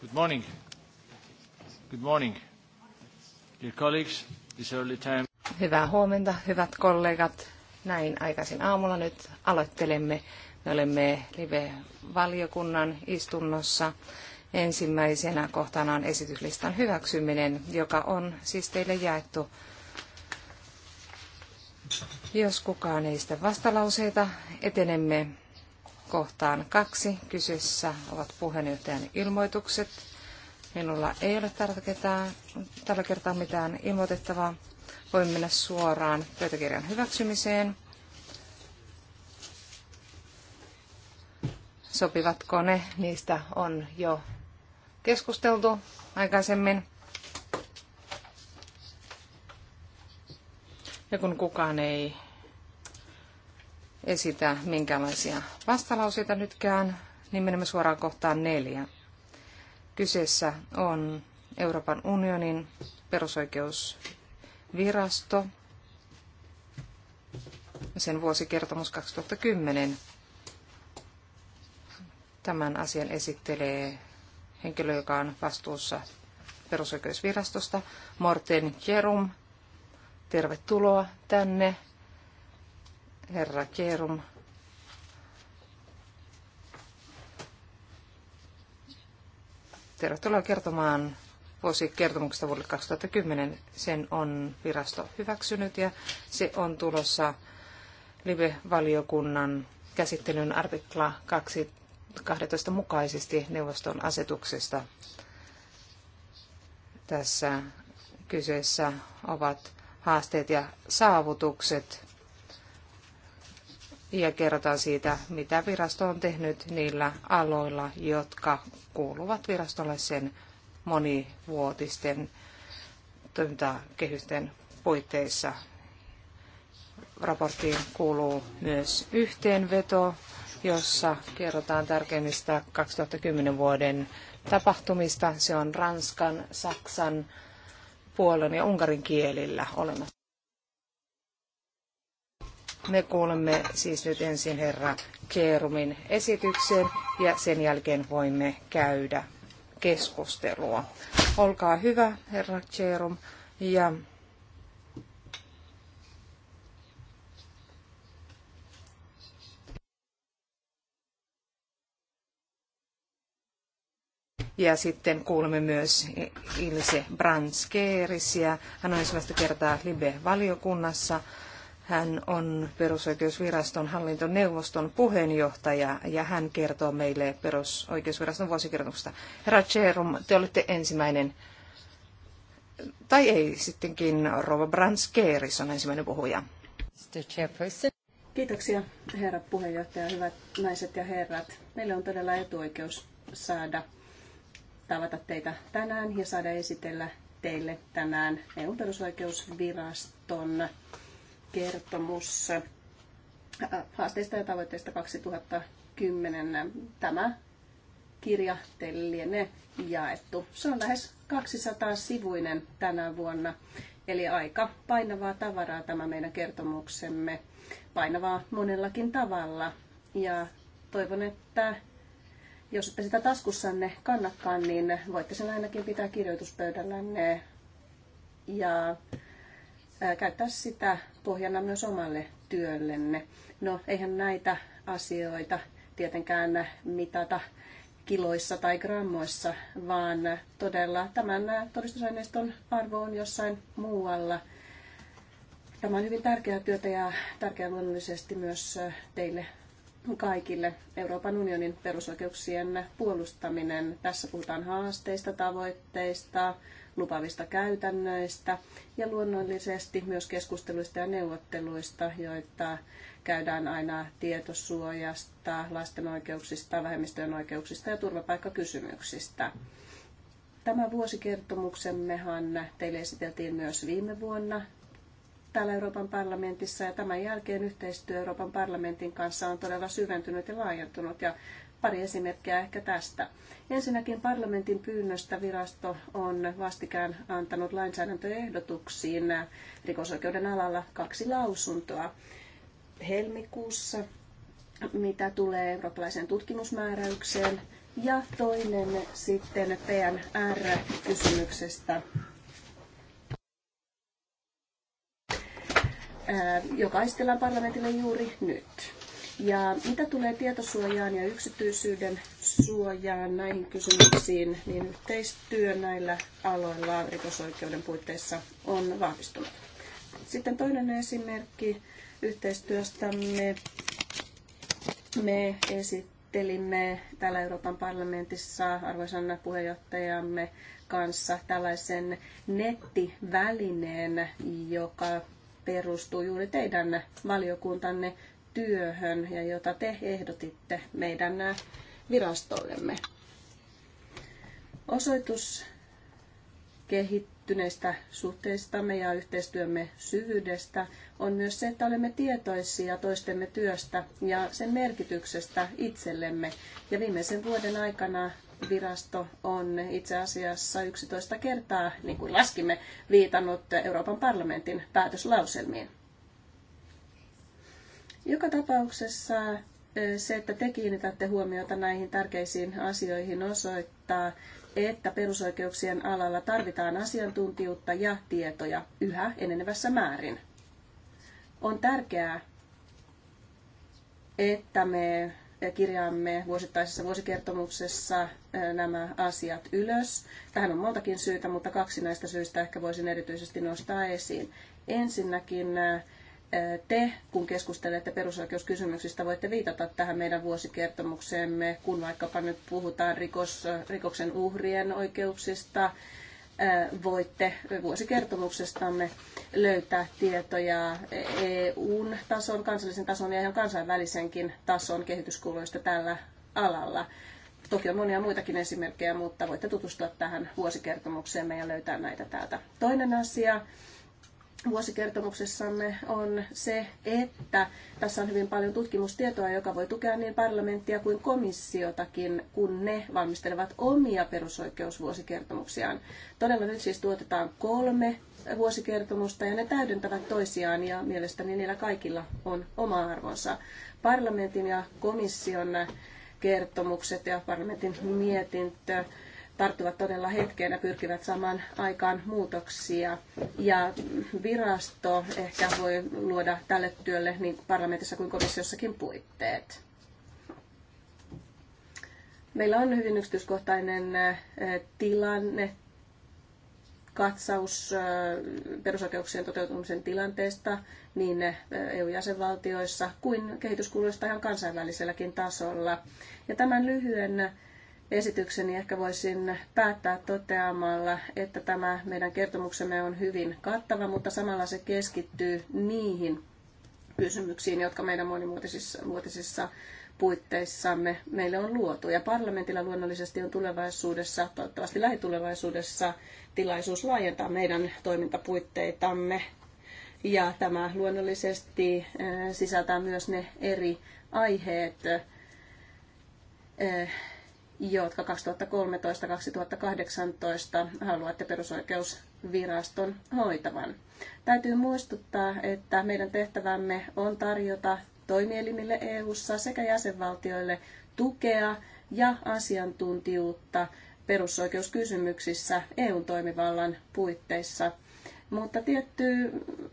Good morning. Good morning. Dear colleagues, this early time. Hyvää huomenta, hyvät kollegat. Näin aikaisin aamulla nyt aloittelemme. Me olemme live-valiokunnan istunnossa. Ensimmäisenä kohtana on esityslistan hyväksyminen, joka on siis teille jaettu. Jos kukaan ei sitä vastalauseita, etenemme kohtaan kaksi. Kyseessä ovat puheenjohtajan ilmoitukset. Minulla ei ole tällä kertaa, tällä kertaa mitään ilmoitettavaa. Voimme mennä suoraan pöytäkirjan hyväksymiseen. Sopivatko ne? Niistä on jo keskusteltu aikaisemmin. Ja kun kukaan ei esitä minkäänlaisia vastalauseita nytkään, niin menemme suoraan kohtaan neljä. Kyseessä on Euroopan unionin perusoikeusvirasto, sen vuosikertomus 2010. Tämän asian esittelee henkilö, joka on vastuussa perusoikeusvirastosta, Morten Jerum. Tervetuloa tänne herra Kerum. Tervetuloa kertomaan vuosikertomuksesta vuodelle 2010. Sen on virasto hyväksynyt ja se on tulossa live-valiokunnan käsittelyn artikla 2, 12 mukaisesti neuvoston asetuksesta. Tässä kyseessä ovat haasteet ja saavutukset ja kerrotaan siitä, mitä virasto on tehnyt niillä aloilla, jotka kuuluvat virastolle sen monivuotisten toimintakehysten puitteissa. Raporttiin kuuluu myös yhteenveto, jossa kerrotaan tärkeimmistä 2010 vuoden tapahtumista. Se on ranskan, saksan, puolan ja unkarin kielillä olemassa. Me kuulemme siis nyt ensin herra Keerumin esityksen ja sen jälkeen voimme käydä keskustelua. Olkaa hyvä, herra Keerum, ja Ja sitten kuulemme myös Ilse Branskeerisiä. Hän on ensimmäistä kertaa Libe-valiokunnassa. Hän on perusoikeusviraston hallintoneuvoston puheenjohtaja ja hän kertoo meille perusoikeusviraston vuosikertomuksesta. Herra Cherum, te olette ensimmäinen, tai ei sittenkin, Rova Branskeeris on ensimmäinen puhuja. Kiitoksia herra puheenjohtaja, hyvät naiset ja herrat. Meillä on todella etuoikeus saada tavata teitä tänään ja saada esitellä teille tänään EU-perusoikeusviraston kertomus äh, haasteista ja tavoitteista 2010. Tämä kirja teille lienee jaettu. Se on lähes 200-sivuinen tänä vuonna, eli aika painavaa tavaraa tämä meidän kertomuksemme. Painavaa monellakin tavalla. Ja toivon, että jos ette sitä taskussanne kannakkaan, niin voitte sen ainakin pitää kirjoituspöydällänne. Ja käyttää sitä pohjana myös omalle työllenne. No, eihän näitä asioita tietenkään mitata kiloissa tai grammoissa, vaan todella tämän todistusaineiston arvo on jossain muualla. Tämä on hyvin tärkeää työtä ja tärkeää luonnollisesti myös teille kaikille Euroopan unionin perusoikeuksien puolustaminen. Tässä puhutaan haasteista, tavoitteista, lupavista käytännöistä ja luonnollisesti myös keskusteluista ja neuvotteluista, joita käydään aina tietosuojasta, lasten oikeuksista, vähemmistöjen oikeuksista ja turvapaikkakysymyksistä. Tämä vuosikertomuksemmehan teille esiteltiin myös viime vuonna täällä Euroopan parlamentissa ja tämän jälkeen yhteistyö Euroopan parlamentin kanssa on todella syventynyt ja laajentunut ja Pari esimerkkiä ehkä tästä. Ensinnäkin parlamentin pyynnöstä virasto on vastikään antanut lainsäädäntöehdotuksiin rikosoikeuden alalla kaksi lausuntoa. Helmikuussa, mitä tulee eurooppalaiseen tutkimusmääräykseen, ja toinen sitten PNR-kysymyksestä, joka esitellään parlamentille juuri nyt. Ja mitä tulee tietosuojaan ja yksityisyyden suojaan näihin kysymyksiin, niin yhteistyö näillä aloilla rikosoikeuden puitteissa on vahvistunut. Sitten toinen esimerkki yhteistyöstämme. Me esittelimme täällä Euroopan parlamentissa arvoisan puheenjohtajamme kanssa tällaisen nettivälineen, joka perustuu juuri teidän valiokuntanne työhön ja jota te ehdotitte meidän virastollemme. Osoitus kehittyneistä suhteistamme ja yhteistyömme syvyydestä on myös se, että olemme tietoisia toistemme työstä ja sen merkityksestä itsellemme. Ja viimeisen vuoden aikana virasto on itse asiassa 11 kertaa, niin kuin laskimme, viitannut Euroopan parlamentin päätöslauselmiin. Joka tapauksessa se, että te kiinnitätte huomiota näihin tärkeisiin asioihin, osoittaa, että perusoikeuksien alalla tarvitaan asiantuntijuutta ja tietoja yhä enenevässä määrin. On tärkeää, että me kirjaamme vuosittaisessa vuosikertomuksessa nämä asiat ylös. Tähän on montakin syytä, mutta kaksi näistä syistä ehkä voisin erityisesti nostaa esiin. Ensinnäkin te, kun keskustelette perusoikeuskysymyksistä, voitte viitata tähän meidän vuosikertomukseemme, kun vaikkapa nyt puhutaan rikos, rikoksen uhrien oikeuksista, voitte vuosikertomuksestamme löytää tietoja EUn tason, kansallisen tason ja ihan kansainvälisenkin tason kehityskuluista tällä alalla. Toki on monia muitakin esimerkkejä, mutta voitte tutustua tähän vuosikertomukseemme ja löytää näitä täältä. Toinen asia, vuosikertomuksessamme on se, että tässä on hyvin paljon tutkimustietoa, joka voi tukea niin parlamenttia kuin komissiotakin, kun ne valmistelevat omia perusoikeusvuosikertomuksiaan. Todella nyt siis tuotetaan kolme vuosikertomusta ja ne täydentävät toisiaan ja mielestäni niillä kaikilla on oma arvonsa. Parlamentin ja komission kertomukset ja parlamentin mietintö tarttuvat todella hetkeen ja pyrkivät saamaan aikaan muutoksia. Ja virasto ehkä voi luoda tälle työlle niin parlamentissa kuin komissiossakin puitteet. Meillä on hyvin yksityiskohtainen eh, tilanne, katsaus eh, perusoikeuksien toteutumisen tilanteesta niin eh, EU-jäsenvaltioissa kuin kehityskuluista ihan kansainväliselläkin tasolla. Ja tämän lyhyen esitykseni ehkä voisin päättää toteamalla, että tämä meidän kertomuksemme on hyvin kattava, mutta samalla se keskittyy niihin kysymyksiin, jotka meidän monimuotisissa puitteissamme meille on luotu. Ja parlamentilla luonnollisesti on tulevaisuudessa, toivottavasti lähitulevaisuudessa, tilaisuus laajentaa meidän toimintapuitteitamme. Ja tämä luonnollisesti eh, sisältää myös ne eri aiheet, eh, jotka 2013-2018 haluatte perusoikeusviraston hoitavan. Täytyy muistuttaa, että meidän tehtävämme on tarjota toimielimille EU:ssa sekä jäsenvaltioille tukea ja asiantuntijuutta perusoikeuskysymyksissä EUn toimivallan puitteissa. Mutta tietty,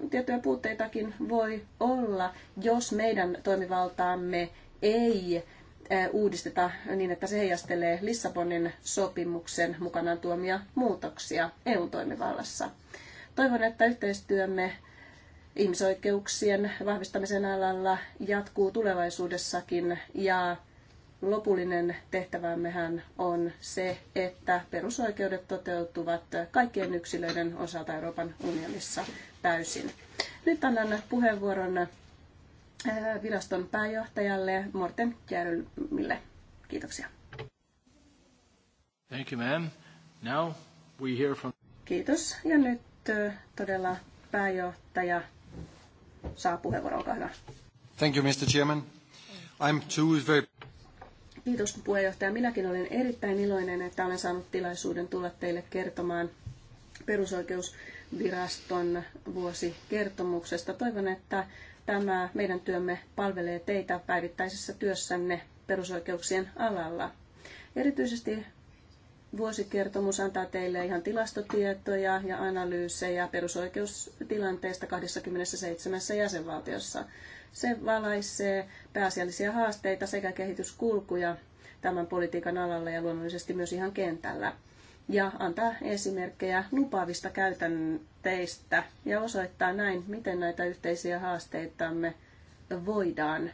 tiettyjä puutteitakin voi olla, jos meidän toimivaltaamme ei Eh, uudisteta niin, että se heijastelee Lissabonin sopimuksen mukanaan tuomia muutoksia EU-toimivallassa. Toivon, että yhteistyömme ihmisoikeuksien vahvistamisen alalla jatkuu tulevaisuudessakin ja lopullinen tehtävämmehän on se, että perusoikeudet toteutuvat kaikkien yksilöiden osalta Euroopan unionissa täysin. Nyt annan puheenvuoron Äh, viraston pääjohtajalle Morten Kjärylmille. Kiitoksia. Thank you, ma'am. Now we hear from... Kiitos. Ja nyt äh, todella pääjohtaja saa puheenvuoron, olkaa hyvä. Thank you, Mr. Chairman. I'm too very... Kiitos puheenjohtaja. Minäkin olen erittäin iloinen, että olen saanut tilaisuuden tulla teille kertomaan perusoikeusviraston vuosikertomuksesta. Toivon, että tämä meidän työmme palvelee teitä päivittäisessä työssänne perusoikeuksien alalla. Erityisesti vuosikertomus antaa teille ihan tilastotietoja ja analyysejä perusoikeustilanteesta 27 jäsenvaltiossa. Se valaisee pääasiallisia haasteita sekä kehityskulkuja tämän politiikan alalla ja luonnollisesti myös ihan kentällä ja antaa esimerkkejä lupaavista käytännön haasteista ja osoittaa näin, miten näitä yhteisiä haasteitamme voidaan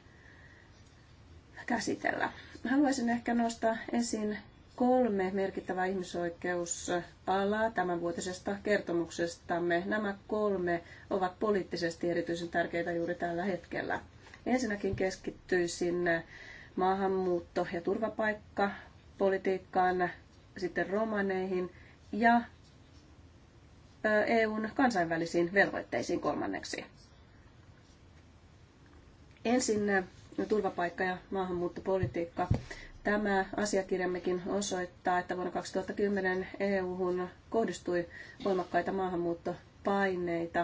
käsitellä. Haluaisin ehkä nostaa esiin kolme merkittävää ihmisoikeusalaa tämänvuotisesta kertomuksestamme. Nämä kolme ovat poliittisesti erityisen tärkeitä juuri tällä hetkellä. Ensinnäkin keskittyisin maahanmuutto- ja turvapaikkapolitiikkaan, sitten romaneihin ja EUn kansainvälisiin velvoitteisiin kolmanneksi. Ensin turvapaikka- ja maahanmuuttopolitiikka. Tämä asiakirjammekin osoittaa, että vuonna 2010 EU-hun kohdistui voimakkaita maahanmuuttopaineita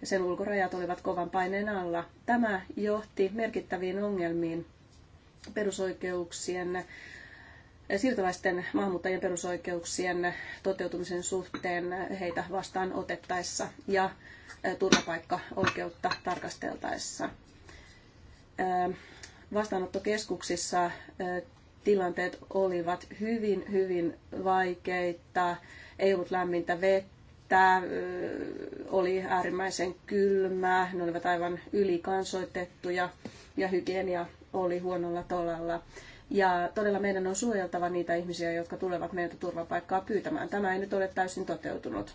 ja sen ulkorajat olivat kovan paineen alla. Tämä johti merkittäviin ongelmiin perusoikeuksien siirtolaisten maahanmuuttajien perusoikeuksien toteutumisen suhteen heitä vastaan otettaessa ja turvapaikkaoikeutta tarkasteltaessa. Vastaanottokeskuksissa tilanteet olivat hyvin, hyvin vaikeita, ei ollut lämmintä vettä, oli äärimmäisen kylmää, ne olivat aivan ylikansoitettuja ja hygienia oli huonolla tolalla. Ja todella meidän on suojeltava niitä ihmisiä, jotka tulevat meiltä turvapaikkaa pyytämään. Tämä ei nyt ole täysin toteutunut.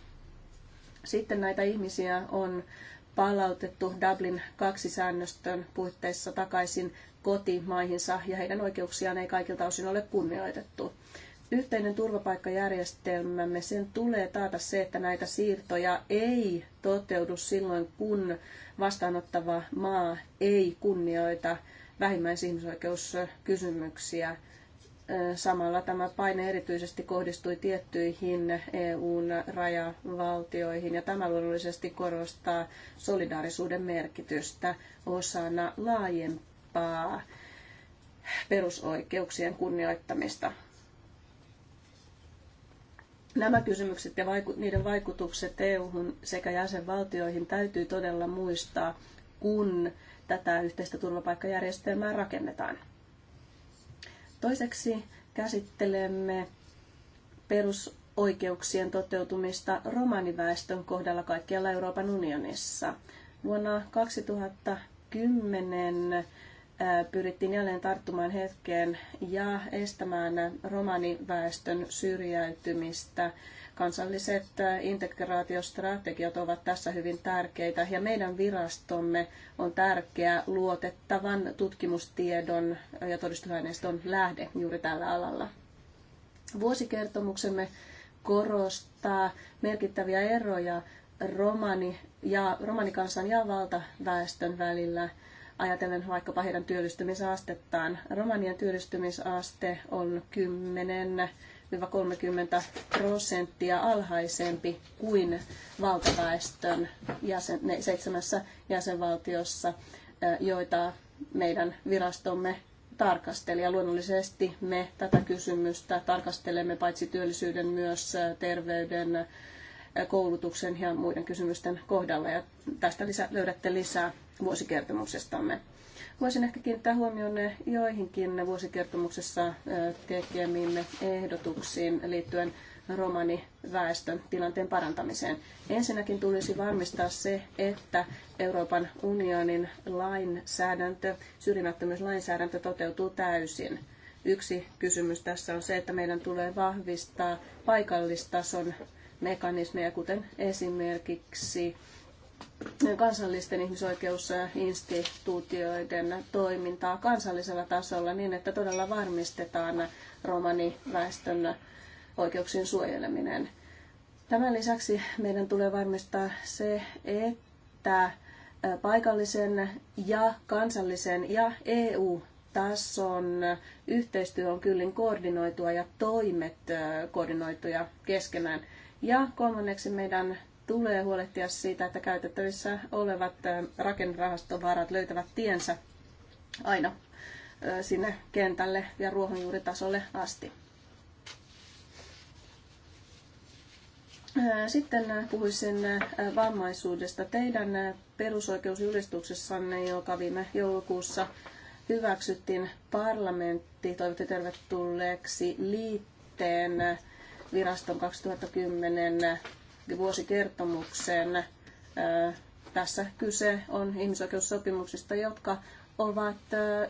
Sitten näitä ihmisiä on palautettu Dublin kaksi säännöstön puitteissa takaisin kotimaihinsa ja heidän oikeuksiaan ei kaikilta osin ole kunnioitettu. Yhteinen turvapaikkajärjestelmämme, sen tulee taata se, että näitä siirtoja ei toteudu silloin, kun vastaanottava maa ei kunnioita vähimmäisihmisoikeuskysymyksiä. Samalla tämä paine erityisesti kohdistui tiettyihin EUn rajavaltioihin ja tämä luonnollisesti korostaa solidaarisuuden merkitystä osana laajempaa perusoikeuksien kunnioittamista. Nämä kysymykset ja niiden vaikutukset EU-hun sekä jäsenvaltioihin täytyy todella muistaa, kun tätä yhteistä turvapaikkajärjestelmää rakennetaan. Toiseksi käsittelemme perusoikeuksien toteutumista romaniväestön kohdalla kaikkialla Euroopan unionissa. Vuonna 2010 pyrittiin jälleen tarttumaan hetkeen ja estämään romaniväestön syrjäytymistä Kansalliset integraatiostrategiat ovat tässä hyvin tärkeitä ja meidän virastomme on tärkeä luotettavan tutkimustiedon ja todistusaineiston lähde juuri tällä alalla. Vuosikertomuksemme korostaa merkittäviä eroja romani ja, romanikansan ja valtaväestön välillä ajatellen vaikkapa heidän työllistymisastettaan. Romanien työllistymisaste on 10 25-30 prosenttia alhaisempi kuin valtaväestön jäsen, seitsemässä jäsenvaltiossa, joita meidän virastomme tarkasteli. Ja luonnollisesti me tätä kysymystä tarkastelemme paitsi työllisyyden myös terveyden, koulutuksen ja muiden kysymysten kohdalla. Ja tästä lisä, löydätte lisää vuosikertomuksestamme. Voisin ehkä kiinnittää huomioon joihinkin vuosikertomuksessa tekemiimme ehdotuksiin liittyen romaniväestön tilanteen parantamiseen. Ensinnäkin tulisi varmistaa se, että Euroopan unionin lainsäädäntö, syrjimättömyyslainsäädäntö toteutuu täysin. Yksi kysymys tässä on se, että meidän tulee vahvistaa paikallistason mekanismeja, kuten esimerkiksi kansallisten ihmisoikeusinstituutioiden toimintaa kansallisella tasolla niin, että todella varmistetaan romaniväestön oikeuksien suojeleminen. Tämän lisäksi meidän tulee varmistaa se, että paikallisen ja kansallisen ja EU-tason yhteistyö on kyllin koordinoitua ja toimet koordinoituja keskenään. Ja kolmanneksi meidän tulee huolehtia siitä, että käytettävissä olevat rakennerahastovarat löytävät tiensä aina sinne kentälle ja ruohonjuuritasolle asti. Sitten puhuisin vammaisuudesta. Teidän perusoikeusjulistuksessanne, joka viime joulukuussa hyväksyttiin parlamentti, toivotti tervetulleeksi liitteen viraston 2010 vuosikertomukseen. Tässä kyse on ihmisoikeussopimuksista, jotka ovat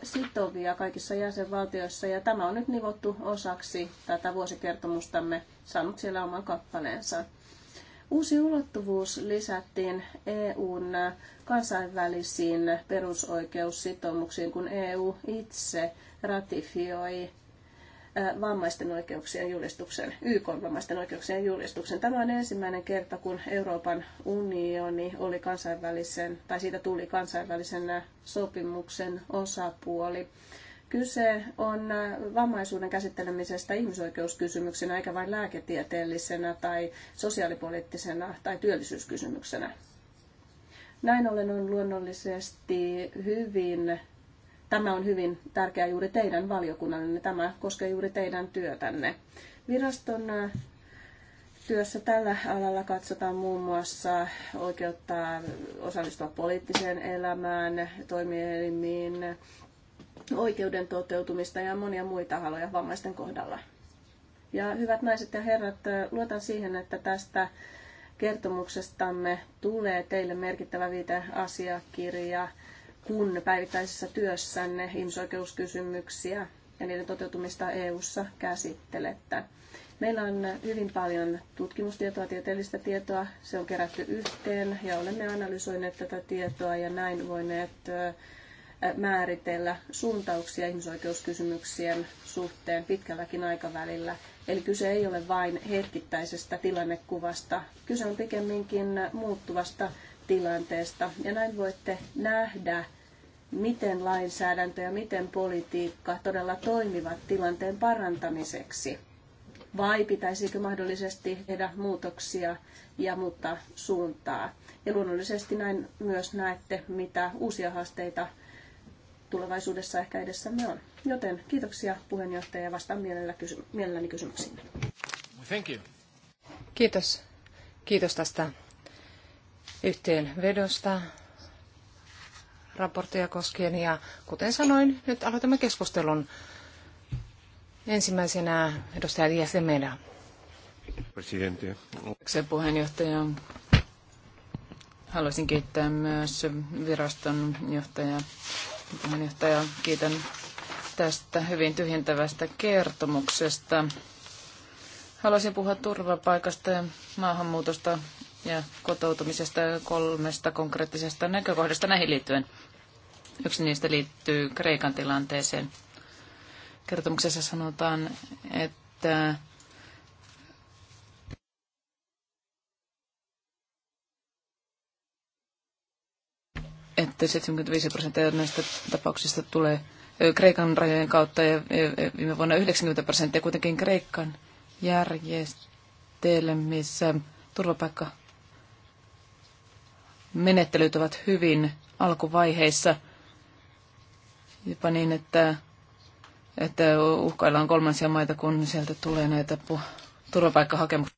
sitovia kaikissa jäsenvaltioissa ja tämä on nyt nivottu osaksi tätä vuosikertomustamme, saanut siellä oman kappaleensa. Uusi ulottuvuus lisättiin EUn kansainvälisiin perusoikeussitoumuksiin, kun EU itse ratifioi vammaisten oikeuksien julistuksen, YK vammaisten oikeuksien julistuksen. Tämä on ensimmäinen kerta, kun Euroopan unioni oli kansainvälisen, tai siitä tuli kansainvälisen sopimuksen osapuoli. Kyse on vammaisuuden käsittelemisestä ihmisoikeuskysymyksenä, eikä vain lääketieteellisenä tai sosiaalipoliittisena tai työllisyyskysymyksenä. Näin ollen on luonnollisesti hyvin Tämä on hyvin tärkeää juuri teidän niin tämä koskee juuri teidän työtänne. Viraston äh, työssä tällä alalla katsotaan muun muassa oikeutta osallistua poliittiseen elämään, toimielimiin, oikeuden toteutumista ja monia muita haloja vammaisten kohdalla. Ja hyvät naiset ja herrat, äh, luotan siihen, että tästä kertomuksestamme tulee teille merkittävä viite asiakirja kun päivittäisessä työssänne ihmisoikeuskysymyksiä ja niiden toteutumista EU-ssa käsittelette. Meillä on hyvin paljon tutkimustietoa, tieteellistä tietoa. Se on kerätty yhteen ja olemme analysoineet tätä tietoa ja näin voineet määritellä suuntauksia ihmisoikeuskysymyksien suhteen pitkälläkin aikavälillä. Eli kyse ei ole vain hetkittäisestä tilannekuvasta, kyse on pikemminkin muuttuvasta tilanteesta. Ja näin voitte nähdä, miten lainsäädäntö ja miten politiikka todella toimivat tilanteen parantamiseksi. Vai pitäisikö mahdollisesti tehdä muutoksia ja muuttaa suuntaa? Ja luonnollisesti näin myös näette, mitä uusia haasteita tulevaisuudessa ehkä edessämme on. Joten kiitoksia puheenjohtaja ja vastaan mielelläni kysymyksiin. Thank you. Kiitos. Kiitos tästä yhteenvedosta raporttia koskien ja kuten sanoin, nyt aloitamme keskustelun. Ensimmäisenä edustaja Dias de Meda. Presidentti. puheenjohtaja. Haluaisin kiittää myös viraston johtajaa. Puheenjohtaja, kiitän tästä hyvin tyhjentävästä kertomuksesta. Haluaisin puhua turvapaikasta ja maahanmuutosta ja kotoutumisesta kolmesta konkreettisesta näkökohdasta näihin liittyen. Yksi niistä liittyy Kreikan tilanteeseen. Kertomuksessa sanotaan, että että 75 prosenttia näistä tapauksista tulee Kreikan rajojen kautta ja viime vuonna 90 prosenttia kuitenkin Kreikan järjestelmissä turvapaikka menettelyt ovat hyvin alkuvaiheissa jopa niin, että, että uhkaillaan kolmansia maita, kun sieltä tulee näitä pu- turvapaikkahakemuksia.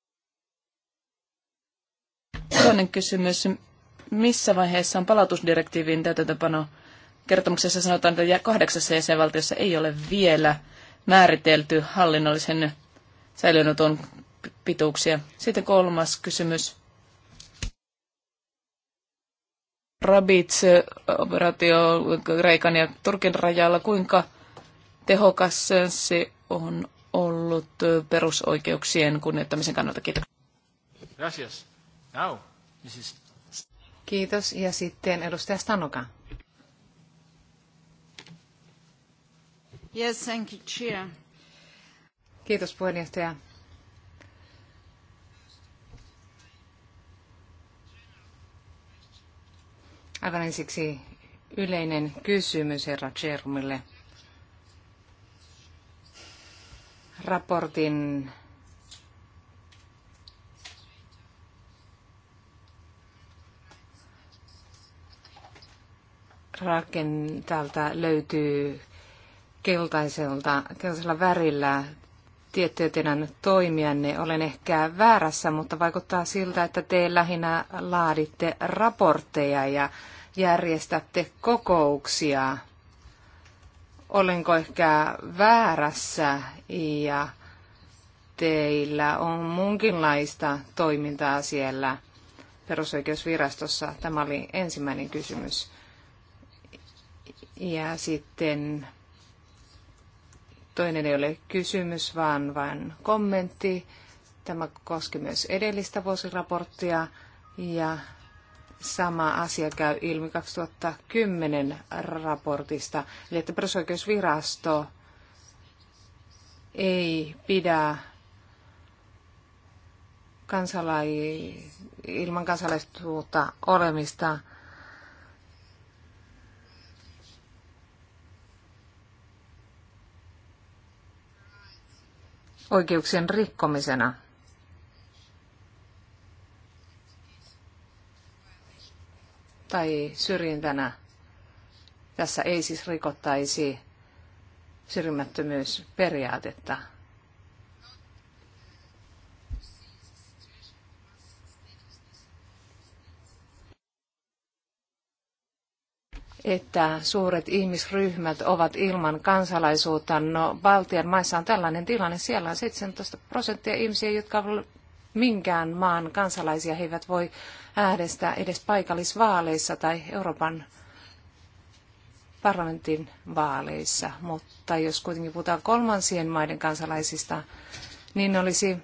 Toinen kysymys. Missä vaiheessa on palautusdirektiivin täytäntöpano? Kertomuksessa sanotaan, että kahdeksassa jäsenvaltiossa ei ole vielä määritelty hallinnollisen säilöönoton pituuksia. Sitten kolmas kysymys. Rabitse operaatio Kreikan ja Turkin rajalla, kuinka tehokas se on ollut perusoikeuksien kunnioittamisen kannalta? Kiitos. Gracias. Now, is... Kiitos. Ja sitten edustaja Stanoka. Yes, thank you, Chair. Kiitos puheenjohtaja. Aivan ensiksi yleinen kysymys herra Jermille. Raportin rakentältä löytyy keltaiselta, keltaisella värillä tiettyjä teidän Olen ehkä väärässä, mutta vaikuttaa siltä, että te lähinnä laaditte raportteja ja järjestätte kokouksia. Olenko ehkä väärässä ja teillä on munkinlaista toimintaa siellä perusoikeusvirastossa? Tämä oli ensimmäinen kysymys. Ja sitten Toinen ei ole kysymys, vaan vain kommentti. Tämä koski myös edellistä vuosiraporttia ja sama asia käy ilmi 2010 raportista. Eli että perusoikeusvirasto ei pidä kansalai, ilman kansalaisuutta olemista oikeuksien rikkomisena. Tai syrjintänä. Tässä ei siis rikottaisi syrjimättömyysperiaatetta. että suuret ihmisryhmät ovat ilman kansalaisuutta. No, Baltian maissa on tällainen tilanne. Siellä on 17 prosenttia ihmisiä, jotka minkään maan kansalaisia he eivät voi äänestää edes paikallisvaaleissa tai Euroopan parlamentin vaaleissa. Mutta jos kuitenkin puhutaan kolmansien maiden kansalaisista, niin olisi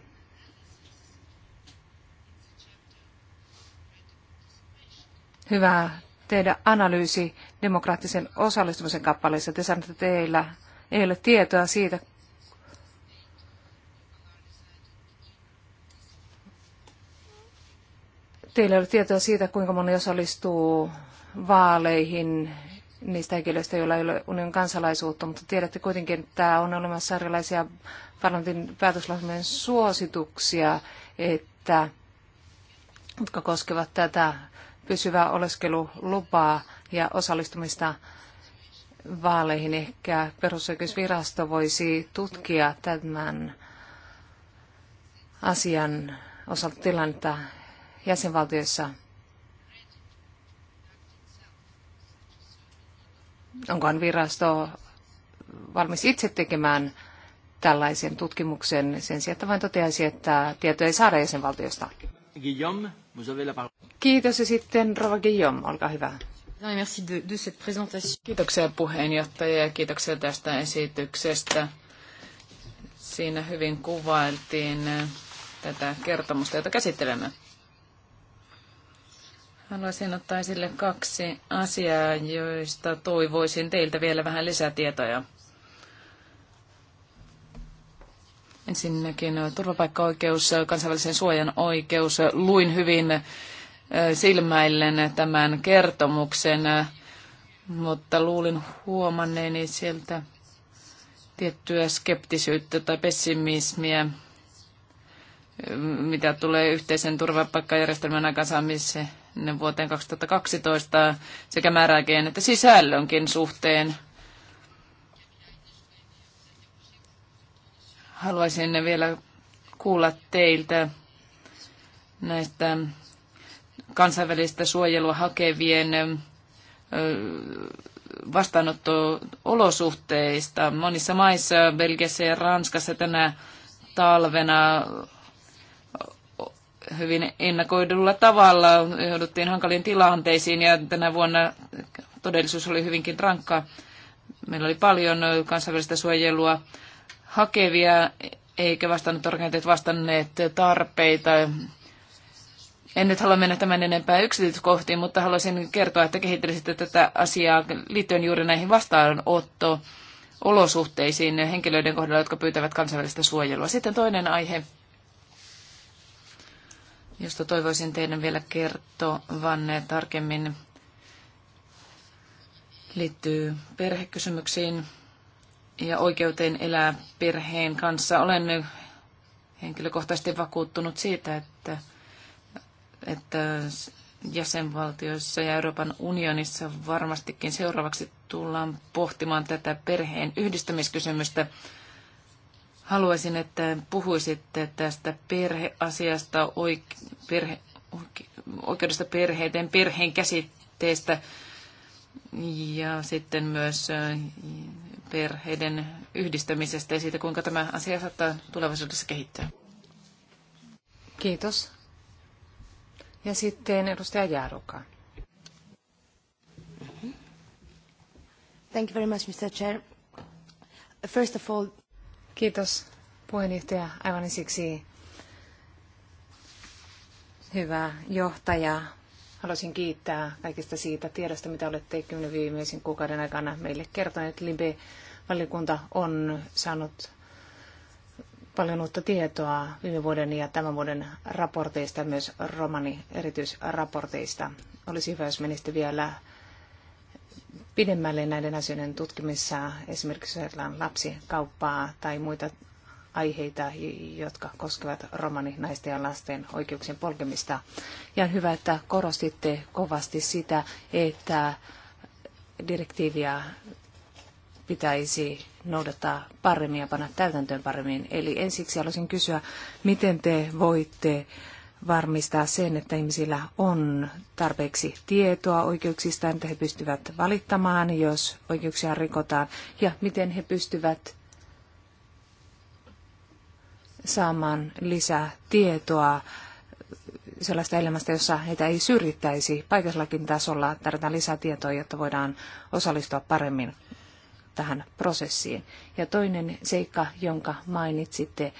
hyvä tehdä analyysi demokraattisen osallistumisen kappaleissa Te sanotte, että teillä ei ole tietoa siitä, Teillä ei ole tietoa siitä, kuinka moni osallistuu vaaleihin niistä henkilöistä, joilla ei ole union kansalaisuutta, mutta tiedätte kuitenkin, että tämä on olemassa erilaisia parlamentin päätöslausumien suosituksia, että, jotka koskevat tätä pysyvää oleskelulupaa ja osallistumista vaaleihin. Ehkä perusoikeusvirasto voisi tutkia tämän asian osalta tilannetta jäsenvaltioissa. Onkohan virasto valmis itse tekemään tällaisen tutkimuksen sen sijaan, että vain toteaisi, että tietoja ei saada jäsenvaltiosta? Guillaume, vous avez la Kiitos ja sitten Rova Guillaume, olkaa hyvä. No niin, kiitoksia puheenjohtaja ja kiitoksia tästä esityksestä. Siinä hyvin kuvailtiin äh, tätä kertomusta, jota käsittelemme. Haluaisin ottaa esille kaksi asiaa, joista toivoisin teiltä vielä vähän lisätietoja. Ensinnäkin äh, turvapaikkaoikeus, äh, kansainvälisen suojan oikeus. Luin hyvin silmäillen tämän kertomuksen, mutta luulin huomanneeni sieltä tiettyä skeptisyyttä tai pessimismiä, mitä tulee yhteisen turvapaikkajärjestelmän aikaansaamiseen vuoteen 2012 sekä määräkeen että sisällönkin suhteen. Haluaisin vielä kuulla teiltä näistä kansainvälistä suojelua hakevien vastaanotto-olosuhteista. Monissa maissa, Belgiassa ja Ranskassa tänä talvena hyvin ennakoidulla tavalla jouduttiin hankaliin tilanteisiin ja tänä vuonna todellisuus oli hyvinkin rankkaa. Meillä oli paljon kansainvälistä suojelua hakevia, eikä vastaanottorganisaatiot vastanneet tarpeita en nyt halua mennä tämän enempää yksityiskohtiin, mutta haluaisin kertoa, että kehittelisitte tätä asiaa liittyen juuri näihin vastaanotto olosuhteisiin henkilöiden kohdalla, jotka pyytävät kansainvälistä suojelua. Sitten toinen aihe, josta toivoisin teidän vielä kertovan tarkemmin, liittyy perhekysymyksiin ja oikeuteen elää perheen kanssa. Olen henkilökohtaisesti vakuuttunut siitä, että että jäsenvaltioissa ja Euroopan unionissa varmastikin seuraavaksi tullaan pohtimaan tätä perheen yhdistämiskysymystä. Haluaisin, että puhuisitte tästä perheasiasta, oik perhe- oikeudesta perheiden, perheen käsitteestä ja sitten myös perheiden yhdistämisestä ja siitä, kuinka tämä asia saattaa tulevaisuudessa kehittyä. Kiitos. Ja sitten edustaja Jaaruka. Thank you very much, Mr. Chair. First of all... Kiitos puheenjohtaja. Aivan siksi hyvä johtaja. Haluaisin kiittää kaikista siitä tiedosta, mitä olette kymmenen viimeisen kuukauden aikana meille kertoneet. Limbe-valiokunta on saanut paljon uutta tietoa viime vuoden ja tämän vuoden raporteista, myös romani erityisraporteista. Olisi hyvä, jos menisitte vielä pidemmälle näiden asioiden tutkimissa, esimerkiksi ajatellaan lapsikauppaa tai muita aiheita, jotka koskevat romani naisten ja lasten oikeuksien polkemista. Ja on hyvä, että korostitte kovasti sitä, että direktiiviä pitäisi noudattaa paremmin ja panna täytäntöön paremmin. Eli ensiksi haluaisin kysyä, miten te voitte varmistaa sen, että ihmisillä on tarpeeksi tietoa oikeuksista, että he pystyvät valittamaan, jos oikeuksia rikotaan, ja miten he pystyvät saamaan lisää tietoa sellaista elämästä, jossa heitä ei syrjittäisi. Paikallisellakin tasolla tarvitaan lisää tietoa, jotta voidaan osallistua paremmin tähän prosessiin. Ja toinen seikka, jonka mainitsitte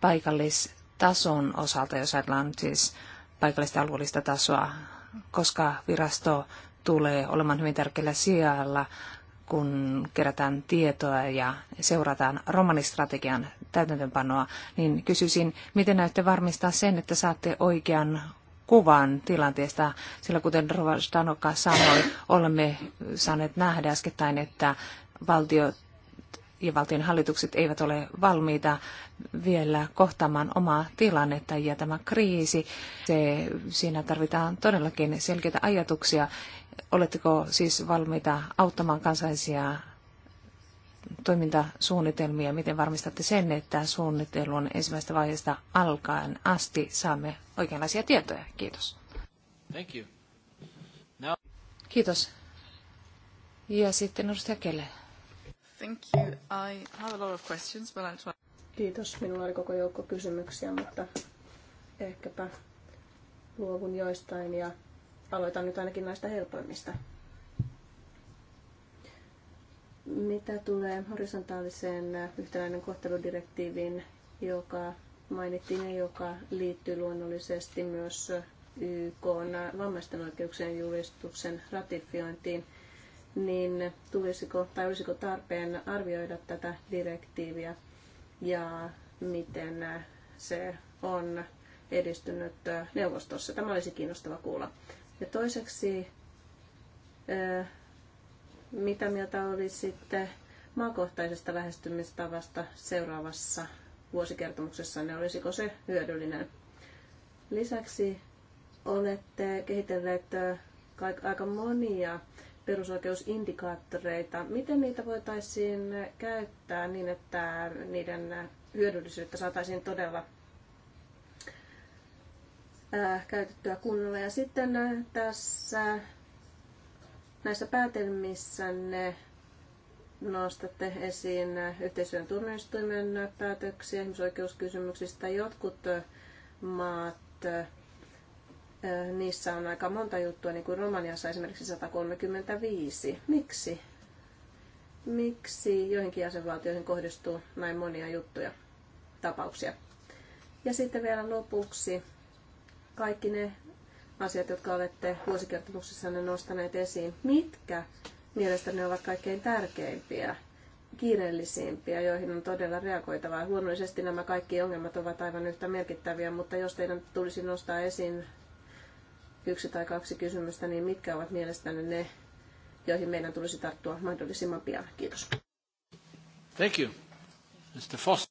paikallistason osalta, jos ajatellaan siis paikallista alueellista tasoa, koska virasto tulee olemaan hyvin tärkeällä sijalla, kun kerätään tietoa ja seurataan romanistrategian täytäntöönpanoa, niin kysyisin, miten näette varmistaa sen, että saatte oikean kuvan tilanteesta, sillä kuten Rova Stanoka sanoi, olemme saaneet nähdä äskettäin, että Valtio ja valtion hallitukset eivät ole valmiita vielä kohtaamaan omaa tilannetta ja tämä kriisi, se, siinä tarvitaan todellakin selkeitä ajatuksia. Oletteko siis valmiita auttamaan kansallisia toimintasuunnitelmia, miten varmistatte sen, että suunnittelun ensimmäisestä vaiheesta alkaen asti saamme oikeanlaisia tietoja? Kiitos. Thank you. Now... Kiitos. Ja sitten edustaja Kelle. Thank you. I have a lot of questions, but I'll try. Kiitos. Minulla oli koko joukko kysymyksiä, mutta ehkäpä luovun joistain ja aloitan nyt ainakin näistä helpoimmista. Mitä tulee horisontaaliseen yhtäläinen kohteludirektiiviin, joka mainittiin ja joka liittyy luonnollisesti myös YK vammaisten oikeuksien julistuksen ratifiointiin – niin tulisiko tai olisiko tarpeen arvioida tätä direktiiviä ja miten se on edistynyt neuvostossa. Tämä olisi kiinnostava kuulla. Ja toiseksi, mitä mieltä olisitte maakohtaisesta lähestymistavasta seuraavassa vuosikertomuksessa, ne olisiko se hyödyllinen. Lisäksi olette kehitelleet aika monia perusoikeusindikaattoreita. Miten niitä voitaisiin käyttää niin, että niiden hyödyllisyyttä saataisiin todella äh, käytettyä kunnolla. Ja sitten äh, tässä näissä ne nostatte esiin äh, yhteisön tuomioistuimen päätöksiä ihmisoikeuskysymyksistä. Jotkut maat Äh, niissä on aika monta juttua, niin kuin Romaniassa esimerkiksi 135. Miksi? Miksi joihinkin jäsenvaltioihin kohdistuu näin monia juttuja, tapauksia? Ja sitten vielä lopuksi kaikki ne asiat, jotka olette vuosikertomuksessanne nostaneet esiin. Mitkä mielestäni ovat kaikkein tärkeimpiä, kiireellisimpiä, joihin on todella reagoitava. Luonnollisesti nämä kaikki ongelmat ovat aivan yhtä merkittäviä, mutta jos teidän tulisi nostaa esiin yksi tai kaksi kysymystä, niin mitkä ovat mielestäni ne, joihin meidän tulisi tarttua mahdollisimman pian? Kiitos. Thank you. Mr. Foss.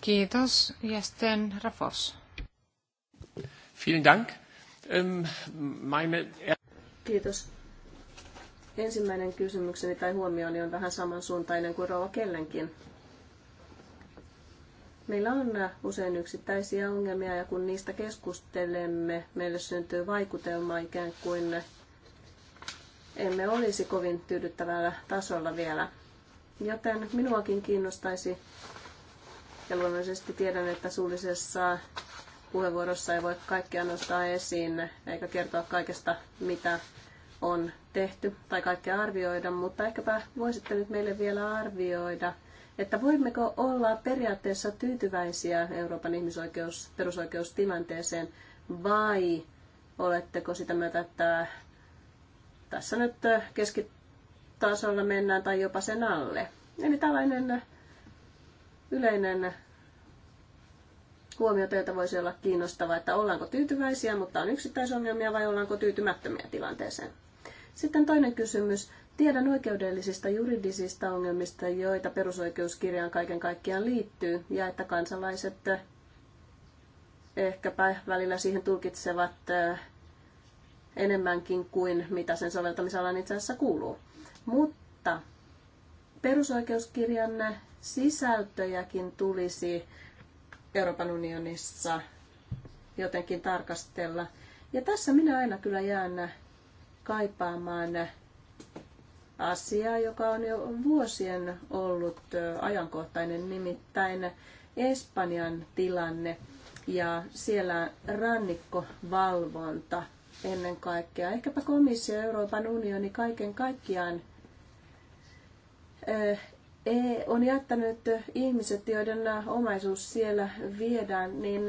Kiitos. Ja sitten Rafos. Vielen Dank. Ähm, meine... Er- Kiitos. Ensimmäinen kysymykseni tai huomioni on vähän samansuuntainen kuin Rova Kellenkin Meillä on äh, usein yksittäisiä ongelmia ja kun niistä keskustelemme, meille syntyy vaikutelma ikään kuin äh, emme olisi kovin tyydyttävällä tasolla vielä. Joten minuakin kiinnostaisi, ja luonnollisesti tiedän, että suullisessa puheenvuorossa ei voi kaikkea nostaa esiin eikä kertoa kaikesta, mitä on tehty tai kaikkea arvioida, mutta ehkäpä voisitte nyt meille vielä arvioida – että voimmeko olla periaatteessa tyytyväisiä Euroopan ihmisoikeus- perusoikeustilanteeseen vai oletteko sitä mieltä, että tässä nyt keskitasolla mennään tai jopa sen alle. Eli tällainen yleinen huomio teiltä voisi olla kiinnostava, että ollaanko tyytyväisiä, mutta on yksittäisongelmia vai ollaanko tyytymättömiä tilanteeseen. Sitten toinen kysymys, Tiedän oikeudellisista juridisista ongelmista, joita perusoikeuskirjaan kaiken kaikkiaan liittyy, ja että kansalaiset eh, ehkäpä välillä siihen tulkitsevat eh, enemmänkin kuin mitä sen soveltamisalan itse asiassa kuuluu. Mutta perusoikeuskirjan sisältöjäkin tulisi Euroopan unionissa jotenkin tarkastella. Ja tässä minä aina kyllä jään kaipaamaan asiaa, joka on jo vuosien ollut ajankohtainen, nimittäin Espanjan tilanne ja siellä rannikkovalvonta ennen kaikkea. Ehkäpä komissio Euroopan unioni kaiken kaikkiaan e, on jättänyt ihmiset, joiden omaisuus siellä viedään, niin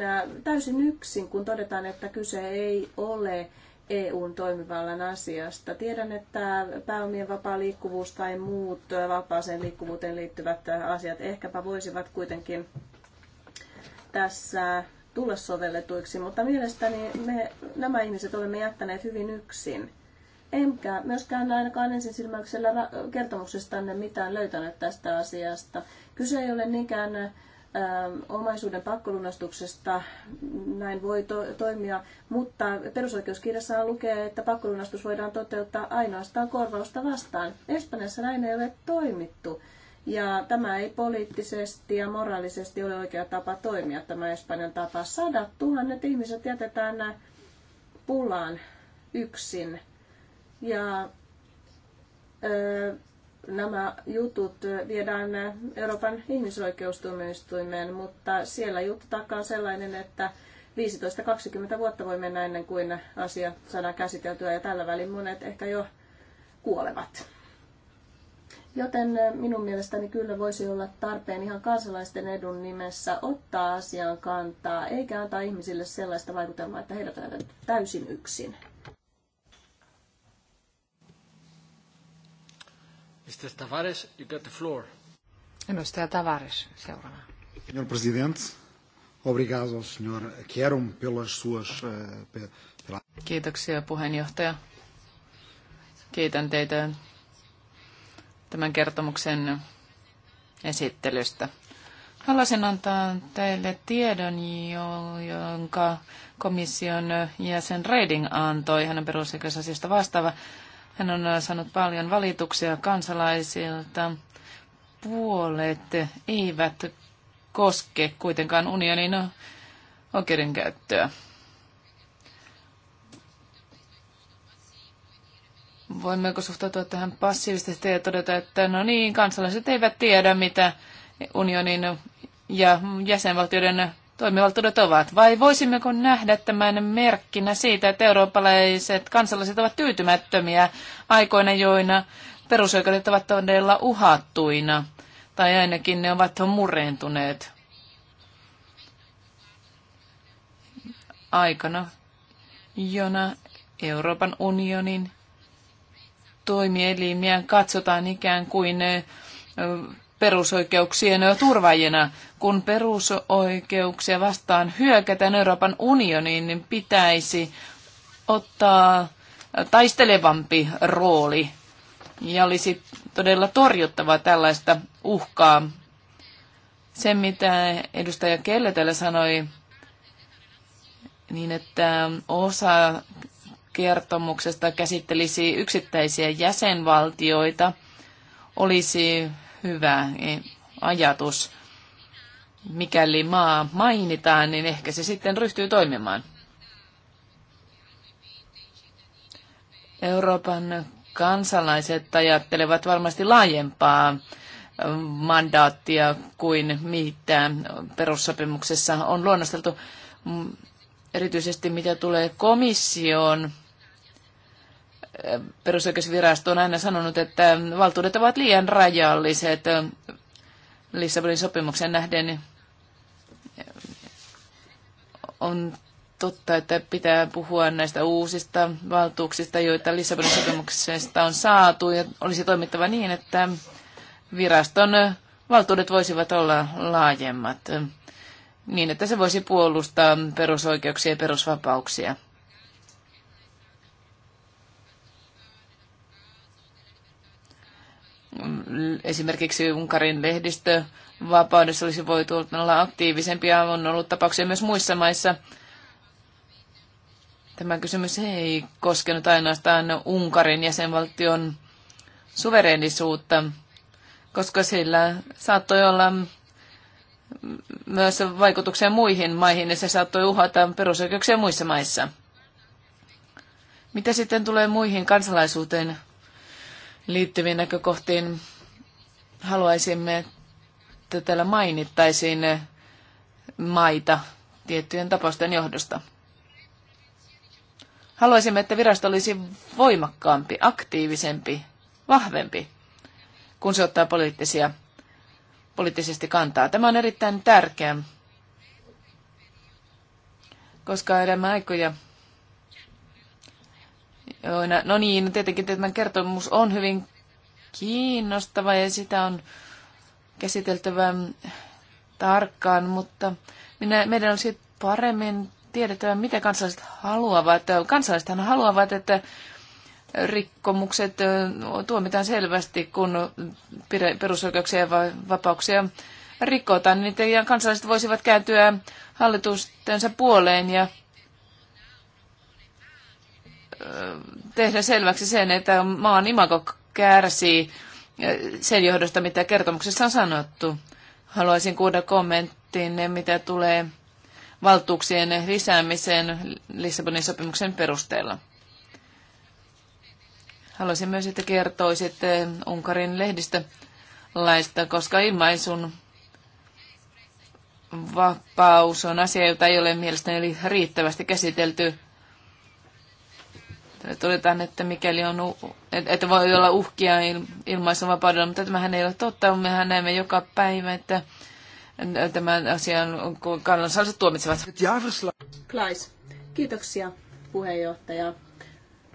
täysin yksin, kun todetaan, että kyse ei ole EUn toimivallan asiasta. Tiedän, että pääomien vapaa liikkuvuus tai muut vapaaseen liikkuvuuteen liittyvät asiat ehkäpä voisivat kuitenkin tässä tulla sovelletuiksi, mutta mielestäni me, nämä ihmiset olemme jättäneet hyvin yksin. Enkä myöskään ainakaan ensin silmäyksellä kertomuksestanne mitään löytänyt tästä asiasta. Kyse ei ole niinkään omaisuuden pakkolunastuksesta näin voi to- toimia, mutta perusoikeuskirjassaan lukee, että pakkolunastus voidaan toteuttaa ainoastaan korvausta vastaan. Espanjassa näin ei ole toimittu. Ja tämä ei poliittisesti ja moraalisesti ole oikea tapa toimia, tämä Espanjan tapa. Sadat tuhannet ihmiset jätetään pulaan yksin. Ja öö, nämä jutut viedään Euroopan ihmisoikeustuomioistuimeen, mutta siellä juttu takaa sellainen, että 15-20 vuotta voi mennä ennen kuin asia saadaan käsiteltyä ja tällä välin monet ehkä jo kuolevat. Joten minun mielestäni kyllä voisi olla tarpeen ihan kansalaisten edun nimessä ottaa asian kantaa, eikä antaa ihmisille sellaista vaikutelmaa, että heidät ovat täysin yksin. Mr. Tavares, you got the floor. Tavares, seuraava. Senhor Presidente, obrigado ao senhor pelas suas... Eh, pela... Kiitoksia puheenjohtaja. Kiitän teitä tämän kertomuksen esittelystä. Haluaisin antaa teille tiedon, jonka komission jäsen Reding antoi, hänen perusoikeusasiasta vastaava. Hän on äh, saanut paljon valituksia kansalaisilta. Puolet eivät koske kuitenkaan unionin äh, oikeudenkäyttöä. Voimmeko suhtautua tähän passiivisesti ja todeta, että no niin, kansalaiset eivät tiedä, mitä unionin ja jäsenvaltioiden toimivaltuudet ovat? Vai voisimmeko nähdä tämän merkkinä siitä, että eurooppalaiset kansalaiset ovat tyytymättömiä aikoina, joina perusoikeudet ovat todella uhattuina, tai ainakin ne ovat murentuneet aikana, jona Euroopan unionin toimielimiä katsotaan ikään kuin perusoikeuksien turvajina. Kun perusoikeuksia vastaan hyökätään Euroopan unioniin, niin pitäisi ottaa taistelevampi rooli ja olisi todella torjuttava tällaista uhkaa. Se, mitä edustaja Kelle täällä sanoi, niin että osa kertomuksesta käsittelisi yksittäisiä jäsenvaltioita, olisi hyvä ajatus. Mikäli maa mainitaan, niin ehkä se sitten ryhtyy toimimaan. Euroopan kansalaiset ajattelevat varmasti laajempaa mandaattia kuin mitä perussopimuksessa on luonnosteltu. Erityisesti mitä tulee komissioon, perusoikeusvirasto on aina sanonut, että valtuudet ovat liian rajalliset Lissabonin sopimuksen nähden. On totta, että pitää puhua näistä uusista valtuuksista, joita Lissabonin sopimuksesta on saatu, ja olisi toimittava niin, että viraston valtuudet voisivat olla laajemmat, niin että se voisi puolustaa perusoikeuksia ja perusvapauksia. esimerkiksi Unkarin lehdistö vapaudessa olisi voitu olla aktiivisempia. On ollut tapauksia myös muissa maissa. Tämä kysymys ei koskenut ainoastaan Unkarin jäsenvaltion suvereenisuutta, koska sillä saattoi olla myös vaikutuksia muihin maihin ja se saattoi uhata perusoikeuksia muissa maissa. Mitä sitten tulee muihin kansalaisuuteen liittyviin näkökohtiin haluaisimme, että täällä mainittaisiin maita tiettyjen tapausten johdosta. Haluaisimme, että virasto olisi voimakkaampi, aktiivisempi, vahvempi, kun se ottaa poliittisia, poliittisesti kantaa. Tämä on erittäin tärkeää, koska elämme aikoja Öö, no niin, tietenkin tämä kertomus on hyvin kiinnostava ja sitä on käsiteltävä tarkkaan, mutta minä, meidän olisi paremmin tiedettävä, mitä kansalaiset haluavat. Kansalaisethan haluavat, että rikkomukset öö, tuomitaan selvästi, kun perusoikeuksia ja vapauksia rikotaan, niin kansalaiset voisivat kääntyä hallitustensa puoleen ja tehdä selväksi sen, että maan imako kärsii eh, sen johdosta, mitä kertomuksessa on sanottu. Haluaisin kuulla kommenttiin, mitä tulee valtuuksien lisäämiseen Lissabonin sopimuksen perusteella. Haluaisin myös, että kertoisitte Unkarin lehdistä laista, koska ilmaisun vapaus on asia, jota ei ole mielestäni riittävästi käsitelty todetaan, että mikäli on, että voi olla uhkia ilmaisunvapaudella, mutta tämähän ei ole totta. Mehän näemme joka päivä, että tämän asian kannansa tuomitsevat. kiitoksia puheenjohtaja.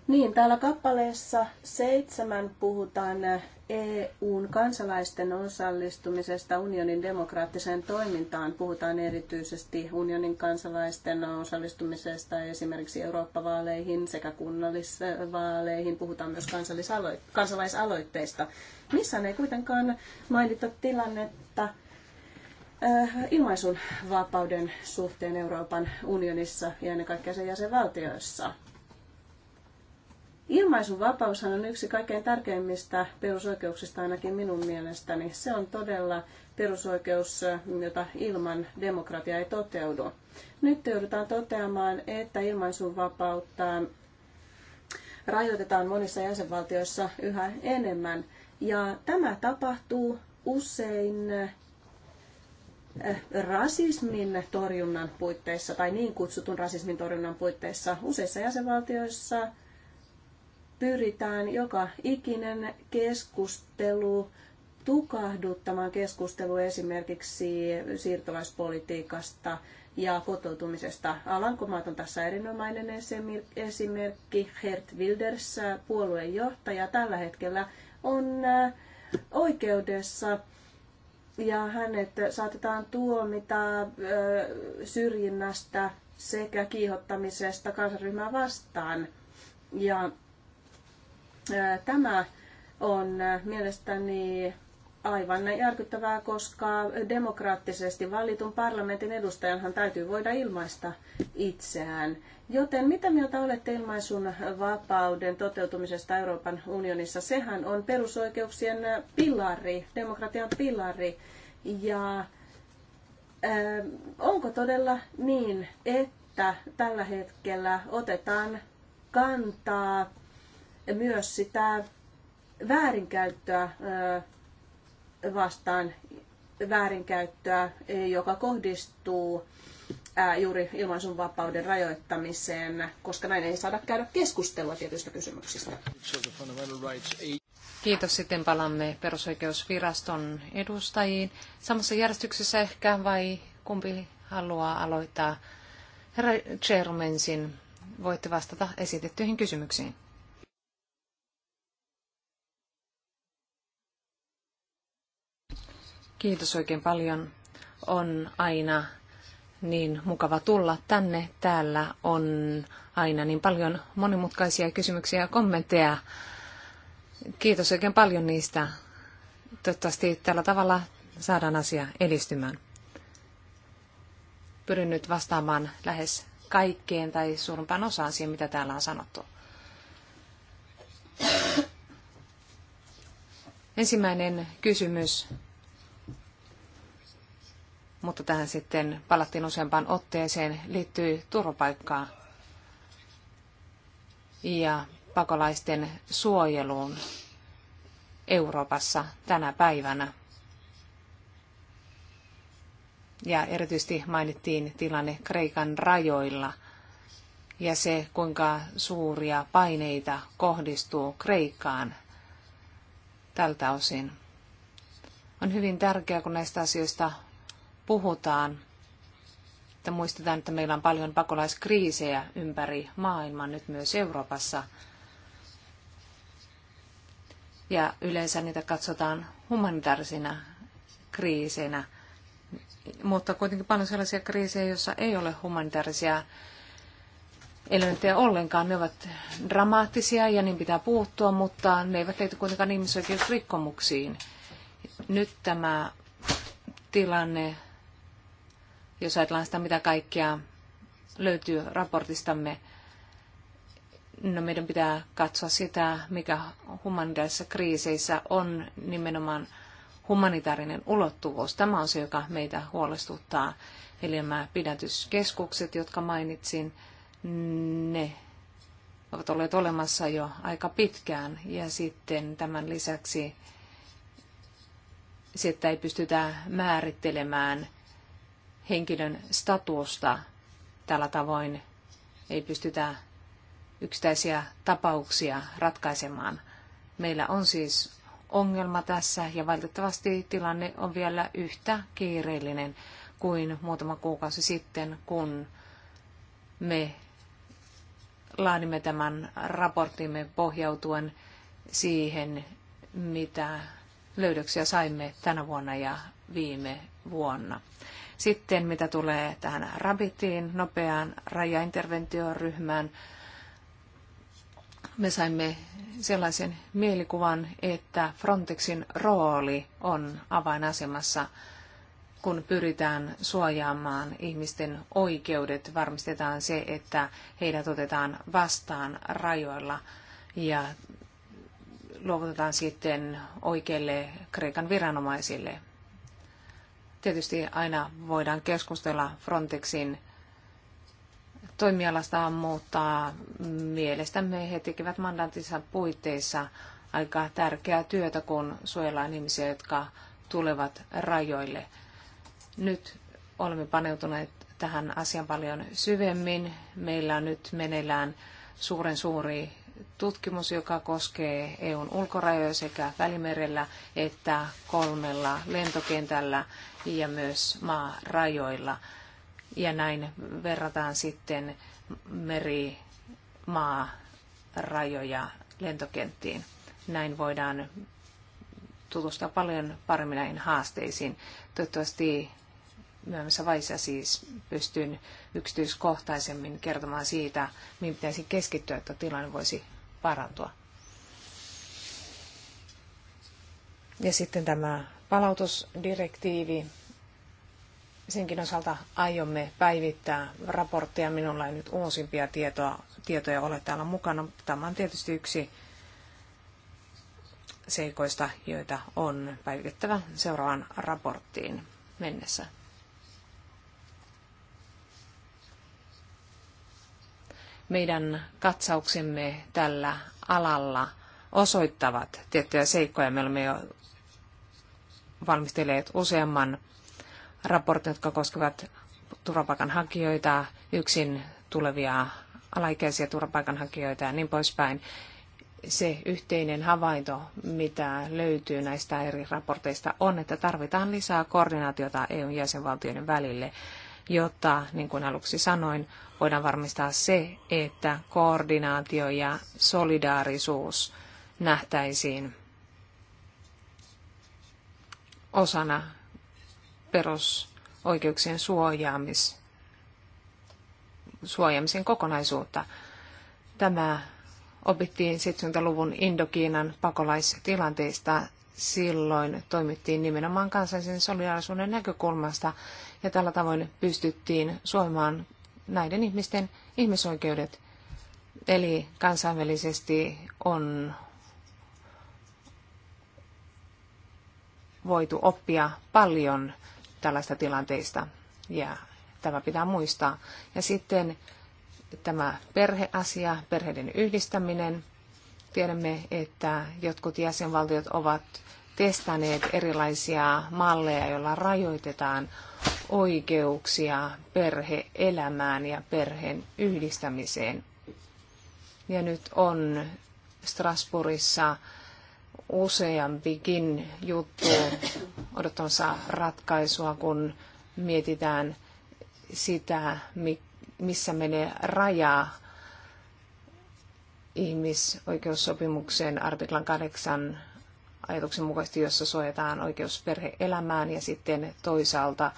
Niin, täällä kappaleessa seitsemän puhutaan EUn kansalaisten osallistumisesta unionin demokraattiseen toimintaan. Puhutaan erityisesti unionin kansalaisten osallistumisesta esimerkiksi Eurooppa-vaaleihin sekä kunnallisvaaleihin. Puhutaan myös kansalaisaloitteista. Missään ei kuitenkaan mainita tilannetta äh, ilmaisun vapauden suhteen Euroopan unionissa ja ennen kaikkea sen jäsenvaltioissa vapaus on yksi kaikkein tärkeimmistä perusoikeuksista ainakin minun mielestäni. Se on todella perusoikeus, jota ilman demokratia ei toteudu. Nyt joudutaan toteamaan, että vapautta rajoitetaan monissa jäsenvaltioissa yhä enemmän. Ja tämä tapahtuu usein eh, rasismin torjunnan puitteissa tai niin kutsutun rasismin torjunnan puitteissa useissa jäsenvaltioissa – pyritään joka ikinen keskustelu tukahduttamaan keskustelu esimerkiksi siirtolaispolitiikasta ja kotoutumisesta. Alankomaat on tässä erinomainen esimerkki. Hert Wilders, puoluejohtaja, tällä hetkellä on äh, oikeudessa ja hänet saatetaan tuomita äh, syrjinnästä sekä kiihottamisesta kansanryhmää vastaan. Ja Tämä on mielestäni aivan järkyttävää, koska demokraattisesti valitun parlamentin edustajanhan täytyy voida ilmaista itseään. Joten mitä mieltä olette ilmaisun vapauden toteutumisesta Euroopan unionissa? Sehän on perusoikeuksien pilari, demokratian pilari. Ja äh, onko todella niin, että tällä hetkellä otetaan kantaa myös sitä väärinkäyttöä vastaan, väärinkäyttöä, joka kohdistuu juuri ilmaisun vapauden rajoittamiseen, koska näin ei saada käydä keskustelua tietyistä kysymyksistä. Kiitos. Sitten palamme perusoikeusviraston edustajiin. Samassa järjestyksessä ehkä vai kumpi haluaa aloittaa? Herra Chairmansin, voitte vastata esitettyihin kysymyksiin. Kiitos oikein paljon. On aina niin mukava tulla tänne. Täällä on aina niin paljon monimutkaisia kysymyksiä ja kommentteja. Kiitos oikein paljon niistä. Toivottavasti tällä tavalla saadaan asia edistymään. Pyrin nyt vastaamaan lähes kaikkeen tai suurimpaan osaan siihen, mitä täällä on sanottu. Ensimmäinen kysymys mutta tähän sitten palattiin useampaan otteeseen, liittyy turvapaikkaa ja pakolaisten suojeluun Euroopassa tänä päivänä. Ja erityisesti mainittiin tilanne Kreikan rajoilla ja se, kuinka suuria paineita kohdistuu Kreikkaan tältä osin. On hyvin tärkeää, kun näistä asioista puhutaan. Että muistetaan, että meillä on paljon pakolaiskriisejä ympäri maailman, nyt myös Euroopassa. Ja yleensä niitä katsotaan humanitaarisina kriiseinä, mutta kuitenkin paljon sellaisia kriisejä, joissa ei ole humanitaarisia elementtejä ollenkaan. Ne ovat dramaattisia ja niin pitää puuttua, mutta ne eivät liity kuitenkaan ihmisoikeusrikkomuksiin. Nyt tämä tilanne jos ajatellaan sitä, mitä kaikkea löytyy raportistamme, no meidän pitää katsoa sitä, mikä humanitaarisissa kriiseissä on nimenomaan humanitaarinen ulottuvuus. Tämä on se, joka meitä huolestuttaa. Eli nämä pidätyskeskukset, jotka mainitsin, ne ovat olleet olemassa jo aika pitkään. Ja sitten tämän lisäksi se, että ei pystytä määrittelemään henkilön statusta. Tällä tavoin ei pystytä yksittäisiä tapauksia ratkaisemaan. Meillä on siis ongelma tässä ja valitettavasti tilanne on vielä yhtä kiireellinen kuin muutama kuukausi sitten, kun me laadimme tämän raporttimme pohjautuen siihen, mitä löydöksiä saimme tänä vuonna ja viime vuonna. Sitten mitä tulee tähän Rabbitiin, nopeaan rajainterventioryhmään, me saimme sellaisen mielikuvan, että Frontexin rooli on avainasemassa, kun pyritään suojaamaan ihmisten oikeudet, varmistetaan se, että heidät otetaan vastaan rajoilla ja luovutetaan sitten oikeille Kreikan viranomaisille. Tietysti aina voidaan keskustella Frontexin toimialastaan, mutta mielestämme he tekevät mandantinsa puitteissa aika tärkeää työtä, kun suojellaan ihmisiä, jotka tulevat rajoille. Nyt olemme paneutuneet tähän asian paljon syvemmin. Meillä on nyt meneillään suuren suuri tutkimus, joka koskee EUn ulkorajoja sekä Välimerellä että kolmella lentokentällä ja myös maarajoilla. Ja näin verrataan sitten meri, maa, rajoja lentokenttiin. Näin voidaan tutustua paljon paremmin näihin haasteisiin. Toivottavasti myöhemmässä vaiheessa siis pystyn yksityiskohtaisemmin kertomaan siitä, mihin pitäisi keskittyä, että tilanne voisi parantua. Ja sitten tämä palautusdirektiivi. Senkin osalta aiomme päivittää raporttia. Minulla ei nyt uusimpia tietoa, tietoja ole täällä mukana. Mutta tämä on tietysti yksi seikoista, joita on päivitettävä seuraavaan raporttiin mennessä. meidän katsauksemme tällä alalla osoittavat tiettyjä seikkoja. Me olemme jo valmistelleet useamman raportin, jotka koskevat turvapaikanhakijoita, yksin tulevia alaikäisiä turvapaikanhakijoita ja niin poispäin. Se yhteinen havainto, mitä löytyy näistä eri raporteista, on, että tarvitaan lisää koordinaatiota eu jäsenvaltioiden välille jotta, niin kuin aluksi sanoin, voidaan varmistaa se, että koordinaatio ja solidaarisuus nähtäisiin osana perusoikeuksien suojaamis, suojaamisen kokonaisuutta. Tämä opittiin 70-luvun Indokiinan pakolaistilanteista. Silloin toimittiin nimenomaan kansallisen solidaarisuuden näkökulmasta ja tällä tavoin pystyttiin suojamaan näiden ihmisten ihmisoikeudet. Eli kansainvälisesti on voitu oppia paljon tällaista tilanteista ja tämä pitää muistaa. Ja sitten tämä perheasia, perheiden yhdistäminen. Tiedämme, että jotkut jäsenvaltiot ovat testanneet erilaisia malleja, joilla rajoitetaan oikeuksia perhe-elämään ja perheen yhdistämiseen. Ja nyt on Strasbourgissa useampikin juttu odottamassa ratkaisua, kun mietitään sitä, missä menee raja ihmisoikeussopimuksen artiklan 8 ajatuksen mukaisesti, jossa suojataan oikeus perhe-elämään ja sitten toisaalta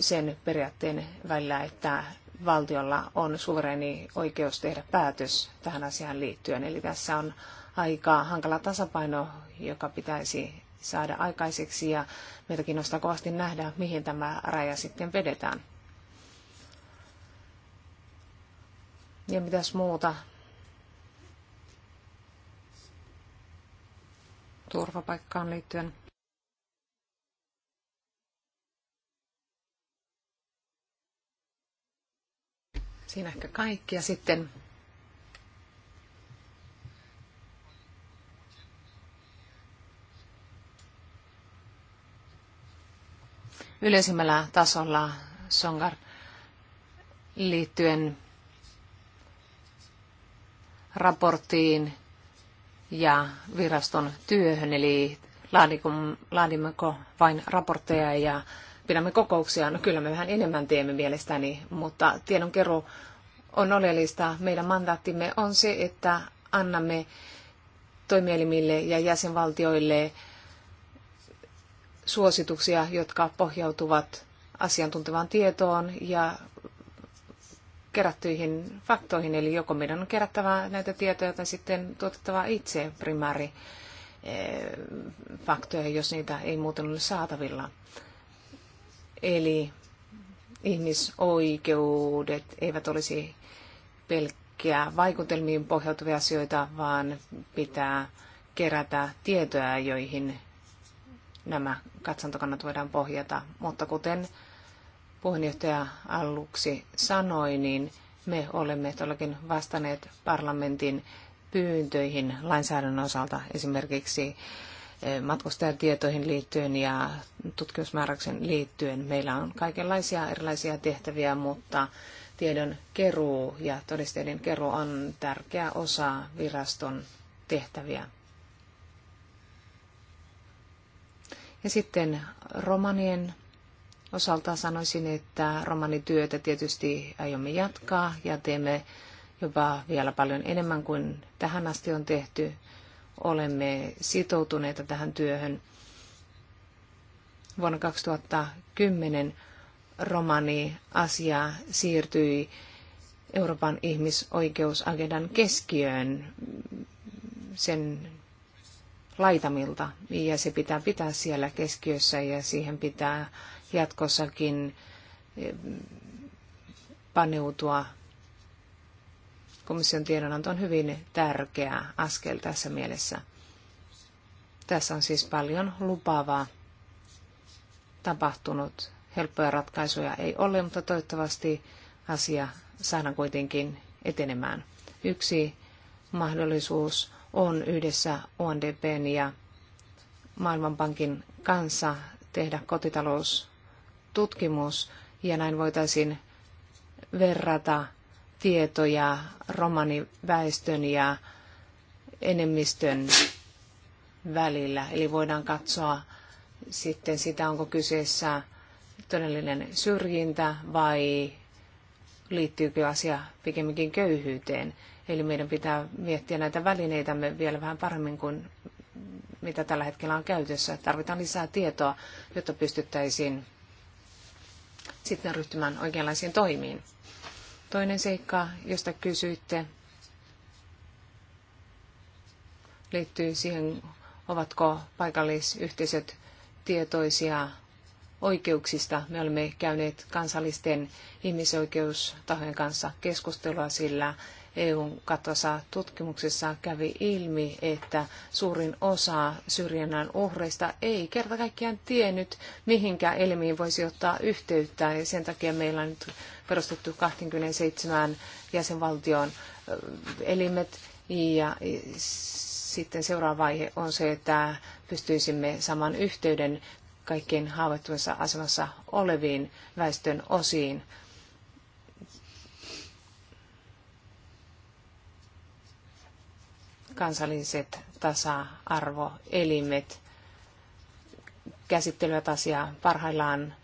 sen periaatteen välillä, että valtiolla on suvereeni oikeus tehdä päätös tähän asiaan liittyen. Eli tässä on aika hankala tasapaino, joka pitäisi saada aikaiseksi ja meitä kiinnostaa kovasti nähdä, mihin tämä raja sitten vedetään. Ja mitäs muuta? Turvapaikkaan liittyen. Siinä ehkä kaikki. Ja sitten yleisimmällä tasolla Songar liittyen raporttiin ja viraston työhön, eli laadimmeko vain raportteja ja pidämme kokouksia. No kyllä me vähän enemmän teemme mielestäni, mutta tiedonkeru on oleellista. Meidän mandaattimme on se, että annamme toimielimille ja jäsenvaltioille suosituksia, jotka pohjautuvat asiantuntevaan tietoon ja kerättyihin faktoihin, eli joko meidän on kerättävä näitä tietoja tai sitten tuotettava itse primääri eh, faktoja, jos niitä ei muuten ole saatavilla. Eli ihmisoikeudet eivät olisi pelkkiä vaikutelmiin pohjautuvia asioita, vaan pitää kerätä tietoja, joihin nämä katsantokannat voidaan pohjata. Mutta kuten puheenjohtaja aluksi sanoi, niin me olemme todellakin vastanneet parlamentin pyyntöihin lainsäädännön osalta esimerkiksi matkustajatietoihin liittyen ja tutkimusmääräyksen liittyen. Meillä on kaikenlaisia erilaisia tehtäviä, mutta tiedon keruu ja todisteiden keruu on tärkeä osa viraston tehtäviä. Ja sitten romanien osalta sanoisin, että romanityötä tietysti aiomme jatkaa ja teemme jopa vielä paljon enemmän kuin tähän asti on tehty olemme sitoutuneita tähän työhön. Vuonna 2010 romani-asia siirtyi Euroopan ihmisoikeusagendan keskiöön sen laitamilta ja se pitää pitää siellä keskiössä ja siihen pitää jatkossakin eh, paneutua Komission tiedonanto on hyvin tärkeä askel tässä mielessä. Tässä on siis paljon lupaavaa tapahtunut. Helppoja ratkaisuja ei ole, mutta toivottavasti asia saadaan kuitenkin etenemään. Yksi mahdollisuus on yhdessä UNDPn ja Maailmanpankin kanssa tehdä kotitaloustutkimus ja näin voitaisiin verrata tietoja romaniväestön ja enemmistön välillä. Eli voidaan katsoa sitten sitä, onko kyseessä todellinen syrjintä vai liittyykö asia pikemminkin köyhyyteen. Eli meidän pitää miettiä näitä välineitämme vielä vähän paremmin kuin mitä tällä hetkellä on käytössä. Tarvitaan lisää tietoa, jotta pystyttäisiin sitten ryhtymään oikeanlaisiin toimiin. Toinen seikka, josta kysyitte, liittyy siihen, ovatko paikallisyhteisöt tietoisia oikeuksista. Me olemme käyneet kansallisten ihmisoikeustahojen kanssa keskustelua, sillä EUn kattavassa tutkimuksessa kävi ilmi, että suurin osa syrjinnän uhreista ei kerta kaikkiaan tiennyt, mihinkä elimiin voisi ottaa yhteyttä. Ja sen takia meillä on nyt perustettu 27 jäsenvaltion elimet ja sitten seuraava vaihe on se, että pystyisimme saman yhteyden kaikkein haavoittuvassa asemassa oleviin väestön osiin. Kansalliset tasa-arvoelimet käsittelevät asiaa parhaillaan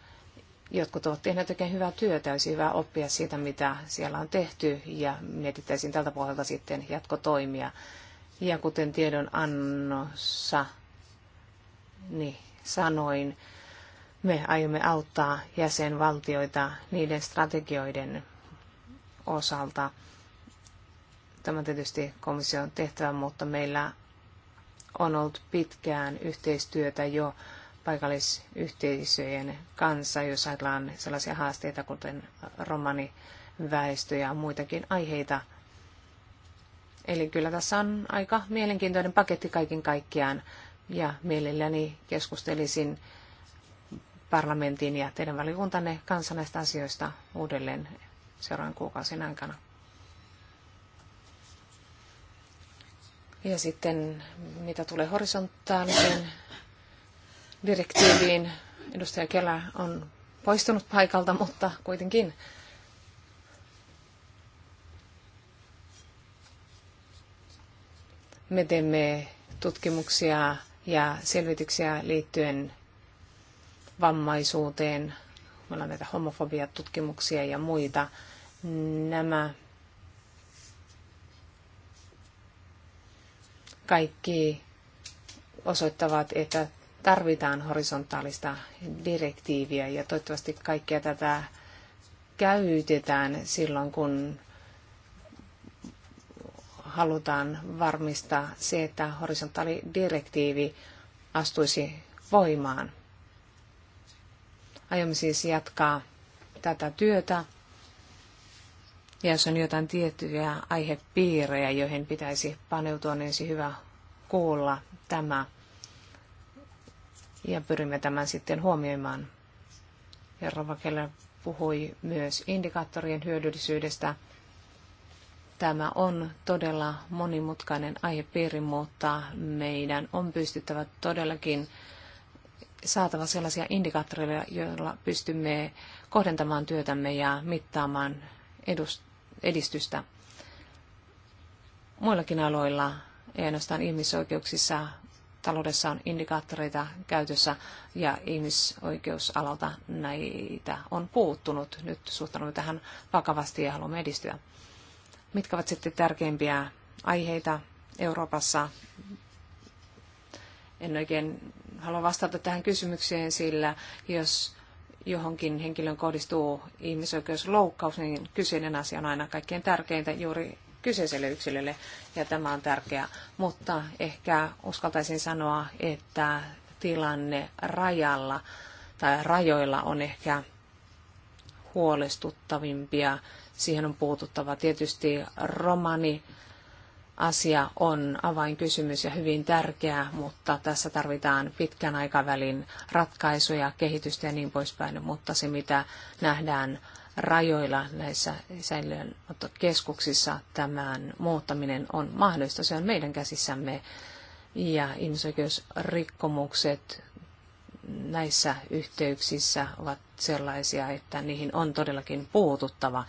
Jotkut ovat tehneet oikein hyvää työtä, olisi hyvä oppia siitä, mitä siellä on tehty ja mietittäisiin tältä pohjalta sitten jatkotoimia. Ja kuten tiedon annossa niin sanoin, me aiomme auttaa jäsenvaltioita niiden strategioiden osalta. Tämä on tietysti komission tehtävä, mutta meillä on ollut pitkään yhteistyötä jo paikallisyhteisöjen kanssa, jos ajatellaan sellaisia haasteita, kuten romaniväestö ja muitakin aiheita. Eli kyllä tässä on aika mielenkiintoinen paketti kaiken kaikkiaan, ja mielelläni keskustelisin parlamentin ja teidän valikuntanne kanssa näistä asioista uudelleen seuraavan kuukausien aikana. Ja sitten mitä tulee horisontaaliseen direktiiviin. Edustaja Kelä on poistunut paikalta, mutta kuitenkin. Me teemme tutkimuksia ja selvityksiä liittyen vammaisuuteen. Meillä on näitä homofobiatutkimuksia ja muita. Nämä kaikki osoittavat, että tarvitaan horisontaalista direktiiviä ja toivottavasti kaikkea tätä käytetään silloin, kun halutaan varmistaa se, että horisontaalidirektiivi astuisi voimaan. Aiomme siis jatkaa tätä työtä. Ja jos on jotain tiettyjä aihepiirejä, joihin pitäisi paneutua, niin olisi hyvä kuulla tämä ja pyrimme tämän sitten huomioimaan. Herra Vakelle puhui myös indikaattorien hyödyllisyydestä. Tämä on todella monimutkainen aihepiiri, mutta meidän on pystyttävä todellakin saatava sellaisia indikaattoreita, joilla pystymme kohdentamaan työtämme ja mittaamaan edistystä. Muillakin aloilla, ei ainoastaan ihmisoikeuksissa, taloudessa on indikaattoreita käytössä ja ihmisoikeusalalta näitä on puuttunut. Nyt suhtaudumme tähän vakavasti ja haluamme edistyä. Mitkä ovat sitten tärkeimpiä aiheita Euroopassa? En oikein halua vastata tähän kysymykseen, sillä jos johonkin henkilön kohdistuu ihmisoikeusloukkaus, niin kyseinen asia on aina kaikkein tärkeintä. Juuri kyseiselle yksilölle, ja tämä on tärkeää. Mutta ehkä uskaltaisin sanoa, että tilanne rajalla tai rajoilla on ehkä huolestuttavimpia. Siihen on puututtava. Tietysti romani asia on avainkysymys ja hyvin tärkeä, mutta tässä tarvitaan pitkän aikavälin ratkaisuja, kehitystä ja niin poispäin. Mutta se, mitä nähdään rajoilla näissä säilöönottokeskuksissa tämän muuttaminen on mahdollista. Se on meidän käsissämme ja ihmisoikeusrikkomukset näissä yhteyksissä ovat sellaisia, että niihin on todellakin puututtava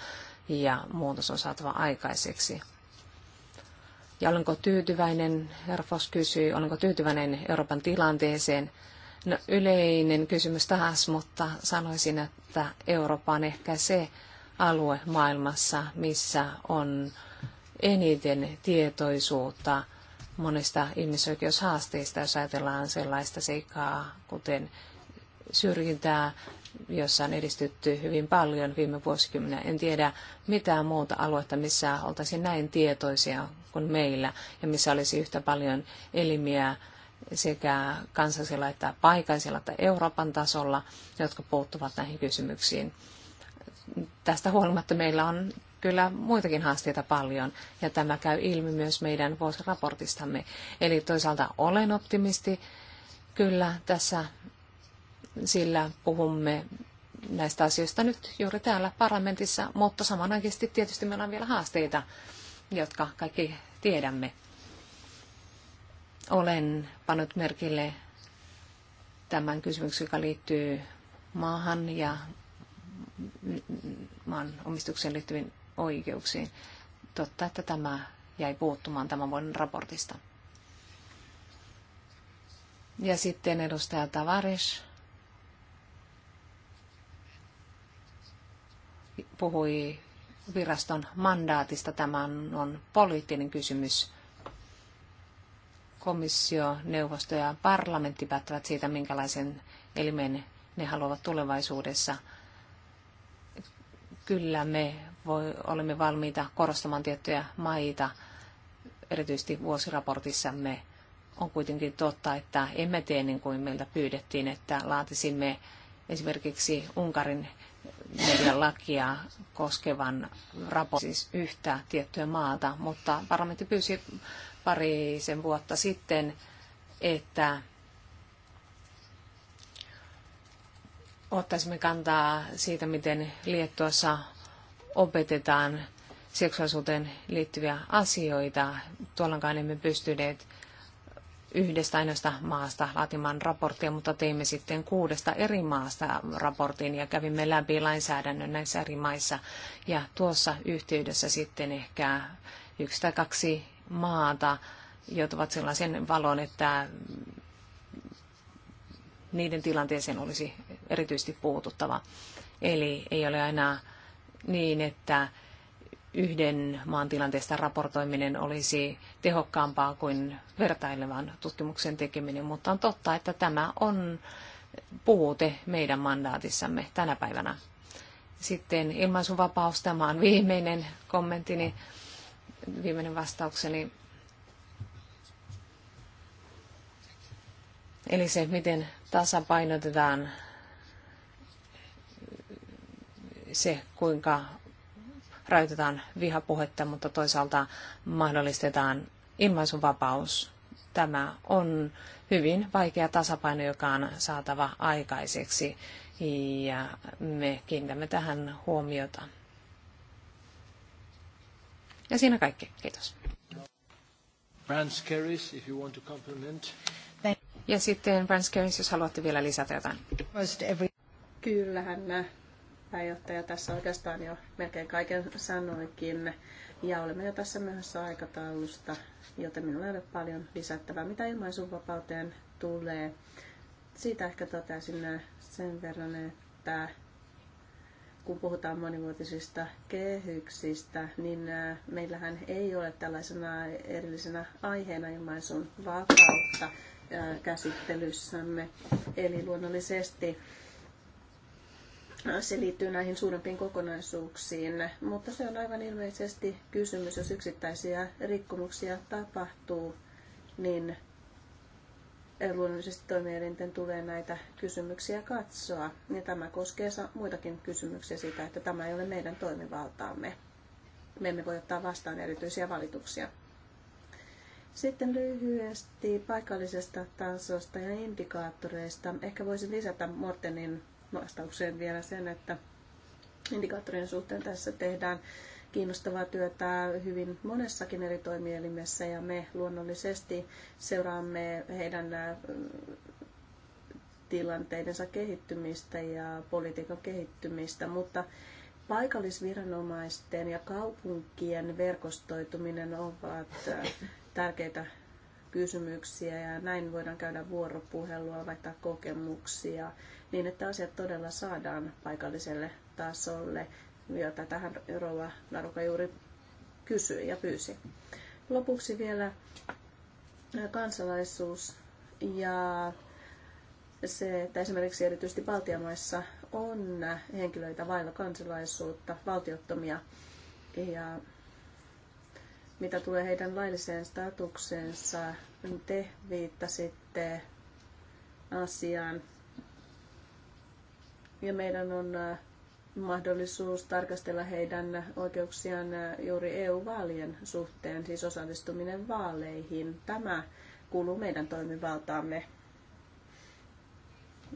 ja muutos on saatava aikaiseksi. Ja olenko tyytyväinen, Herfos kysyi, olenko tyytyväinen Euroopan tilanteeseen – No, yleinen kysymys taas, mutta sanoisin, että Eurooppa on ehkä se alue maailmassa, missä on eniten tietoisuutta monista ihmisoikeushaasteista, jos ajatellaan sellaista seikkaa, kuten syrjintää, jossa on edistytty hyvin paljon viime vuosikymmenä. En tiedä mitään muuta aluetta, missä oltaisiin näin tietoisia kuin meillä ja missä olisi yhtä paljon elimiä, sekä kansallisella että paikallisella että Euroopan tasolla, jotka puuttuvat näihin kysymyksiin. Tästä huolimatta meillä on kyllä muitakin haasteita paljon, ja tämä käy ilmi myös meidän vuosiraportistamme. Eli toisaalta olen optimisti, kyllä tässä sillä puhumme näistä asioista nyt juuri täällä parlamentissa, mutta samanaikaisesti tietysti meillä on vielä haasteita, jotka kaikki tiedämme. Olen pannut merkille tämän kysymyksen, joka liittyy maahan ja maan omistukseen liittyviin oikeuksiin. Totta, että tämä jäi puuttumaan tämän vuoden raportista. Ja sitten edustaja Tavares puhui viraston mandaatista. Tämä on poliittinen kysymys komissio, neuvosto ja parlamentti päättävät siitä, minkälaisen elimen ne haluavat tulevaisuudessa. Kyllä me voi, olemme valmiita korostamaan tiettyjä maita, erityisesti vuosiraportissamme. On kuitenkin totta, että emme tee niin kuin meiltä pyydettiin, että laatisimme esimerkiksi Unkarin median lakia koskevan raportin siis yhtä tiettyä maata, mutta parlamentti pyysi parisen vuotta sitten, että ottaisimme kantaa siitä, miten Liettuassa opetetaan seksuaalisuuteen liittyviä asioita. Tuollankaan emme pystyneet yhdestä ainoasta maasta laatimaan raporttia, mutta teimme sitten kuudesta eri maasta raportin ja kävimme läpi lainsäädännön näissä eri maissa. Ja tuossa yhteydessä sitten ehkä yksi tai kaksi maata joutuvat sellaisen valon, että niiden tilanteeseen olisi erityisesti puututtava. Eli ei ole aina niin, että yhden maan tilanteesta raportoiminen olisi tehokkaampaa kuin vertailevan tutkimuksen tekeminen, mutta on totta, että tämä on puute meidän mandaatissamme tänä päivänä. Sitten ilmaisuvapaus, tämä on viimeinen kommenttini. Niin viimeinen vastaukseni. Eli se, miten tasapainotetaan se, kuinka rajoitetaan vihapuhetta, mutta toisaalta mahdollistetaan ilmaisunvapaus. Tämä on hyvin vaikea tasapaino, joka on saatava aikaiseksi ja me kiinnitämme tähän huomiota. Ja siinä kaikki. Kiitos. if you want to Ja sitten Branskeris, jos haluatte vielä lisätä jotain. Kyllähän nämä pääjohtaja tässä oikeastaan jo melkein kaiken sanoikin. Ja olemme jo tässä myöhässä aikataulusta, joten minulla ei ole paljon lisättävää, mitä ilmaisuvapauteen tulee. Siitä ehkä totesin sen verran, että kun puhutaan monivuotisista kehyksistä, niin meillähän ei ole tällaisena erillisenä aiheena ilmaisun vakautta käsittelyssämme. Eli luonnollisesti se liittyy näihin suurempiin kokonaisuuksiin, mutta se on aivan ilmeisesti kysymys, jos yksittäisiä rikkomuksia tapahtuu, niin luonnollisesti toimielinten tulee näitä kysymyksiä katsoa. Ja tämä koskee muitakin kysymyksiä siitä, että tämä ei ole meidän toimivaltaamme. Me emme voi ottaa vastaan erityisiä valituksia. Sitten lyhyesti paikallisesta tasosta ja indikaattoreista. Ehkä voisin lisätä Mortenin vastaukseen vielä sen, että indikaattorien suhteen tässä tehdään kiinnostavaa työtä hyvin monessakin eri toimielimessä ja me luonnollisesti seuraamme heidän äh, tilanteidensa kehittymistä ja politiikan kehittymistä, mutta paikallisviranomaisten ja kaupunkien verkostoituminen ovat äh, tärkeitä kysymyksiä ja näin voidaan käydä vuoropuhelua, vaihtaa kokemuksia niin, että asiat todella saadaan paikalliselle tasolle ja tätähän Rova Naruka juuri kysyi ja pyysi. Lopuksi vielä kansalaisuus ja se, että esimerkiksi erityisesti Baltiamaissa on henkilöitä vailla kansalaisuutta, valtiottomia, ja mitä tulee heidän lailliseen statukseensa, niin te viittasitte asiaan. Ja meidän on mahdollisuus tarkastella heidän oikeuksiaan juuri EU-vaalien suhteen, siis osallistuminen vaaleihin. Tämä kuuluu meidän toimivaltaamme.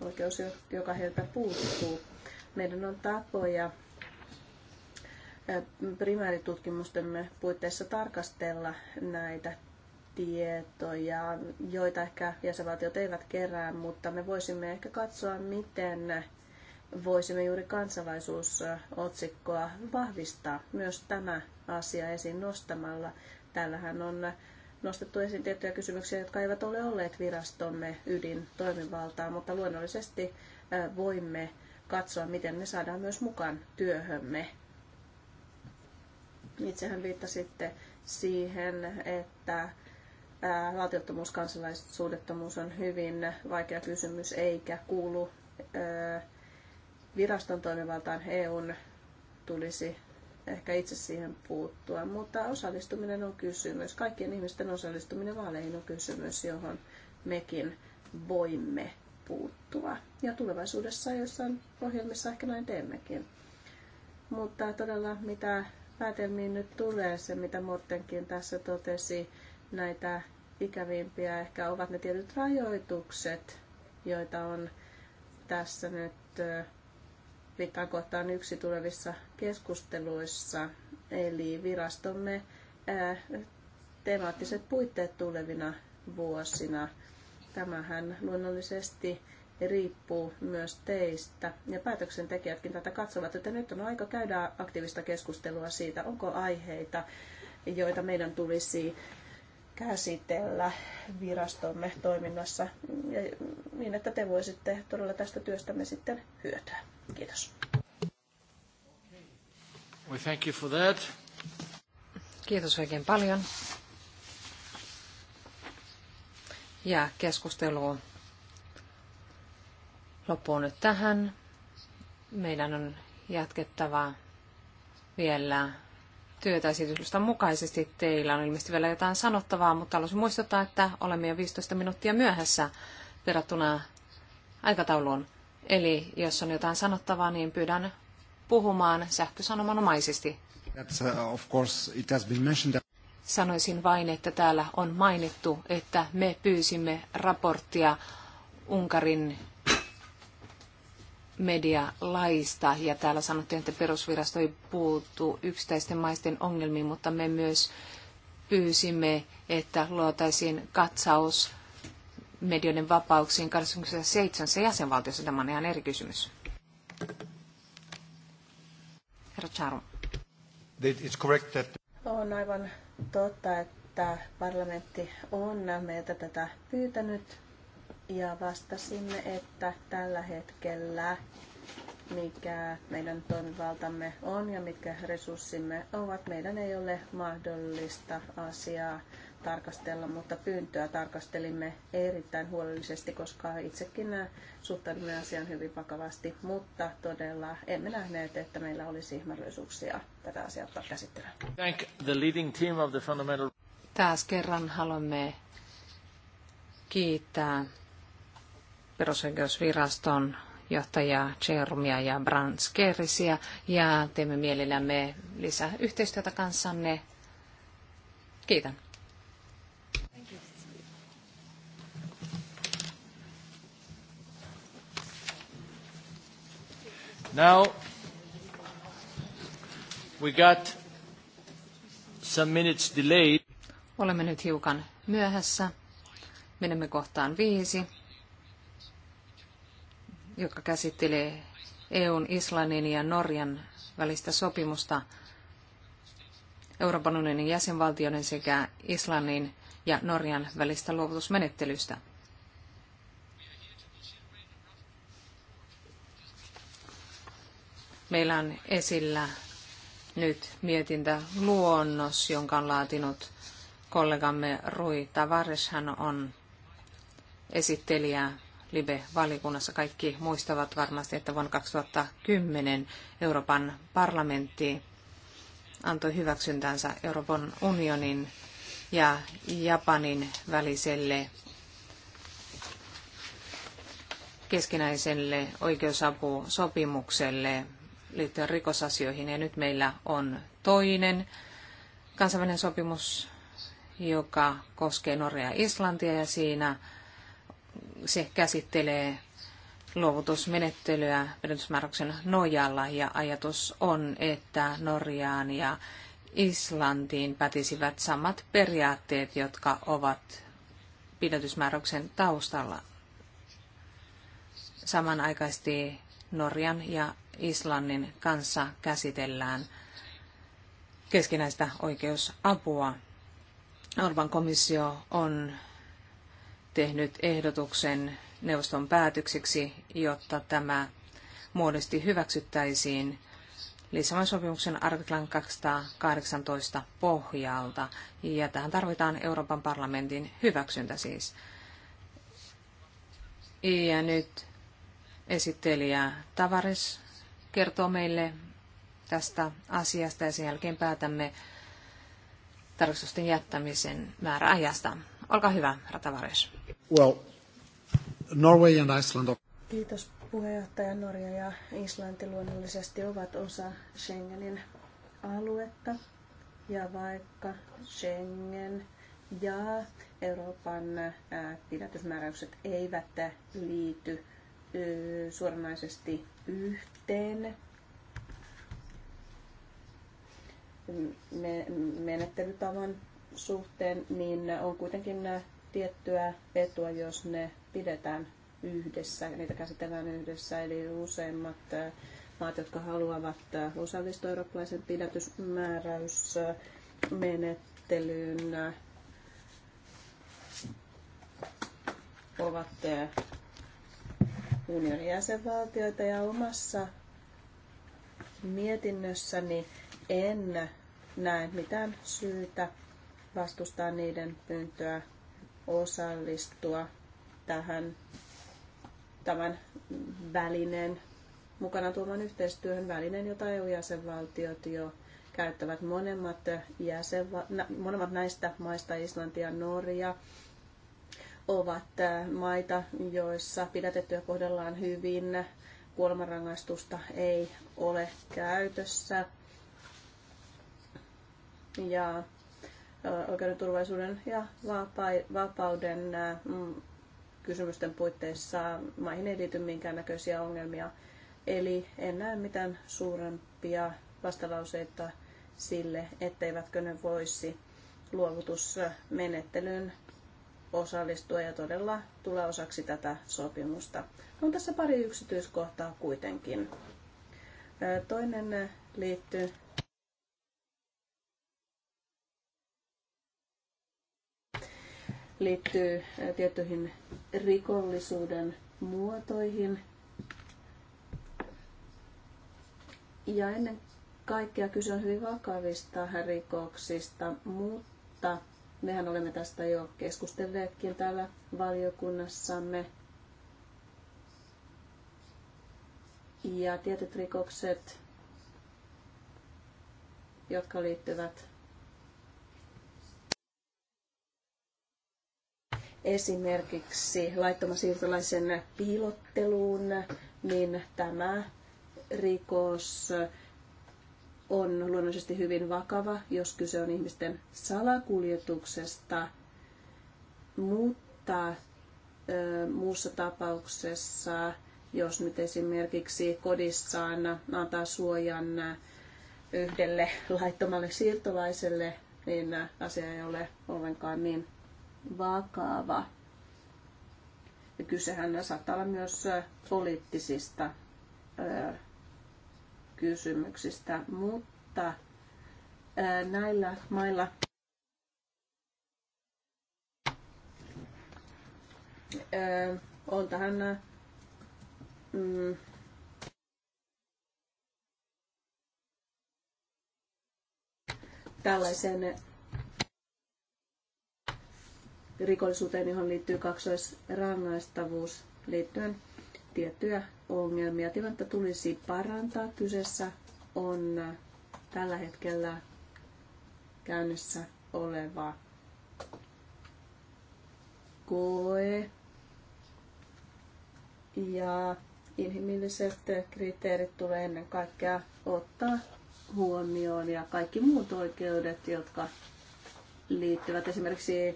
Oikeus, joka heiltä puuttuu. Meidän on tapoja primääritutkimustemme puitteissa tarkastella näitä tietoja, joita ehkä jäsenvaltiot eivät kerää, mutta me voisimme ehkä katsoa, miten voisimme juuri kansalaisuusotsikkoa vahvistaa myös tämä asia esiin nostamalla. Täällähän on nostettu esiin tiettyjä kysymyksiä, jotka eivät ole olleet virastomme ydin toimivaltaa, mutta luonnollisesti voimme katsoa, miten ne saadaan myös mukaan työhömme. Itsehän viittasitte siihen, että valtiottomuus, kansalaisuudettomuus on hyvin vaikea kysymys eikä kuulu viraston toimivaltaan EUn tulisi ehkä itse siihen puuttua, mutta osallistuminen on kysymys. Kaikkien ihmisten osallistuminen vaaleihin on kysymys, johon mekin voimme puuttua. Ja tulevaisuudessa jossain ohjelmissa ehkä näin teemmekin. Mutta todella mitä päätelmiin nyt tulee, se mitä Mortenkin tässä totesi, näitä ikävimpiä ehkä ovat ne tietyt rajoitukset, joita on tässä nyt viittaan yksi tulevissa keskusteluissa, eli virastomme temaattiset puitteet tulevina vuosina. Tämähän luonnollisesti riippuu myös teistä. Ja päätöksentekijätkin tätä katsovat, että nyt on aika käydä aktiivista keskustelua siitä, onko aiheita, joita meidän tulisi käsitellä virastomme toiminnassa, niin että te voisitte todella tästä työstämme sitten hyötyä. Kiitos. We thank you for that. Kiitos oikein paljon. Ja keskustelu loppuu nyt tähän. Meidän on jatkettava vielä työtä esitystä mukaisesti. Teillä on ilmeisesti vielä jotain sanottavaa, mutta haluaisin muistuttaa, että olemme jo 15 minuuttia myöhässä verrattuna aikatauluun. Eli jos on jotain sanottavaa, niin pyydän puhumaan sähkösanomanomaisesti. Uh, Sanoisin vain, että täällä on mainittu, että me pyysimme raporttia Unkarin medialaista ja täällä sanottiin, että perusvirasto ei puuttu yksittäisten maisten ongelmiin, mutta me myös pyysimme, että luotaisiin katsaus medioiden vapauksiin 27 jäsenvaltiossa. Tämä on ihan eri kysymys. Herra Charu. On aivan totta, että parlamentti on meiltä tätä pyytänyt ja vastasimme, että tällä hetkellä mikä meidän toimivaltamme on ja mitkä resurssimme ovat, meidän ei ole mahdollista asiaa tarkastella, mutta pyyntöä tarkastelimme erittäin huolellisesti, koska itsekin suhtaudumme asian hyvin vakavasti, mutta todella emme nähneet, että meillä olisi mahdollisuuksia tätä asiaa ottaa käsittelyä. Thank the leading team of the fundamental... Taas kerran haluamme kiittää perusoikeusviraston johtajaa Jermia ja Branskerisiä ja teemme mielellämme lisää yhteistyötä kanssanne. Kiitän. Now, we got some minutes delayed. Olemme nyt hiukan myöhässä. Menemme kohtaan viisi, joka käsittelee EUn, Islannin ja Norjan välistä sopimusta Euroopan unionin jäsenvaltioiden sekä Islannin ja Norjan välistä luovutusmenettelystä. Meillä on esillä nyt mietintä luonnos, jonka on laatinut kollegamme Rui Tavares. Hän on esittelijä Libe-valikunnassa. Kaikki muistavat varmasti, että vuonna 2010 Euroopan parlamentti antoi hyväksyntänsä Euroopan unionin ja Japanin väliselle keskinäiselle oikeusapusopimukselle liittyen rikosasioihin. Ja nyt meillä on toinen kansainvälinen sopimus, joka koskee Norjaa ja Islantia ja siinä se käsittelee luovutusmenettelyä pidätysmääräyksen nojalla ja ajatus on, että Norjaan ja Islantiin pätisivät samat periaatteet, jotka ovat pidätysmääräyksen taustalla. Samanaikaisesti Norjan ja Islannin kanssa käsitellään keskinäistä oikeusapua. Orban komissio on tehnyt ehdotuksen neuvoston päätöksiksi, jotta tämä muodosti hyväksyttäisiin Lissabonin sopimuksen artiklan 218 pohjalta. Ja tähän tarvitaan Euroopan parlamentin hyväksyntä siis. Ja nyt esittelijä Tavares kertoo meille tästä asiasta ja sen jälkeen päätämme tarkastusten jättämisen määräajasta. Olkaa hyvä, Ratavares. Well, Norway and Iceland... Kiitos puheenjohtaja. Norja ja Islanti luonnollisesti ovat osa Schengenin aluetta. Ja vaikka Schengen ja Euroopan pidätysmääräykset eivät liity suoranaisesti yhteen. menettelytavan suhteen, niin on kuitenkin tiettyä etua, jos ne pidetään yhdessä, niitä käsitellään yhdessä, eli useimmat maat, jotka haluavat osallistua eurooppalaisen pidätysmääräysmenettelyyn, ovat unionin jäsenvaltioita ja omassa mietinnössäni en näe mitään syytä vastustaa niiden pyyntöä osallistua tähän tämän välineen mukana tuoman yhteistyöhön välineen, jota EU-jäsenvaltiot jo käyttävät. Monemmat, jäsenva- monemmat näistä maista, Islanti ja Norja, ovat äh, maita, joissa pidätettyä kohdellaan hyvin, kuolemanrangaistusta ei ole käytössä. Ja oikeuden turvallisuuden ja vapauden äh, mm, kysymysten puitteissa maihin ei liity minkäännäköisiä ongelmia. Eli en näe mitään suurempia vastalauseita sille, etteivätkö ne voisi luovutusmenettelyn osallistua ja todella tulla osaksi tätä sopimusta. On tässä pari yksityiskohtaa kuitenkin. Toinen liittyy liittyy tiettyihin rikollisuuden muotoihin. Ja ennen kaikkea kyse on hyvin vakavista rikoksista, mutta Mehän olemme tästä jo keskustelleetkin täällä valiokunnassamme. Ja tietyt rikokset, jotka liittyvät esimerkiksi laittomasiirtolaisen siirtolaisen piilotteluun, niin tämä rikos on luonnollisesti hyvin vakava, jos kyse on ihmisten salakuljetuksesta, mutta ö, muussa tapauksessa, jos nyt esimerkiksi kodissaan antaa suojan yhdelle laittomalle siirtolaiselle, niin asia ei ole ollenkaan niin vakava. Ja kysehän saattaa olla myös poliittisista ö, kysymyksistä, mutta näillä mailla on tähän mm, tällaiseen rikollisuuteen, johon liittyy kaksoisrangaistavuus liittyen tiettyjä ongelmia. Tilannetta tulisi parantaa. Kyseessä on tällä hetkellä käynnissä oleva koe ja inhimilliset kriteerit tulee ennen kaikkea ottaa huomioon ja kaikki muut oikeudet, jotka liittyvät esimerkiksi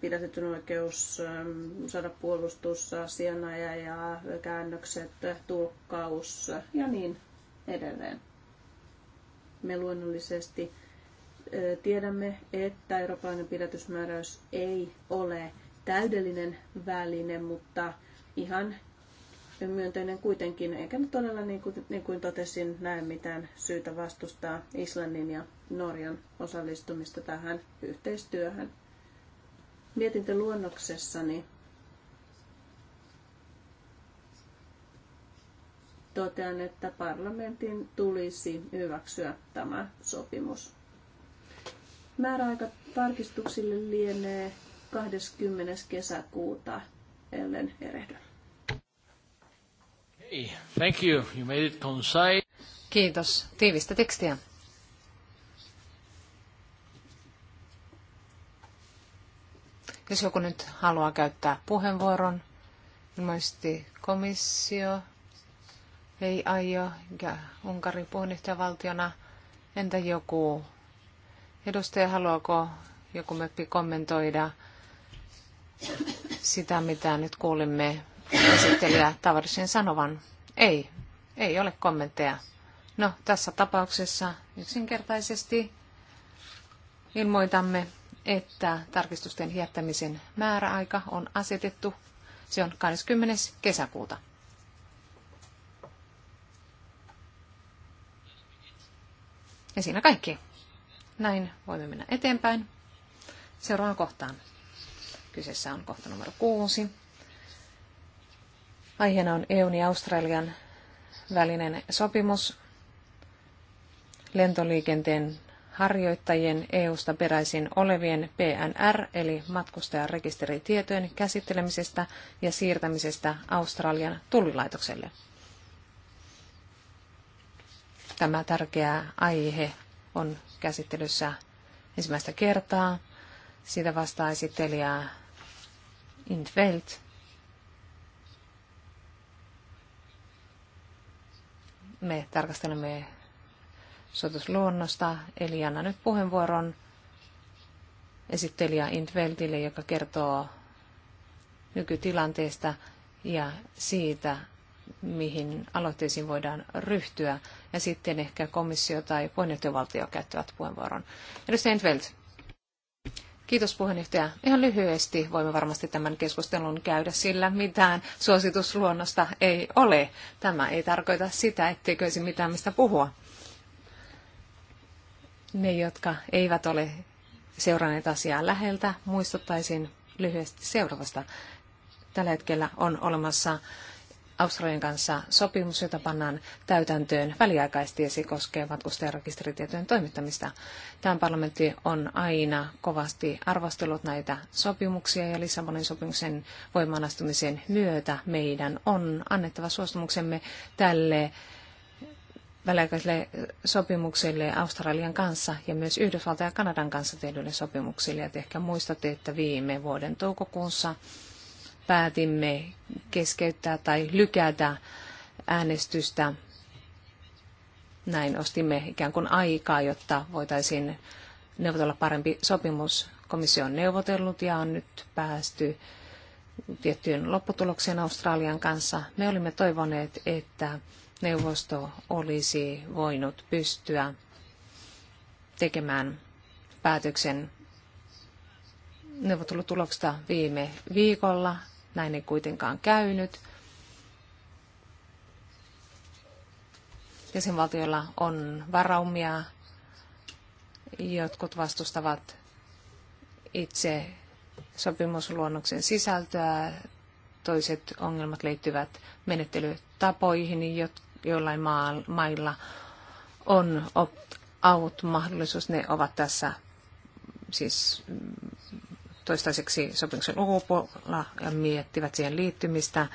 pidätetyn oikeus saada puolustus, ja käännökset, tulkkaus ja niin edelleen. Me luonnollisesti tiedämme, että eurooppalainen pidätysmääräys ei ole täydellinen väline, mutta ihan myönteinen kuitenkin, eikä nyt todella niin kuin, niin kuin totesin, näe mitään syytä vastustaa Islannin ja Norjan osallistumista tähän yhteistyöhön mietintöluonnoksessani totean, että parlamentin tulisi hyväksyä tämä sopimus. Määräaika tarkistuksille lienee 20. kesäkuuta, ellen erehdy. Hey, thank you. You made it concise. Kiitos. Tiivistä tekstiä. Jos joku nyt haluaa käyttää puheenvuoron, ilmeisesti komissio ei aio, ja Unkari puheenjohtajavaltiona, entä joku edustaja, haluaako joku meppi kommentoida sitä, mitä nyt kuulimme esittelijä Tavarisin sanovan? Ei, ei ole kommentteja. No, tässä tapauksessa yksinkertaisesti ilmoitamme, että tarkistusten jättämisen määräaika on asetettu. Se on 20. kesäkuuta. Ja siinä kaikki. Näin voimme mennä eteenpäin. Seuraava kohtaan. Kyseessä on kohta numero kuusi. Aiheena on EUn ja Australian välinen sopimus lentoliikenteen harjoittajien EU-sta peräisin olevien PNR eli matkustajarekisteritietojen käsittelemisestä ja siirtämisestä Australian tullilaitokselle. Tämä tärkeä aihe on käsittelyssä ensimmäistä kertaa. Siitä vastaa esittelijä Intveld. Me tarkastelemme luonnosta Eli annan nyt puheenvuoron esittelijä Intveltille, joka kertoo nykytilanteesta ja siitä, mihin aloitteisiin voidaan ryhtyä. Ja sitten ehkä komissio tai puheenjohtajavaltio käyttävät puheenvuoron. Edustaja Entvelt. Kiitos puheenjohtaja. Ihan lyhyesti voimme varmasti tämän keskustelun käydä, sillä mitään suositusluonnosta ei ole. Tämä ei tarkoita sitä, etteikö olisi mitään mistä puhua. Ne, jotka eivät ole seuranneet asiaa läheltä, muistuttaisin lyhyesti seuraavasta. Tällä hetkellä on olemassa Australian kanssa sopimus, jota pannaan täytäntöön väliaikaisesti ja se koskee matkustajarekisteritietojen toimittamista. Tämä parlamentti on aina kovasti arvostellut näitä sopimuksia ja Lissabonin sopimuksen voimaanastumisen myötä meidän on annettava suostumuksemme tälle väliaikaiselle sopimukselle Australian kanssa ja myös Yhdysvaltain ja Kanadan kanssa tehdyille sopimuksille. Ja ehkä muistatte, että viime vuoden toukokuussa päätimme keskeyttää tai lykätä äänestystä. Näin ostimme ikään kuin aikaa, jotta voitaisiin neuvotella parempi sopimus. Komissio on neuvotellut ja on nyt päästy tiettyyn lopputulokseen Australian kanssa. Me olimme toivoneet, että neuvosto olisi voinut pystyä tekemään päätöksen neuvottelutuloksesta viime viikolla. Näin ei kuitenkaan käynyt. Jäsenvaltioilla on varaumia. Jotkut vastustavat itse sopimusluonnoksen sisältöä. Toiset ongelmat liittyvät menettelytapoihin, joillain mailla on opt-out-mahdollisuus. Ne ovat tässä siis mm, toistaiseksi sopimuksen ulkopuolella ja miettivät siihen liittymistä.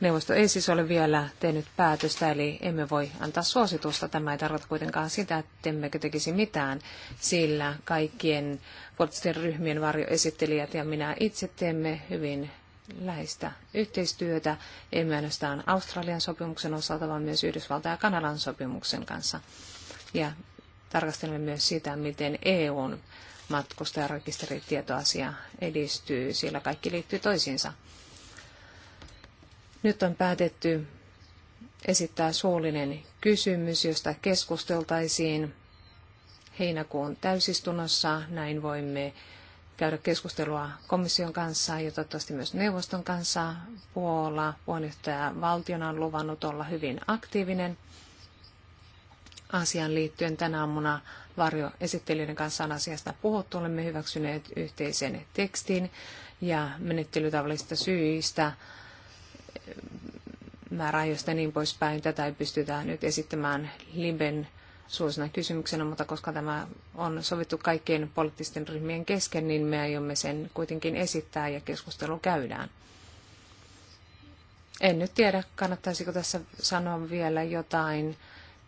Neuvosto ei siis ole vielä tehnyt päätöstä, eli emme voi antaa suositusta. Tämä ei tarkoita kuitenkaan sitä, että emmekö tekisi mitään, sillä kaikkien poliittisten ryhmien varjoesittelijät ja minä itse teemme hyvin läheistä yhteistyötä, ei ainoastaan Australian sopimuksen osalta, vaan myös Yhdysvaltain ja Kanadan sopimuksen kanssa. Ja tarkastelemme myös sitä, miten EUn matkustajarekisteritietoasia edistyy, sillä kaikki liittyy toisiinsa. Nyt on päätetty esittää suullinen kysymys, josta keskusteltaisiin heinäkuun täysistunnossa. Näin voimme käydä keskustelua komission kanssa ja toivottavasti myös neuvoston kanssa. Puola puheenjohtaja valtiona on luvannut olla hyvin aktiivinen asiaan liittyen. Tänä aamuna varjoesittelijöiden kanssa on asiasta puhuttu. Olemme hyväksyneet yhteisen tekstin ja menettelytavallisista syistä määräajoista ja niin poispäin. Tätä ei pystytä nyt esittämään Liben suosina kysymyksenä, mutta koska tämä on sovittu kaikkien poliittisten ryhmien kesken, niin me aiomme sen kuitenkin esittää ja keskustelu käydään. En nyt tiedä, kannattaisiko tässä sanoa vielä jotain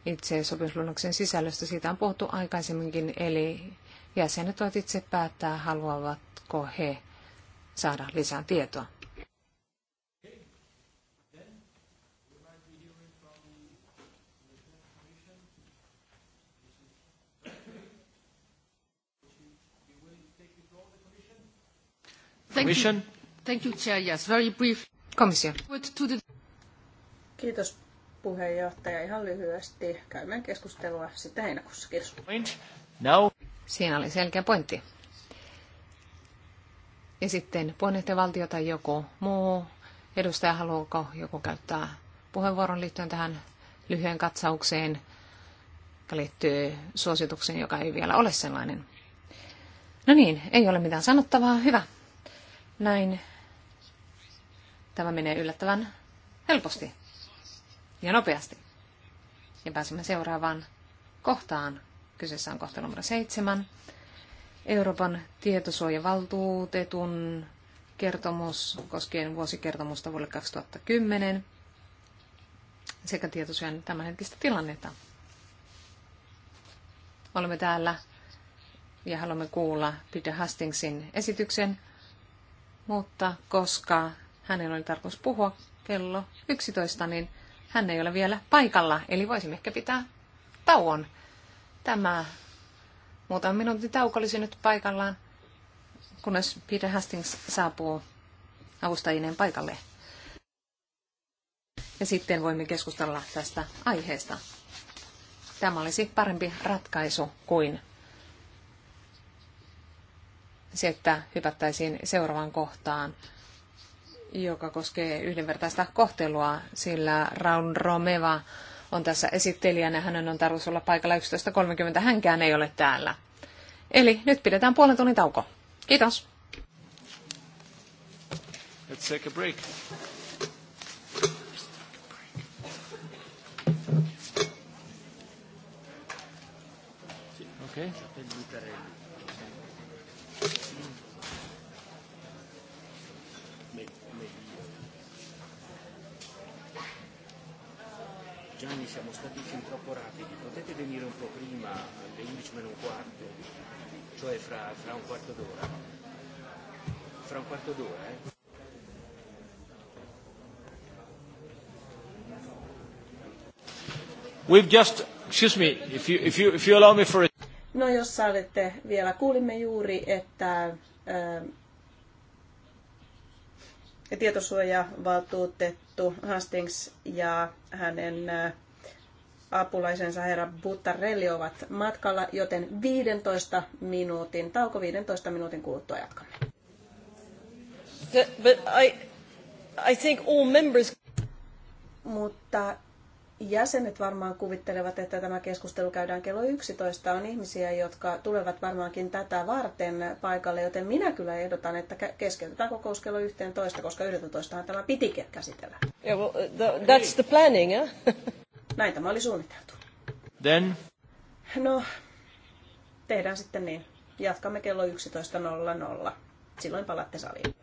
itse sopimusluonnoksen sisällöstä. Siitä on puhuttu aikaisemminkin, eli jäsenet voivat itse päättää, haluavatko he saada lisää tietoa. Commission? Thank you, Chair. Yes, very brief. Komissio. Kiitos puheenjohtaja. Ihan lyhyesti käymme keskustelua sitten heinäkuussa. Kiitos. Point. Now. Siinä oli selkeä pointti. Ja sitten puheenjohtajavaltio tai joku muu edustaja, haluaako joku käyttää puheenvuoron liittyen tähän lyhyen katsaukseen, joka liittyy suositukseen, joka ei vielä ole sellainen. No niin, ei ole mitään sanottavaa. Hyvä. Näin tämä menee yllättävän helposti ja nopeasti. Ja pääsemme seuraavaan kohtaan. Kyseessä on kohta numero seitsemän. Euroopan tietosuojavaltuutetun kertomus koskien vuosikertomusta vuodelle 2010 sekä tietosuojan tämänhetkistä tilannetta. Olemme täällä ja haluamme kuulla Peter Hastingsin esityksen mutta koska hänellä oli tarkoitus puhua kello 11, niin hän ei ole vielä paikalla, eli voisimme ehkä pitää tauon. Tämä muutaman minuutin tauko olisi nyt paikallaan, kunnes Peter Hastings saapuu avustajineen paikalle. Ja sitten voimme keskustella tästä aiheesta. Tämä olisi parempi ratkaisu kuin se, että hypättäisiin seuraavaan kohtaan, joka koskee yhdenvertaista kohtelua, sillä Raun Romeva on tässä esittelijänä. Hänen on tarkoitus olla paikalla 11.30. Hänkään ei ole täällä. Eli nyt pidetään puolen tunnin tauko. Kiitos. Let's take a break. Okay. anni siamo stati fin troppo rapidi, potete venire un po' prima, alle 11 meno un quarto, cioè fra, fra un quarto d'ora? Fra un quarto d'ora, eh? We've just, excuse me, if you, if you, if you allow me for a... No jos sallitte, vielä kuulimme juuri, että eh, tietosuojavaltuutettu Hastings ja hänen äh, apulaisensa herra Buttarelli ovat matkalla, joten 15 minuutin, tauko 15 minuutin kuluttua jatkamme. I, I think all members... Mutta jäsenet varmaan kuvittelevat, että tämä keskustelu käydään kello 11. On ihmisiä, jotka tulevat varmaankin tätä varten paikalle, joten minä kyllä ehdotan, että keskeytetään kokous kello 11, koska 11 tämä piti käsitellä. Yeah, well, uh, the, that's the planning, eh? Näin tämä oli suunniteltu. Then? No, tehdään sitten niin. Jatkamme kello 11.00. Silloin palaatte saliin.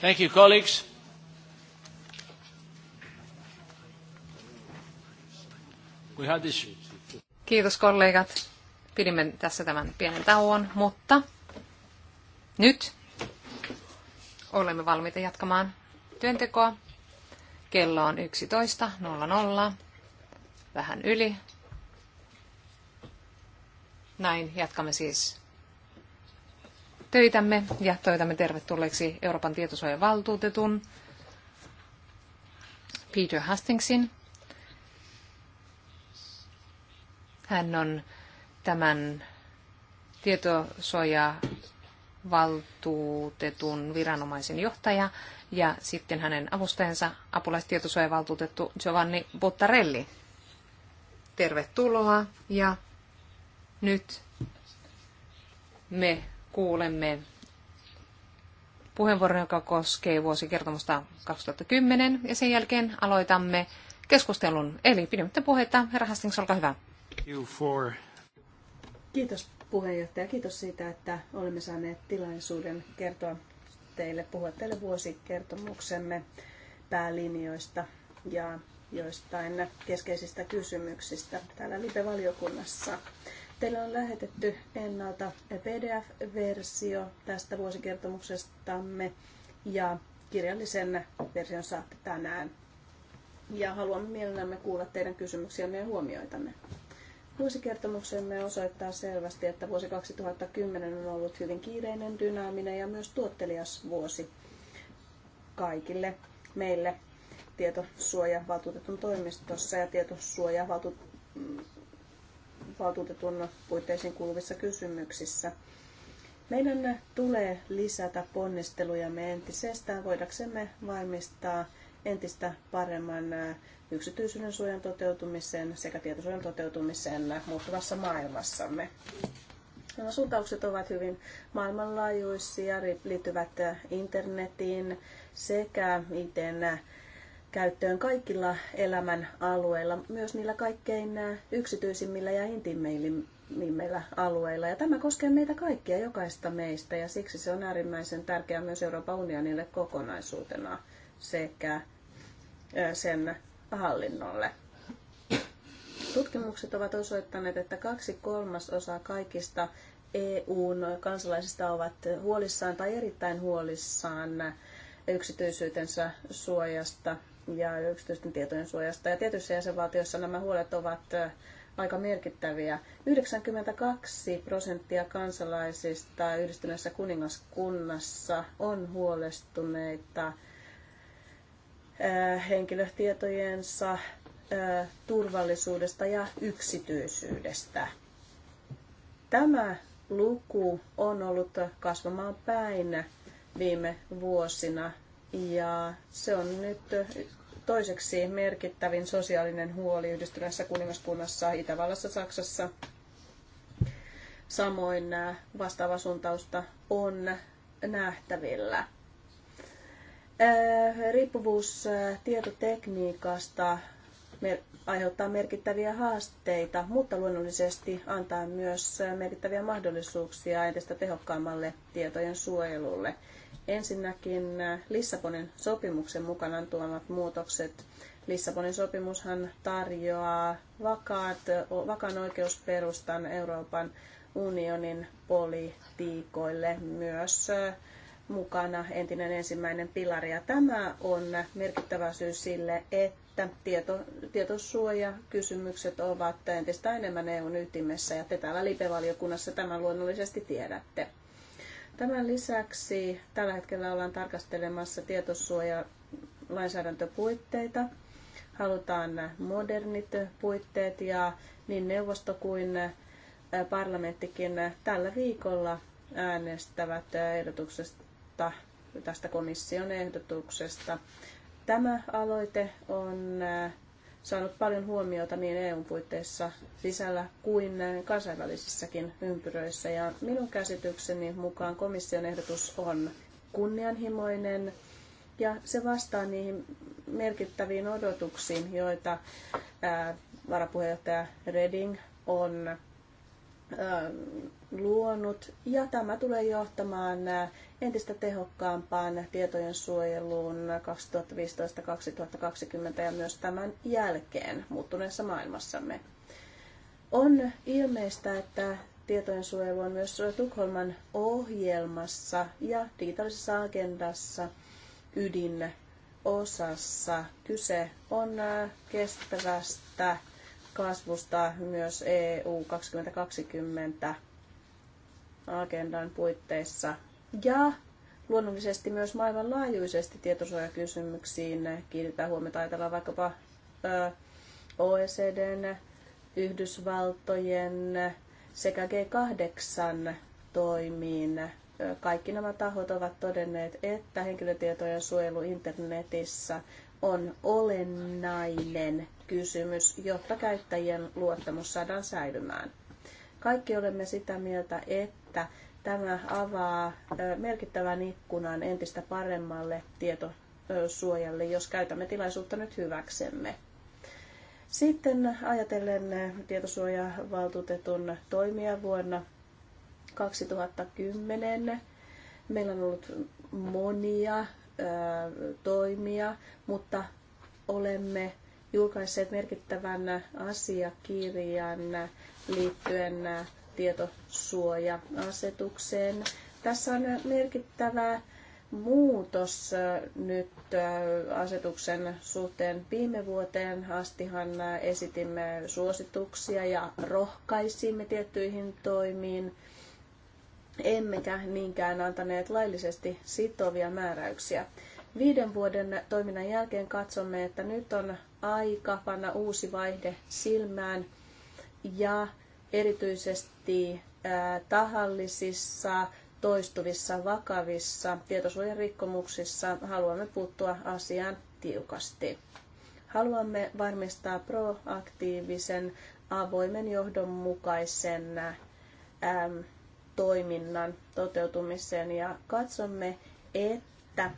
Thank you, colleagues. We had this... Kiitos kollegat. Pidimme tässä tämän pienen tauon, mutta nyt olemme valmiita jatkamaan työntekoa. Kello on 11.00, vähän yli. Näin jatkamme siis töitämme ja toivotamme tervetulleeksi Euroopan tietosuojavaltuutetun Peter Hastingsin. Hän on tämän tietosuojavaltuutetun viranomaisen johtaja ja sitten hänen avustajansa apulaistietosuojavaltuutettu Giovanni Bottarelli. Tervetuloa ja nyt me kuulemme puheenvuoron, joka koskee vuosikertomusta 2010, ja sen jälkeen aloitamme keskustelun. Eli pidemmittä puheita. Herra Hastings, olkaa hyvä. Kiitos puheenjohtaja. Kiitos siitä, että olemme saaneet tilaisuuden kertoa teille, puhua teille vuosikertomuksemme päälinjoista ja joistain keskeisistä kysymyksistä täällä live-valiokunnassa. Teille on lähetetty ennalta PDF-versio tästä vuosikertomuksestamme ja kirjallisen version saatte tänään. Ja haluamme mielellämme kuulla teidän kysymyksiänne ja huomioitanne. Vuosikertomuksemme osoittaa selvästi, että vuosi 2010 on ollut hyvin kiireinen, dynaaminen ja myös tuottelias vuosi kaikille meille tietosuojavaltuutetun toimistossa ja tietosuojavaltuutetun valtuutetun puitteisiin kuuluvissa kysymyksissä. Meidän tulee lisätä me entisestään voidaksemme varmistaa entistä paremman yksityisyyden suojan toteutumisen sekä tietosuojan toteutumisen muuttuvassa maailmassamme. Nämä suuntaukset ovat hyvin maailmanlaajuisia, liittyvät internetiin sekä miten käyttöön kaikilla elämän alueilla, myös niillä kaikkein yksityisimmillä ja intiimeimmillä alueilla. Ja tämä koskee meitä kaikkia, jokaista meistä, ja siksi se on äärimmäisen tärkeää myös Euroopan unionille kokonaisuutena sekä sen hallinnolle. Tutkimukset ovat osoittaneet, että kaksi kolmasosaa kaikista EUn kansalaisista ovat huolissaan tai erittäin huolissaan yksityisyytensä suojasta ja yksityisten tietojen suojasta. Ja tietyissä jäsenvaltioissa nämä huolet ovat aika merkittäviä. 92 prosenttia kansalaisista yhdistyneessä kuningaskunnassa on huolestuneita henkilötietojensa turvallisuudesta ja yksityisyydestä. Tämä luku on ollut kasvamaan päin viime vuosina ja se on nyt toiseksi merkittävin sosiaalinen huoli yhdistyneessä kuningaskunnassa, Itävallassa, Saksassa. Samoin vastaava suuntausta on nähtävillä. Riippuvuus tietotekniikasta aiheuttaa merkittäviä haasteita, mutta luonnollisesti antaa myös merkittäviä mahdollisuuksia entistä tehokkaammalle tietojen suojelulle. Ensinnäkin äh, Lissabonin sopimuksen mukanaan tuomat muutokset. Lissabonin sopimushan tarjoaa vakaat, vakaan oikeusperustan Euroopan unionin politiikoille myös äh, mukana entinen ensimmäinen pilari. Ja tämä on merkittävä syy sille, että tieto, tietosuojakysymykset ovat entistä enemmän EUn ytimessä ja te täällä lipevaliokunnassa tämän luonnollisesti tiedätte. Tämän lisäksi tällä hetkellä ollaan tarkastelemassa tietosuojalainsäädäntöpuitteita. Halutaan modernit puitteet ja niin neuvosto kuin parlamenttikin tällä viikolla äänestävät ehdotuksesta, tästä komission ehdotuksesta. Tämä aloite on saanut paljon huomiota niin EUn puitteissa sisällä kuin kansainvälisissäkin ympyröissä. Ja minun käsitykseni mukaan komission ehdotus on kunnianhimoinen ja se vastaa niihin merkittäviin odotuksiin, joita ää, varapuheenjohtaja Reding on luonut. Ja tämä tulee johtamaan entistä tehokkaampaan tietojen suojeluun 2015-2020 ja myös tämän jälkeen muuttuneessa maailmassamme. On ilmeistä, että tietojen suojelu on myös Tukholman ohjelmassa ja digitaalisessa agendassa ydinosassa. Kyse on äh, kestävästä kasvusta myös EU 2020 agendan puitteissa ja luonnollisesti myös maailmanlaajuisesti tietosuojakysymyksiin kiinnitetään huomiota ajatellaan vaikkapa OECDn, Yhdysvaltojen sekä G8 toimiin. Kaikki nämä tahot ovat todenneet, että henkilötietojen suojelu internetissä on olennainen kysymys, jotta käyttäjien luottamus saadaan säilymään. Kaikki olemme sitä mieltä, että Tämä avaa merkittävän ikkunan entistä paremmalle tietosuojalle, jos käytämme tilaisuutta nyt hyväksemme. Sitten ajatellen tietosuojavaltuutetun toimia vuonna 2010. Meillä on ollut monia toimia, mutta olemme julkaisseet merkittävän asiakirjan liittyen tietosuoja-asetukseen. Tässä on merkittävä muutos nyt asetuksen suhteen. Viime vuoteen astihan esitimme suosituksia ja rohkaisimme tiettyihin toimiin, emmekä niinkään antaneet laillisesti sitovia määräyksiä. Viiden vuoden toiminnan jälkeen katsomme, että nyt on aika panna uusi vaihde silmään ja erityisesti tahallisissa, toistuvissa, vakavissa tietosuojarikkomuksissa haluamme puuttua asiaan tiukasti. Haluamme varmistaa proaktiivisen, avoimen, johdonmukaisen äm, toiminnan toteutumisen ja katsomme, että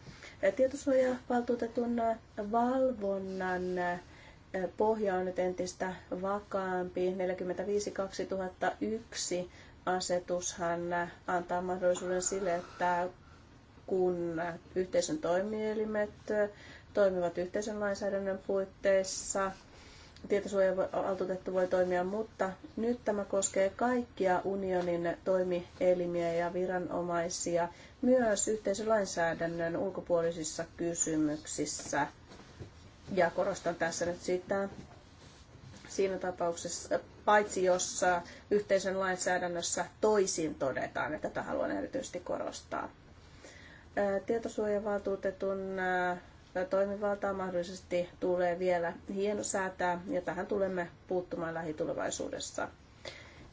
tietosuojavaltuutetun valvonnan pohja on nyt entistä vakaampi. 45-2001 asetushan antaa mahdollisuuden sille, että kun yhteisön toimielimet toimivat yhteisön lainsäädännön puitteissa, tietosuojavaltuutettu voi toimia, mutta nyt tämä koskee kaikkia unionin toimielimiä ja viranomaisia myös lainsäädännön ulkopuolisissa kysymyksissä – ja korostan tässä nyt sitä siinä tapauksessa, äh, paitsi jos yhteisön lainsäädännössä toisin todetaan, että tätä haluan erityisesti korostaa. Äh, tietosuojavaltuutetun äh, toimivaltaa mahdollisesti tulee vielä hienosäätää ja tähän tulemme puuttumaan lähitulevaisuudessa.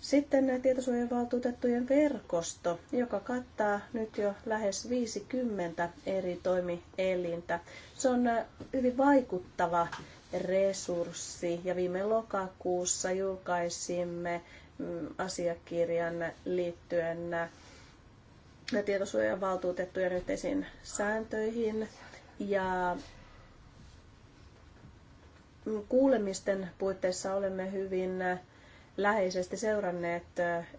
Sitten tietosuojavaltuutettujen verkosto, joka kattaa nyt jo lähes 50 eri toimielintä. Se on äh, hyvin vaikuttava resurssi ja viime lokakuussa julkaisimme mm, asiakirjan liittyen äh, tietosuojavaltuutettujen yhteisiin sääntöihin ja mm, kuulemisten puitteissa olemme hyvin äh, läheisesti seuranneet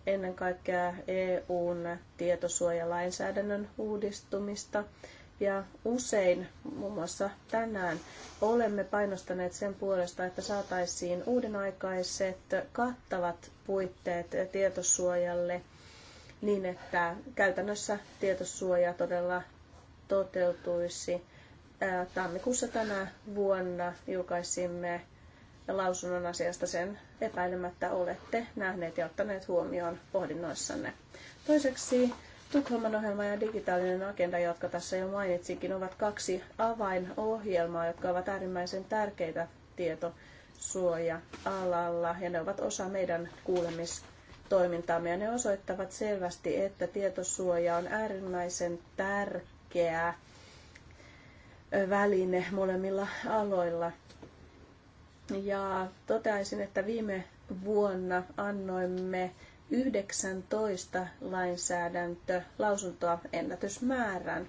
ennen kaikkea EUn tietosuojalainsäädännön uudistumista. Ja usein, muun muassa tänään, olemme painostaneet sen puolesta, että saataisiin uudenaikaiset kattavat puitteet tietosuojalle niin, että käytännössä tietosuoja todella toteutuisi. Tammikuussa tänä vuonna julkaisimme lausunnon asiasta sen epäilemättä olette nähneet ja ottaneet huomioon pohdinnoissanne. Toiseksi Tukholman ohjelma ja digitaalinen agenda, jotka tässä jo mainitsinkin, ovat kaksi avainohjelmaa, jotka ovat äärimmäisen tärkeitä tietosuoja-alalla ja ne ovat osa meidän kuulemistoimintaamme ja ne osoittavat selvästi, että tietosuoja on äärimmäisen tärkeä väline molemmilla aloilla ja toteaisin, että viime vuonna annoimme 19 lainsäädäntölausuntoa ennätysmäärän.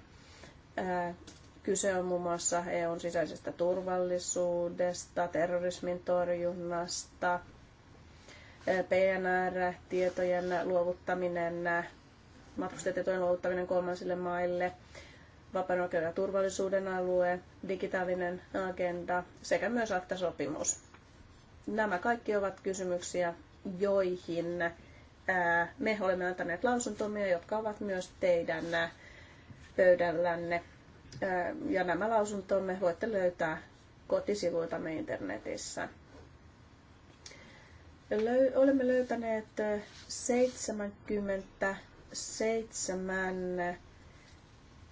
Kyse on muun muassa EUn sisäisestä turvallisuudesta, terrorismin torjunnasta, PNR-tietojen luovuttaminen, matkustajatietojen luovuttaminen kolmansille maille, vapaan oikeuden ja turvallisuuden alue, digitaalinen agenda sekä myös aktasopimus. Nämä kaikki ovat kysymyksiä, joihin me olemme antaneet lausuntomia, jotka ovat myös teidän pöydällänne. Ja nämä lausuntomme voitte löytää kotisivuiltamme internetissä. Olemme löytäneet 77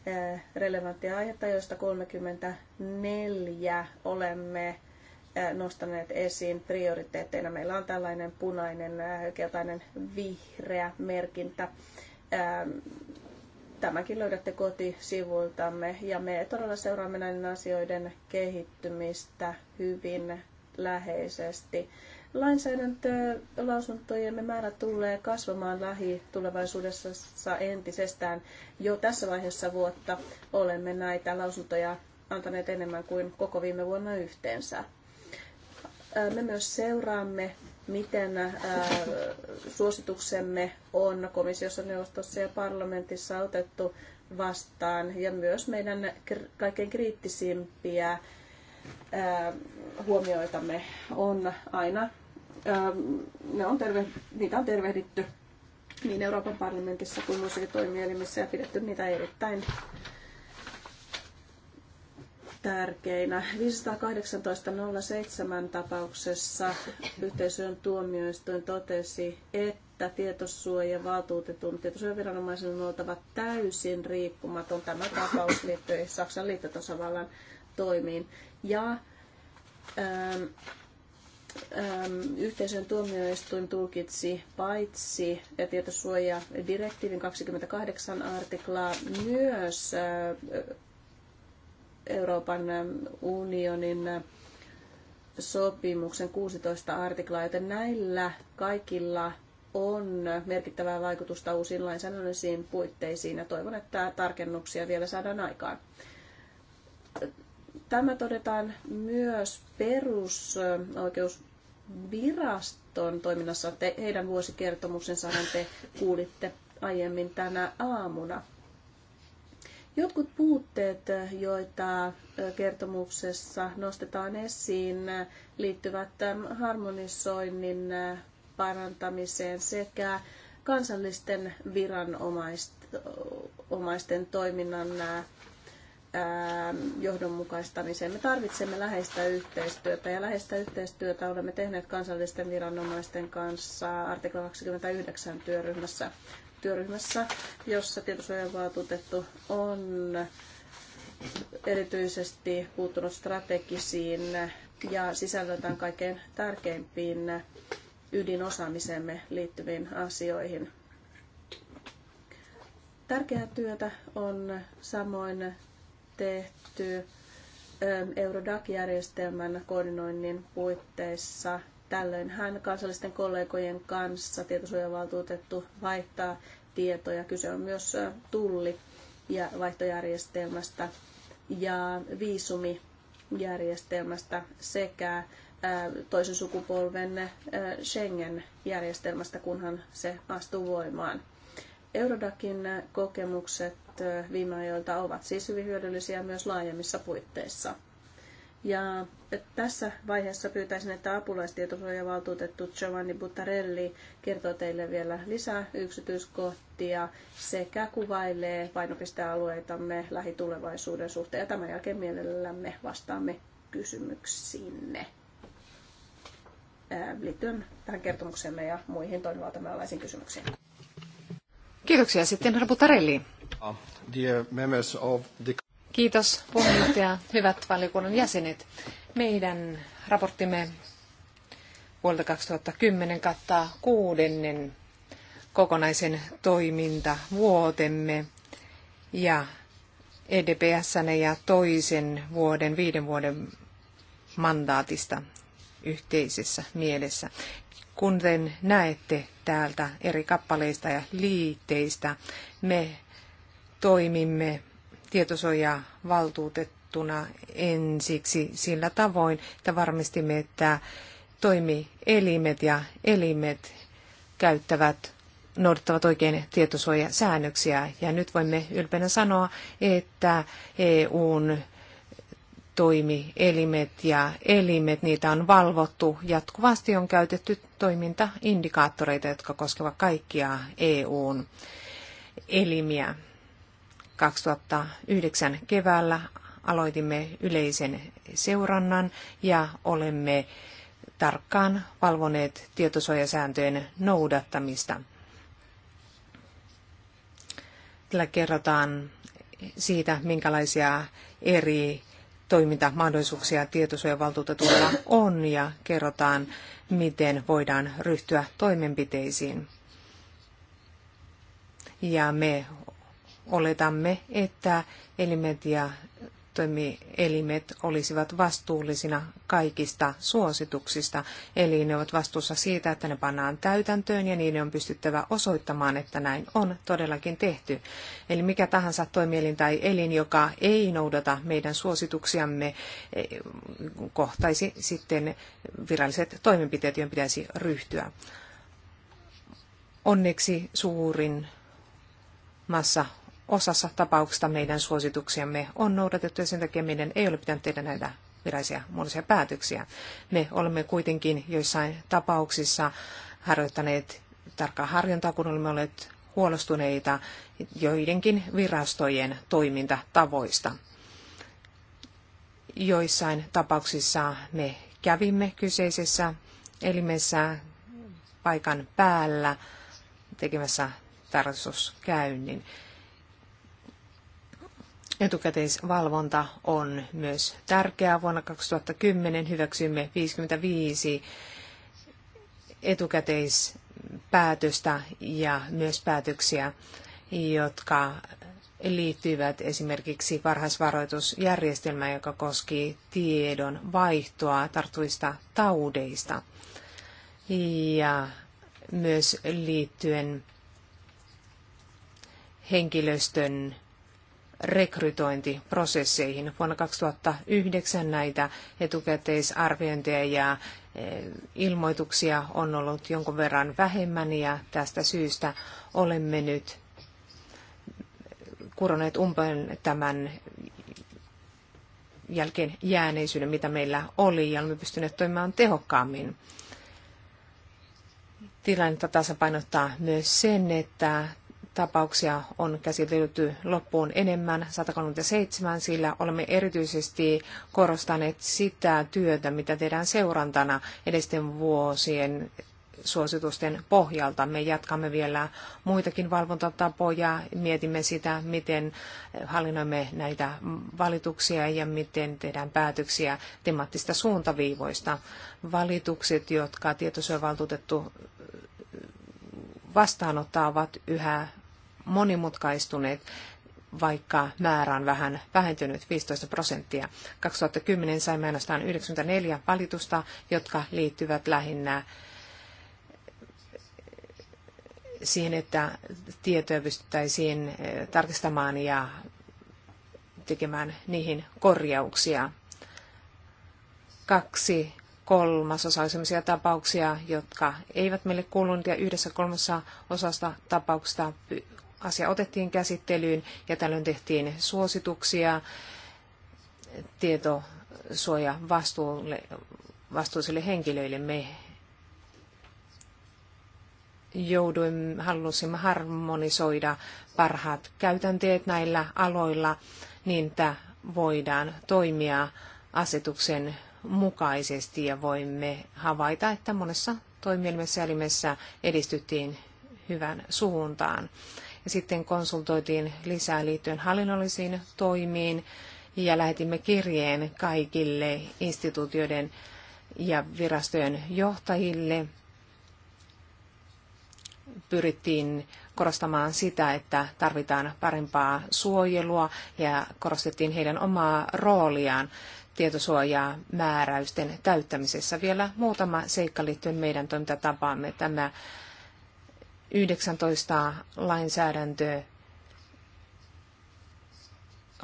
Äh, relevanttia aihetta, joista 34 olemme äh, nostaneet esiin prioriteetteina. Meillä on tällainen punainen, äh, keltainen, vihreä merkintä. Tämäkin löydätte kotisivuiltamme ja me todella seuraamme näiden asioiden kehittymistä hyvin läheisesti. Lainsäädäntölausuntojemme määrä tulee kasvamaan lähitulevaisuudessa entisestään. Jo tässä vaiheessa vuotta olemme näitä lausuntoja antaneet enemmän kuin koko viime vuonna yhteensä. Me myös seuraamme, miten suosituksemme on komissiossa, neuvostossa ja parlamentissa otettu vastaan ja myös meidän kaikkein kriittisimpiä huomioitamme on aina Ähm, ne on terve, niitä on tervehditty niin Euroopan parlamentissa kuin muissakin toimielimissä ja pidetty niitä erittäin tärkeinä. 518.07 tapauksessa yhteisön tuomioistuin totesi, että tietosuojavaltuutetun tietosuojaviranomaisen on oltava täysin riippumaton. Tämä tapaus liittyy Saksan liittotasavallan toimiin. Ja ähm, Ähm, yhteisön tuomioistuin tulkitsi paitsi tietosuojadirektiivin 28 artiklaa myös äh, Euroopan ähm, unionin äh, sopimuksen 16 artiklaa, joten näillä kaikilla on merkittävää vaikutusta uusiin lainsäädännöllisiin puitteisiin ja toivon, että tarkennuksia vielä saadaan aikaan. Tämä todetaan myös perusoikeusviraston toiminnassa. Te, heidän vuosikertomuksensa te kuulitte aiemmin tänä aamuna. Jotkut puutteet, joita kertomuksessa nostetaan esiin, liittyvät harmonisoinnin parantamiseen sekä kansallisten viranomaisten toiminnan Ähm, johdonmukaistamiseen. Me tarvitsemme läheistä yhteistyötä ja läheistä yhteistyötä olemme tehneet kansallisten viranomaisten kanssa artikla 29 työryhmässä, työryhmässä jossa tietosuojavaltuutettu on erityisesti puuttunut strategisiin ja sisällöltään kaikkein tärkeimpiin ydinosaamisemme liittyviin asioihin. Tärkeää työtä on samoin tehty ähm, Eurodac-järjestelmän koordinoinnin puitteissa. Tällöin hän kansallisten kollegojen kanssa tietosuojavaltuutettu vaihtaa tietoja. Kyse on myös äh, tulli- ja vaihtojärjestelmästä ja viisumijärjestelmästä sekä äh, toisen sukupolven äh, Schengen-järjestelmästä, kunhan se astuu voimaan. Eurodakin kokemukset viime ajoilta ovat siis hyvin hyödyllisiä myös laajemmissa puitteissa. Ja tässä vaiheessa pyytäisin, että apulaistietosuojavaltuutettu Giovanni Buttarelli kertoo teille vielä lisää yksityiskohtia sekä kuvailee painopistealueitamme lähitulevaisuuden suhteen. Ja tämän jälkeen mielellämme vastaamme kysymyksiinne liittyen tähän kertomukseemme ja muihin toimivaltamme alaisiin kysymyksiin. Kiitoksia sitten herra Butarelli. Kiitos puheenjohtaja, hyvät valiokunnan jäsenet. Meidän raporttimme vuodelta 2010 kattaa kuudennen kokonaisen toimintavuotemme ja edps ja toisen vuoden, viiden vuoden mandaatista yhteisessä mielessä. Kuten näette täältä eri kappaleista ja liitteistä, me toimimme tietosuojaa valtuutettuna ensiksi sillä tavoin, että varmistimme, että toimielimet ja elimet käyttävät noudattavat oikein tietosuojasäännöksiä. Ja nyt voimme ylpeänä sanoa, että EUn toimielimet ja elimet, niitä on valvottu. Jatkuvasti on käytetty toimintaindikaattoreita, jotka koskevat kaikkia EUn elimiä. 2009 keväällä aloitimme yleisen seurannan ja olemme tarkkaan valvoneet tietosuojasääntöjen noudattamista. Tällä kerrotaan siitä, minkälaisia eri toimintamahdollisuuksia tietosuojavaltuutetulla on ja kerrotaan, miten voidaan ryhtyä toimenpiteisiin. Ja me oletamme, että elimet ja toimielimet olisivat vastuullisina kaikista suosituksista, eli ne ovat vastuussa siitä, että ne pannaan täytäntöön ja niiden on pystyttävä osoittamaan, että näin on todellakin tehty. Eli mikä tahansa toimielin tai elin, joka ei noudata meidän suosituksiamme, eh, kohtaisi sitten viralliset toimenpiteet, joihin pitäisi ryhtyä. Onneksi suurin massa osassa tapauksista meidän suosituksiamme on noudatettu ja sen takia meidän ei ole pitänyt tehdä näitä virallisia muodollisia päätöksiä. Me olemme kuitenkin joissain tapauksissa harjoittaneet tarkkaa harjontaa, kun olemme olleet huolestuneita joidenkin virastojen toimintatavoista. Joissain tapauksissa me kävimme kyseisessä elimessä paikan päällä tekemässä tarkastuskäynnin. Etukäteisvalvonta on myös tärkeää. Vuonna 2010 hyväksyimme 55 etukäteispäätöstä ja myös päätöksiä, jotka liittyvät esimerkiksi varhaisvaroitusjärjestelmään, joka koski tiedon vaihtoa tartuista taudeista ja myös liittyen henkilöstön rekrytointiprosesseihin. Vuonna 2009 näitä etukäteisarviointeja ja eh, ilmoituksia on ollut jonkun verran vähemmän ja tästä syystä olemme nyt kuroneet umpeen tämän jälkeen jääneisyyden, mitä meillä oli, ja olemme pystyneet toimimaan tehokkaammin tilannetta tasapainottaa myös sen, että tapauksia on käsitelty loppuun enemmän, 137, sillä olemme erityisesti korostaneet sitä työtä, mitä tehdään seurantana edellisten vuosien suositusten pohjalta. Me jatkamme vielä muitakin valvontatapoja, mietimme sitä, miten hallinnoimme näitä valituksia ja miten tehdään päätöksiä temaattista suuntaviivoista. Valitukset, jotka tietosuojavaltuutettu vastaanottaa, ovat yhä monimutkaistuneet, vaikka määrä on vähän vähentynyt 15 prosenttia. 2010 saimme ainoastaan 94 valitusta, jotka liittyvät lähinnä siihen, että tietoja pystyttäisiin eh, tarkistamaan ja tekemään niihin korjauksia. Kaksi kolmasosa on sellaisia tapauksia, jotka eivät meille kuulunut, ja yhdessä kolmassa osasta tapauksista asia otettiin käsittelyyn ja tällöin tehtiin suosituksia tietosuoja vastuulle, vastuullisille henkilöille. Me jouduimme, halusimme harmonisoida parhaat käytänteet näillä aloilla niin, että voidaan toimia asetuksen mukaisesti ja voimme havaita, että monessa toimielimessä ja elimessä edistyttiin hyvän suuntaan ja sitten konsultoitiin lisää liittyen hallinnollisiin toimiin ja lähetimme kirjeen kaikille instituutioiden ja virastojen johtajille. Pyrittiin korostamaan sitä, että tarvitaan parempaa suojelua ja korostettiin heidän omaa rooliaan tietosuojaa määräysten täyttämisessä. Vielä muutama seikka liittyen meidän toimintatapaamme. Tämä 19 lainsäädäntöä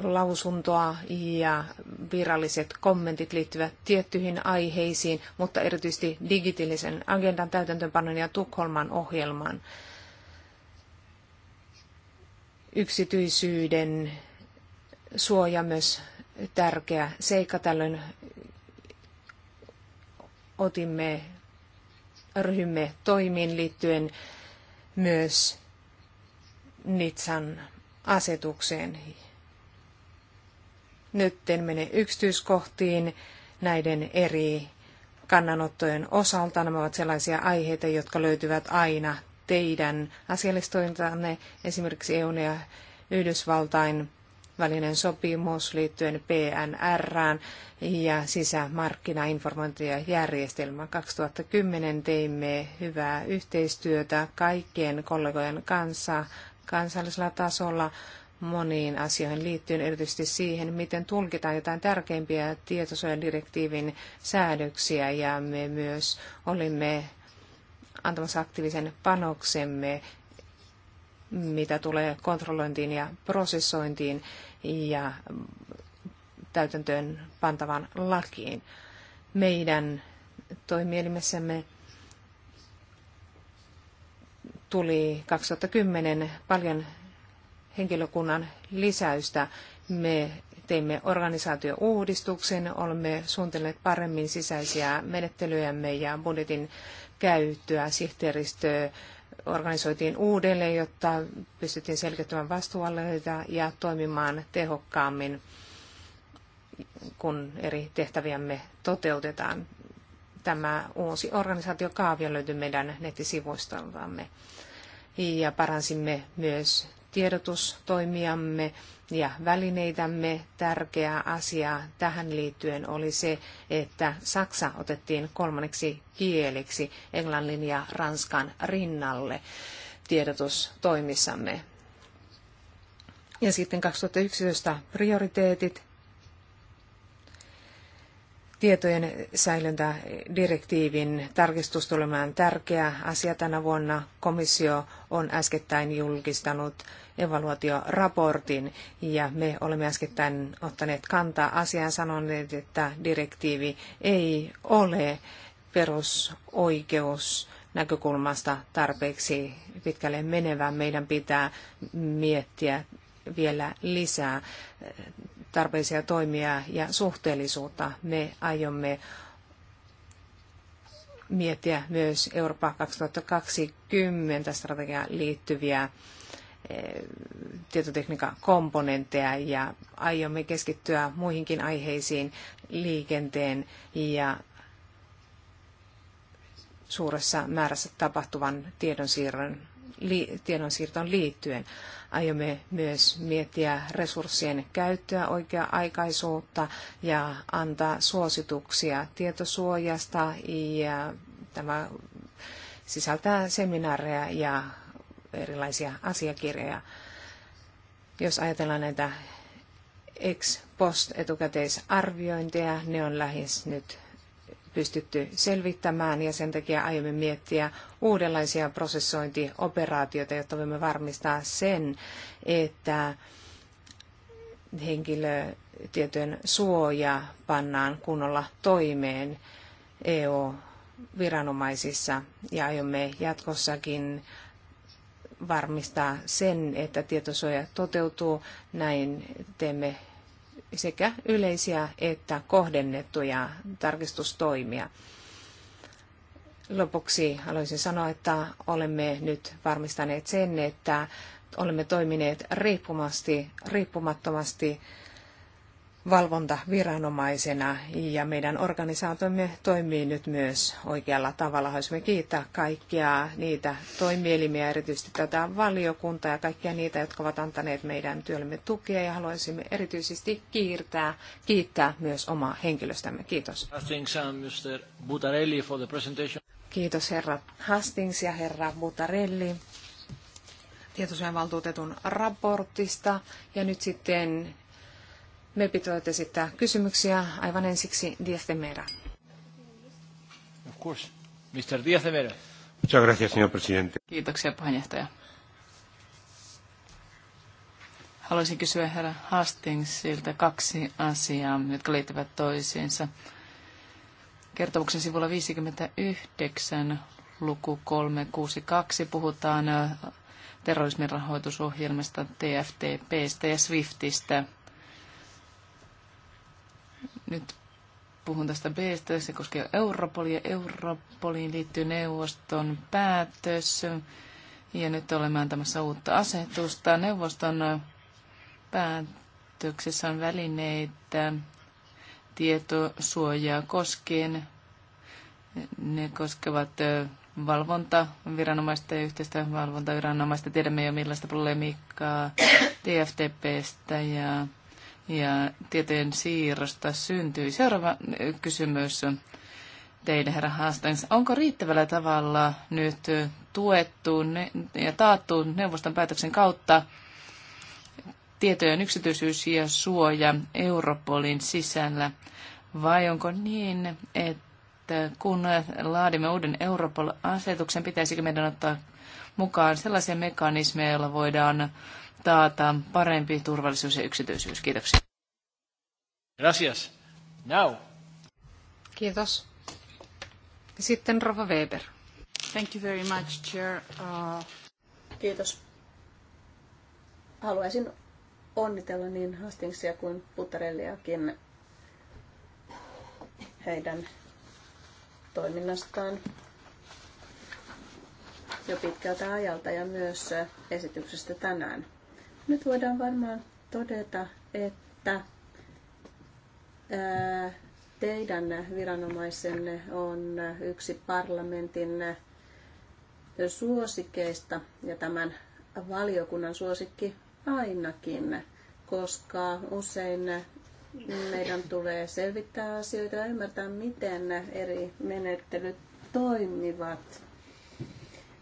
lausuntoa ja viralliset kommentit liittyvät tiettyihin aiheisiin, mutta erityisesti digitaalisen agendan täytäntöönpanon ja Tukholman ohjelman yksityisyyden suoja myös tärkeä seikka. Tällöin otimme, ryhmme toimiin liittyen myös Nitsan asetukseen. Nyt en mene yksityiskohtiin näiden eri kannanottojen osalta. Nämä ovat sellaisia aiheita, jotka löytyvät aina teidän asiallistointanne, esimerkiksi EUn ja Yhdysvaltain välinen sopimus liittyen PNR ja sisämarkkinainformointijärjestelmä. 2010 teimme hyvää yhteistyötä kaikkien kollegojen kanssa kansallisella tasolla moniin asioihin liittyen, erityisesti siihen, miten tulkitaan jotain tärkeimpiä tietosuojadirektiivin säädöksiä, ja me myös olimme antamassa aktiivisen panoksemme, mitä tulee kontrollointiin ja prosessointiin ja täytäntöön pantavan lakiin. Meidän toimielimessämme tuli 2010 paljon henkilökunnan lisäystä. Me teimme organisaatiouudistuksen, olemme suunnitelleet paremmin sisäisiä menettelyjämme ja budjetin käyttöä, sihteeristöä, organisoitiin uudelleen, jotta pystyttiin selkeyttämään vastuualueita ja toimimaan tehokkaammin, kun eri tehtäviämme toteutetaan. Tämä uusi organisaatiokaavio löytyy meidän nettisivuistoltamme ja paransimme myös tiedotustoimiamme ja välineitämme. Tärkeä asia tähän liittyen oli se, että Saksa otettiin kolmanneksi kieliksi Englannin ja Ranskan rinnalle tiedotustoimissamme. Ja sitten 2011 prioriteetit tietojen säilöntädirektiivin tarkistus tulemaan tärkeä asia tänä vuonna. Komissio on äskettäin julkistanut evaluatioraportin ja me olemme äskettäin ottaneet kantaa asiaan sanoneet, että direktiivi ei ole perusoikeus näkökulmasta tarpeeksi pitkälle menevä. Meidän pitää miettiä vielä lisää tarpeellisia toimia ja suhteellisuutta. Me aiomme miettiä myös Eurooppa 2020 strategiaan liittyviä eh, komponentteja ja aiomme keskittyä muihinkin aiheisiin liikenteen ja suuressa määrässä tapahtuvan tiedonsiirron li- tiedonsiirtoon liittyen. Aiomme myös miettiä resurssien käyttöä, oikea-aikaisuutta ja antaa suosituksia tietosuojasta ja tämä sisältää seminaareja ja erilaisia asiakirjoja. Jos ajatellaan näitä ex post etukäteisarviointeja, ne on lähes nyt pystytty selvittämään ja sen takia aiomme miettiä uudenlaisia prosessointioperaatioita, jotta voimme varmistaa sen, että henkilötietojen suoja pannaan kunnolla toimeen EU-viranomaisissa ja aiomme jatkossakin varmistaa sen, että tietosuoja toteutuu. Näin teemme sekä yleisiä että kohdennettuja tarkistustoimia. Lopuksi haluaisin sanoa, että olemme nyt varmistaneet sen, että olemme toimineet riippumasti, riippumattomasti valvontaviranomaisena ja meidän organisaatiomme toimii nyt myös oikealla tavalla. Haluaisimme kiittää kaikkia niitä toimielimiä, erityisesti tätä valiokuntaa ja kaikkia niitä, jotka ovat antaneet meidän työllemme tukea ja haluaisimme erityisesti kiirtää, kiittää myös omaa henkilöstämme. Kiitos. Kiitos herra Hastings ja herra Butarelli tietosuojan valtuutetun raportista ja nyt sitten me pitävät esittää kysymyksiä. Aivan ensiksi Diaz de Mera. Of course. Mr. Diaz de Mera. Muchas gracias, señor presidente. Kiitoksia, puheenjohtaja. Haluaisin kysyä herra Hastingsilta kaksi asiaa, jotka liittyvät toisiinsa. Kertomuksen sivulla 59 luku 362 puhutaan terrorismin rahoitusohjelmasta, TFTPstä ja SWIFTistä. Nyt puhun tästä b se koskee Europolia. Europoliin liittyy neuvoston päätös. Ja nyt olemme antamassa uutta asetusta. Neuvoston päätöksessä on välineitä tietosuojaa koskien. Ne koskevat valvonta, ja yhteistä valvontaviranomaista. Tiedämme jo millaista polemiikkaa TFTPstä ja ja tieteen siirrosta syntyi. Seuraava eh, kysymys teille, herra Haastens. Onko riittävällä tavalla nyt tuettu ja taattu neuvoston päätöksen kautta tietojen yksityisyys ja suoja Europolin sisällä? Vai onko niin, että kun laadimme uuden Europol-asetuksen, pitäisikö meidän ottaa mukaan sellaisia mekanismeja, joilla voidaan taata parempi turvallisuus ja yksityisyys. Kiitoksia. Gracias. Now. Kiitos. Sitten Rova Weber. Thank you very much, Chair. Uh... Kiitos. Haluaisin onnitella niin Hastingsia kuin Puttarelliakin heidän toiminnastaan jo pitkältä ajalta ja myös esityksestä tänään. Nyt voidaan varmaan todeta, että teidän viranomaisenne on yksi parlamentin suosikeista ja tämän valiokunnan suosikki ainakin, koska usein meidän tulee selvittää asioita ja ymmärtää, miten eri menettelyt toimivat.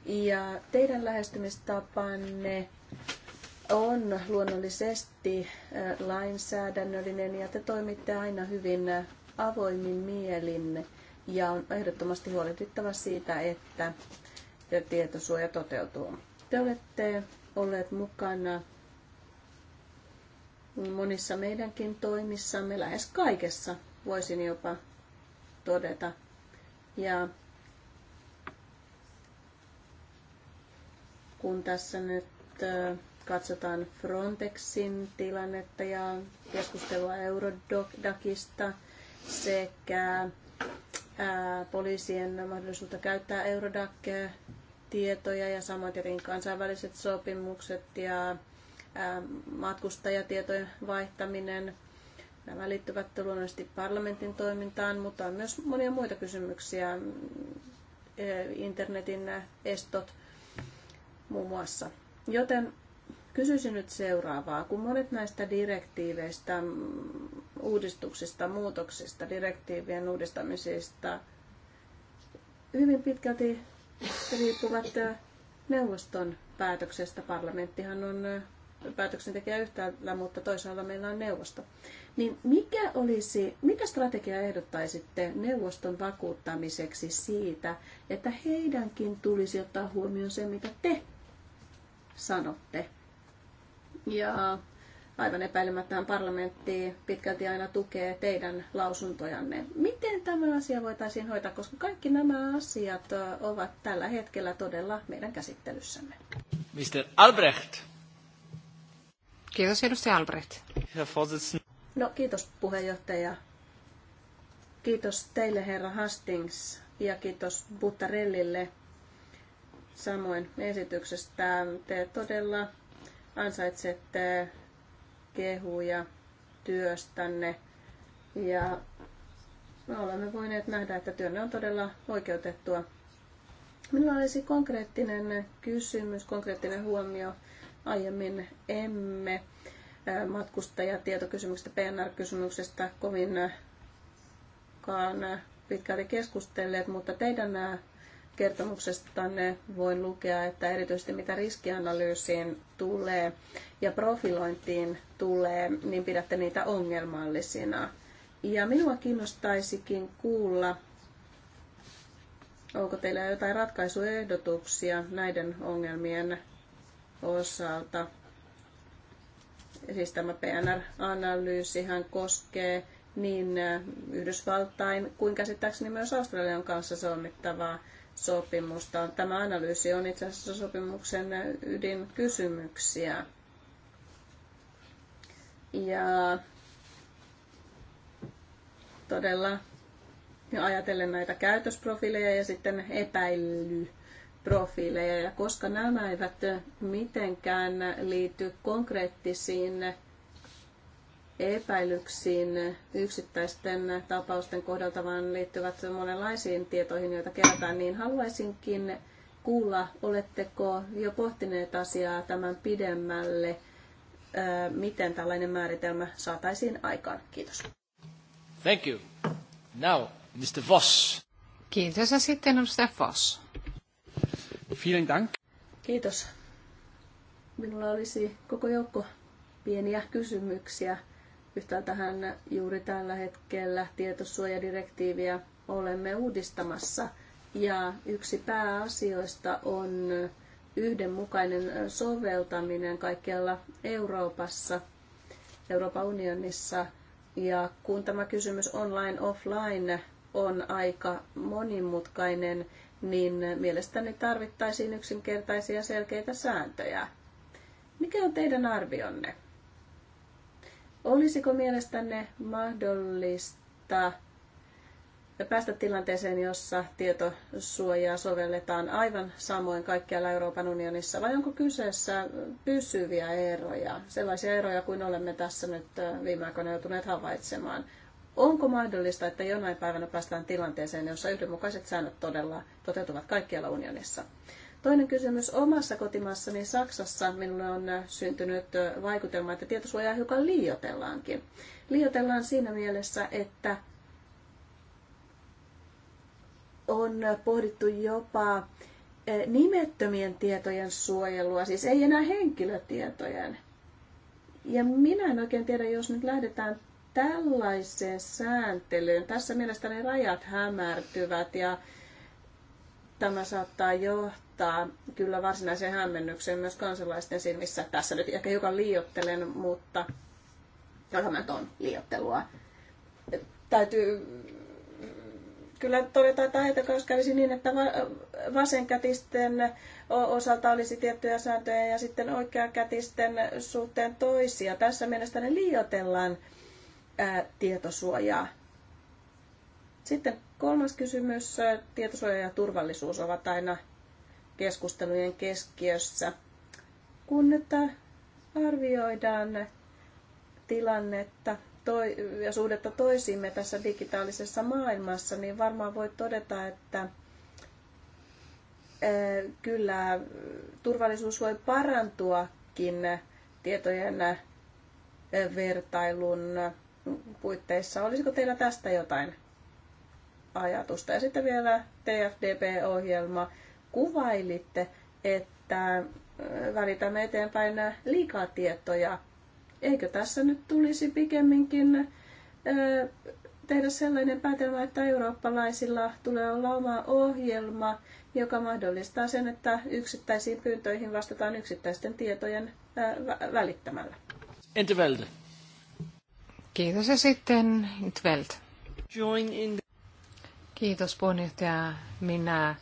Ja teidän lähestymistapanne on luonnollisesti äh, lainsäädännöllinen ja te toimitte aina hyvin äh, avoimin mielin ja on ehdottomasti huolehdittava siitä, että tietosuoja toteutuu. Te olette olleet mukana monissa meidänkin toimissamme, lähes kaikessa voisin jopa todeta. Ja kun tässä nyt äh, katsotaan Frontexin tilannetta ja keskustelua Eurodacista sekä ää, poliisien mahdollisuutta käyttää Eurodac-tietoja ja samoin tietenkin kansainväliset sopimukset ja ää, matkustajatietojen vaihtaminen. Nämä liittyvät luonnollisesti parlamentin toimintaan, mutta on myös monia muita kysymyksiä, internetin estot muun muassa. Joten Kysyisin nyt seuraavaa. Kun monet näistä direktiiveistä, mm, uudistuksista, muutoksista, direktiivien uudistamisista hyvin pitkälti riippuvat neuvoston päätöksestä. Parlamenttihan on päätöksentekijä yhtäällä, mutta toisaalla meillä on neuvosto. Niin mikä olisi, mitä strategiaa ehdottaisitte neuvoston vakuuttamiseksi siitä, että heidänkin tulisi ottaa huomioon se, mitä te sanotte ja aivan epäilemättähän parlamentti pitkälti aina tukee teidän lausuntojanne. Miten tämä asia voitaisiin hoitaa, koska kaikki nämä asiat ovat tällä hetkellä todella meidän käsittelyssämme. Mr. Albrecht. Kiitos edustaja Albrecht. No kiitos puheenjohtaja. Kiitos teille herra Hastings ja kiitos Buttarellille samoin esityksestä. Te todella ansaitsette kehuja työstänne ja me olemme voineet nähdä, että työnne on todella oikeutettua. Minulla olisi konkreettinen kysymys, konkreettinen huomio. Aiemmin emme matkustajatietokysymyksestä, PNR-kysymyksestä kovinkaan pitkälti keskustelleet, mutta teidän kertomuksestanne voin lukea, että erityisesti mitä riskianalyysiin tulee ja profilointiin tulee, niin pidätte niitä ongelmallisina. Ja minua kiinnostaisikin kuulla, onko teillä jotain ratkaisuehdotuksia näiden ongelmien osalta. Siis tämä PNR-analyysihan koskee niin Yhdysvaltain kuin käsittääkseni myös Australian kanssa solmittavaa sopimusta. Tämä analyysi on itse asiassa sopimuksen ydinkysymyksiä. Ja todella ajatellen näitä käytösprofiileja ja sitten epäilyprofiileja. Ja koska nämä eivät mitenkään liity konkreettisiin epäilyksiin yksittäisten tapausten kohdalta, vaan liittyvät monenlaisiin tietoihin, joita kerätään, niin haluaisinkin kuulla, oletteko jo pohtineet asiaa tämän pidemmälle, miten tällainen määritelmä saataisiin aikaan. Kiitos. Thank you. Now, Mr. Voss. Kiitos ja sitten Mr. Voss. Vielen Dank. Kiitos. Minulla olisi koko joukko pieniä kysymyksiä Yhtäältä hän juuri tällä hetkellä tietosuojadirektiiviä olemme uudistamassa. Ja yksi pääasioista on yhdenmukainen soveltaminen kaikkialla Euroopassa, Euroopan unionissa. Ja kun tämä kysymys online offline on aika monimutkainen, niin mielestäni tarvittaisiin yksinkertaisia selkeitä sääntöjä. Mikä on teidän arvionne? Olisiko mielestänne mahdollista päästä tilanteeseen, jossa tietosuojaa sovelletaan aivan samoin kaikkialla Euroopan unionissa, vai onko kyseessä pysyviä eroja, sellaisia eroja kuin olemme tässä nyt viime aikoina joutuneet havaitsemaan? Onko mahdollista, että jonain päivänä päästään tilanteeseen, jossa yhdenmukaiset säännöt todella toteutuvat kaikkialla unionissa? Toinen kysymys. Omassa kotimaassani Saksassa minulle on syntynyt vaikutelma, että tietosuojaa hiukan liioitellaankin. Liioitellaan siinä mielessä, että on pohdittu jopa e, nimettömien tietojen suojelua, siis ei enää henkilötietojen. Ja minä en oikein tiedä, jos nyt lähdetään tällaiseen sääntelyyn. Tässä mielestäni rajat hämärtyvät ja tämä saattaa johtaa johtaa kyllä varsinaiseen hämmennykseen myös kansalaisten silmissä. Tässä nyt ehkä hiukan liiottelen, mutta tämä on liiottelua. Täytyy kyllä todeta, että jos kävisi niin, että vasenkätisten osalta olisi tiettyjä sääntöjä ja sitten oikeakätisten suhteen toisia. Tässä ne liiotellaan ää, tietosuojaa. Sitten kolmas kysymys. Tietosuoja ja turvallisuus ovat aina keskustelujen keskiössä. Kun nyt arvioidaan tilannetta toi, ja suhdetta toisiimme tässä digitaalisessa maailmassa, niin varmaan voi todeta, että kyllä turvallisuus voi parantuakin tietojen vertailun puitteissa. Olisiko teillä tästä jotain ajatusta? Ja sitten vielä TFDP-ohjelma kuvailitte, että välitämme eteenpäin liikaa tietoja. Eikö tässä nyt tulisi pikemminkin tehdä sellainen päätelmä, että eurooppalaisilla tulee olla oma ohjelma, joka mahdollistaa sen, että yksittäisiin pyyntöihin vastataan yksittäisten tietojen välittämällä. Entä Kiitos ja sitten Welde. Kiitos puheenjohtaja. Minä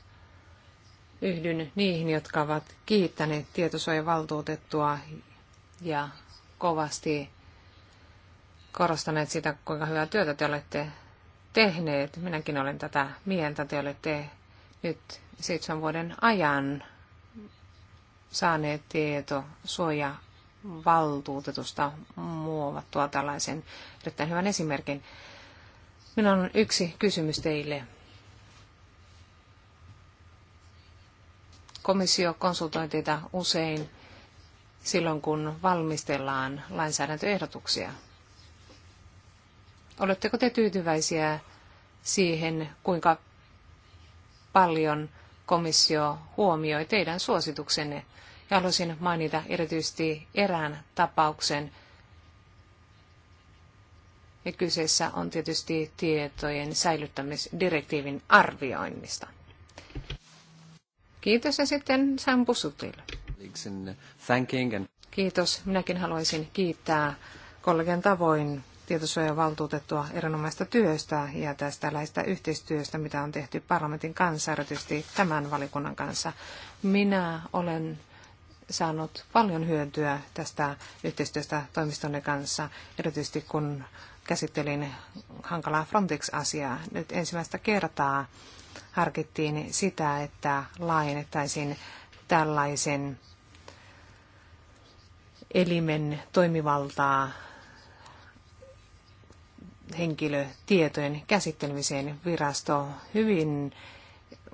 yhdyn niihin, jotka ovat kiittäneet tietosuojavaltuutettua ja kovasti korostaneet sitä, kuinka hyvää työtä te olette tehneet. Minäkin olen tätä mieltä. Te olette nyt seitsemän vuoden ajan saaneet suoja valtuutetusta muovattua tällaisen erittäin hyvän esimerkin. Minulla on yksi kysymys teille. Komissio konsultoi teitä usein silloin, kun valmistellaan lainsäädäntöehdotuksia. Oletteko te tyytyväisiä siihen, kuinka paljon komissio huomioi teidän suosituksenne? Ja haluaisin mainita erityisesti erään tapauksen. Ja kyseessä on tietysti tietojen säilyttämisdirektiivin arvioinnista. Kiitos ja sitten Sampo Sutil. Uh, Kiitos. Minäkin haluaisin kiittää kollegan tavoin tietosuojavaltuutettua erinomaista työstä ja tästä läheistä yhteistyöstä, mitä on tehty parlamentin kanssa, erityisesti tämän valikunnan kanssa. Minä olen saanut paljon hyötyä tästä yhteistyöstä toimistonne kanssa, erityisesti kun käsittelin hankalaa Frontex-asiaa. Nyt ensimmäistä kertaa harkittiin sitä, että laajennettaisiin tällaisen elimen toimivaltaa henkilötietojen käsittelemiseen. Virasto hyvin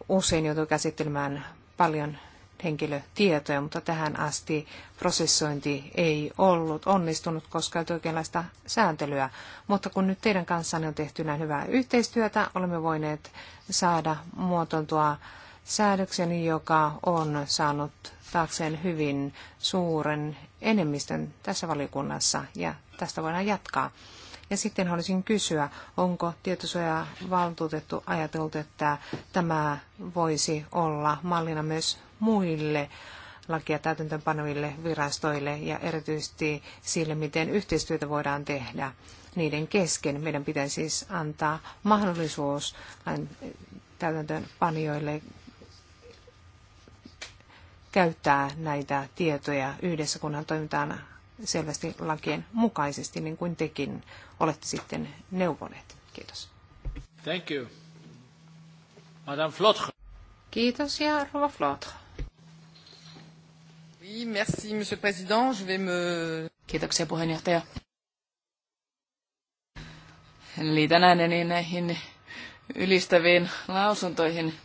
usein joutuu käsittelemään paljon henkilötietoja, mutta tähän asti prosessointi ei ollut onnistunut, koska ei oikeanlaista sääntelyä. Mutta kun nyt teidän kanssanne on tehty näin hyvää yhteistyötä, olemme voineet saada muotoiltua säädöksen, joka on saanut taakseen hyvin suuren enemmistön tässä valiokunnassa, ja tästä voidaan jatkaa. Ja sitten haluaisin kysyä, onko valtuutettu ajatellut, että tämä voisi olla mallina myös muille lakia täytäntöönpanoville virastoille ja erityisesti sille, miten yhteistyötä voidaan tehdä niiden kesken. Meidän pitäisi siis antaa mahdollisuus täytäntöönpanijoille käyttää näitä tietoja yhdessä, kunhan toimitaan selvästi lakien mukaisesti, niin kuin tekin olette sitten neuvoneet. Kiitos. Thank you. Madame Flotre. Kiitos ja Rova Flotre. Oui, merci, monsieur le président. Je vais me... Kiitoksia puheenjohtaja. Liitän ääneni niin näihin ylistäviin lausuntoihin.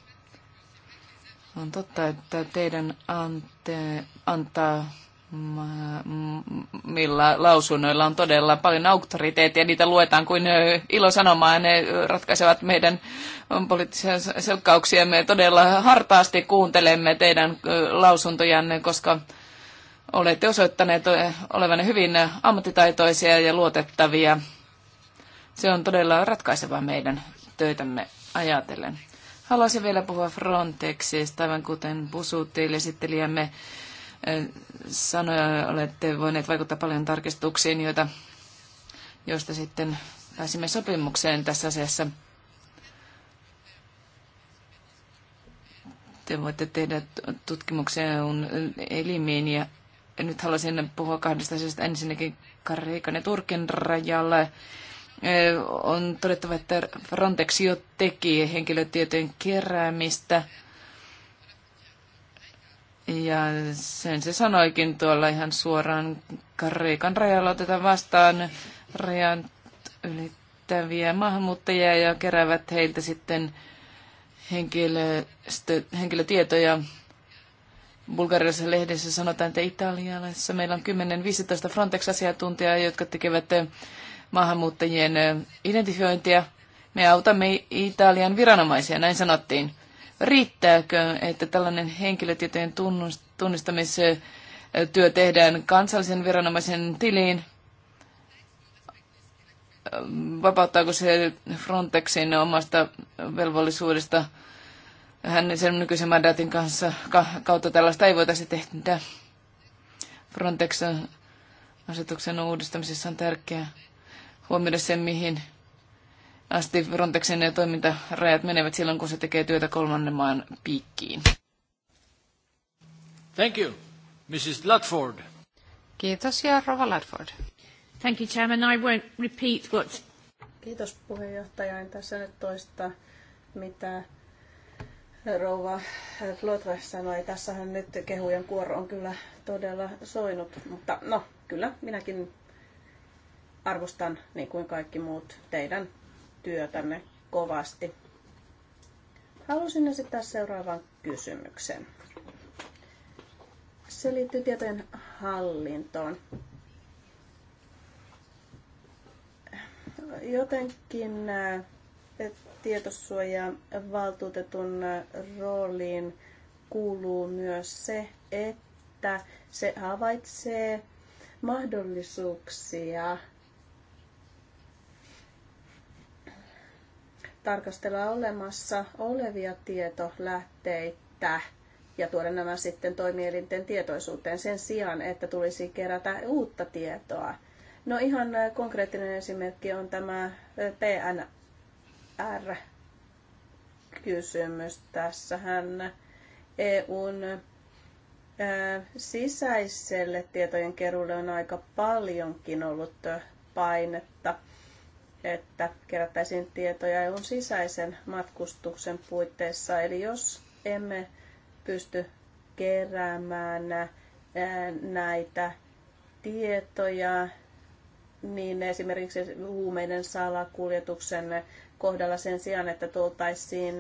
On totta, että teidän ante, antaa millä lausunnoilla on todella paljon auktoriteettia. Niitä luetaan kuin ilosanomaa. Ne ratkaisevat meidän poliittisia selkkauksia. Me todella hartaasti kuuntelemme teidän lausuntojanne, koska olette osoittaneet olevanne hyvin ammattitaitoisia ja luotettavia. Se on todella ratkaiseva meidän töitämme ajatellen. Haluaisin vielä puhua Frontexista, aivan kuten Busutil esittelijämme sanoja. Olette voineet vaikuttaa paljon tarkistuksiin, joita, joista sitten pääsimme sopimukseen tässä asiassa. Te voitte tehdä tutkimuksia elimiin ja nyt haluaisin puhua kahdesta asiasta. Ensinnäkin Kreikan ja Turkin rajalla eh, on todettava, että Frontex jo teki henkilötietojen keräämistä – ja sen se sanoikin tuolla ihan suoraan Kreikan rajalla otetaan vastaan rajan ylittäviä maahanmuuttajia ja keräävät heiltä sitten henkilöstö, henkilötietoja. Bulgariassa lehdessä sanotaan, että Italiassa meillä on 10-15 Frontex-asiantuntijaa, jotka tekevät eh, maahanmuuttajien eh, identifiointia. Me autamme Italian viranomaisia, näin sanottiin riittääkö, että tällainen henkilötietojen tunnistamistyö tehdään kansallisen viranomaisen tiliin? Vapauttaako se Frontexin omasta velvollisuudesta? Hän sen nykyisen mandaatin kanssa, kautta tällaista ei voitaisi tehdä. Frontex asetuksen uudistamisessa on tärkeää huomioida se, mihin asti Frontexin toimintarajat menevät silloin, kun se tekee työtä kolmannen maan piikkiin. Thank you, Mrs. Ludford. Kiitos ja Rova Ludford. Thank you, Chairman. I won't repeat what... Kiitos puheenjohtaja. En tässä nyt toista, mitä rouva Flotre sanoi. Tässähän nyt kehujen kuoro on kyllä todella soinut, mutta no, kyllä minäkin arvostan, niin kuin kaikki muut, teidän työtänne kovasti. Halusin esittää seuraavan kysymyksen. Se liittyy tietojen hallintoon. Jotenkin äh, tietosuojan valtuutetun äh, rooliin kuuluu myös se, että se havaitsee mahdollisuuksia tarkastella olemassa olevia tietolähteitä ja tuoda nämä sitten toimielinten tietoisuuteen sen sijaan, että tulisi kerätä uutta tietoa. No ihan konkreettinen esimerkki on tämä PNR-kysymys. Tässähän EUn sisäiselle tietojen keruulle on aika paljonkin ollut painetta että kerättäisiin tietoja EUn sisäisen matkustuksen puitteissa. Eli jos emme pysty keräämään näitä tietoja, niin esimerkiksi huumeiden salakuljetuksen kohdalla sen sijaan, että tultaisiin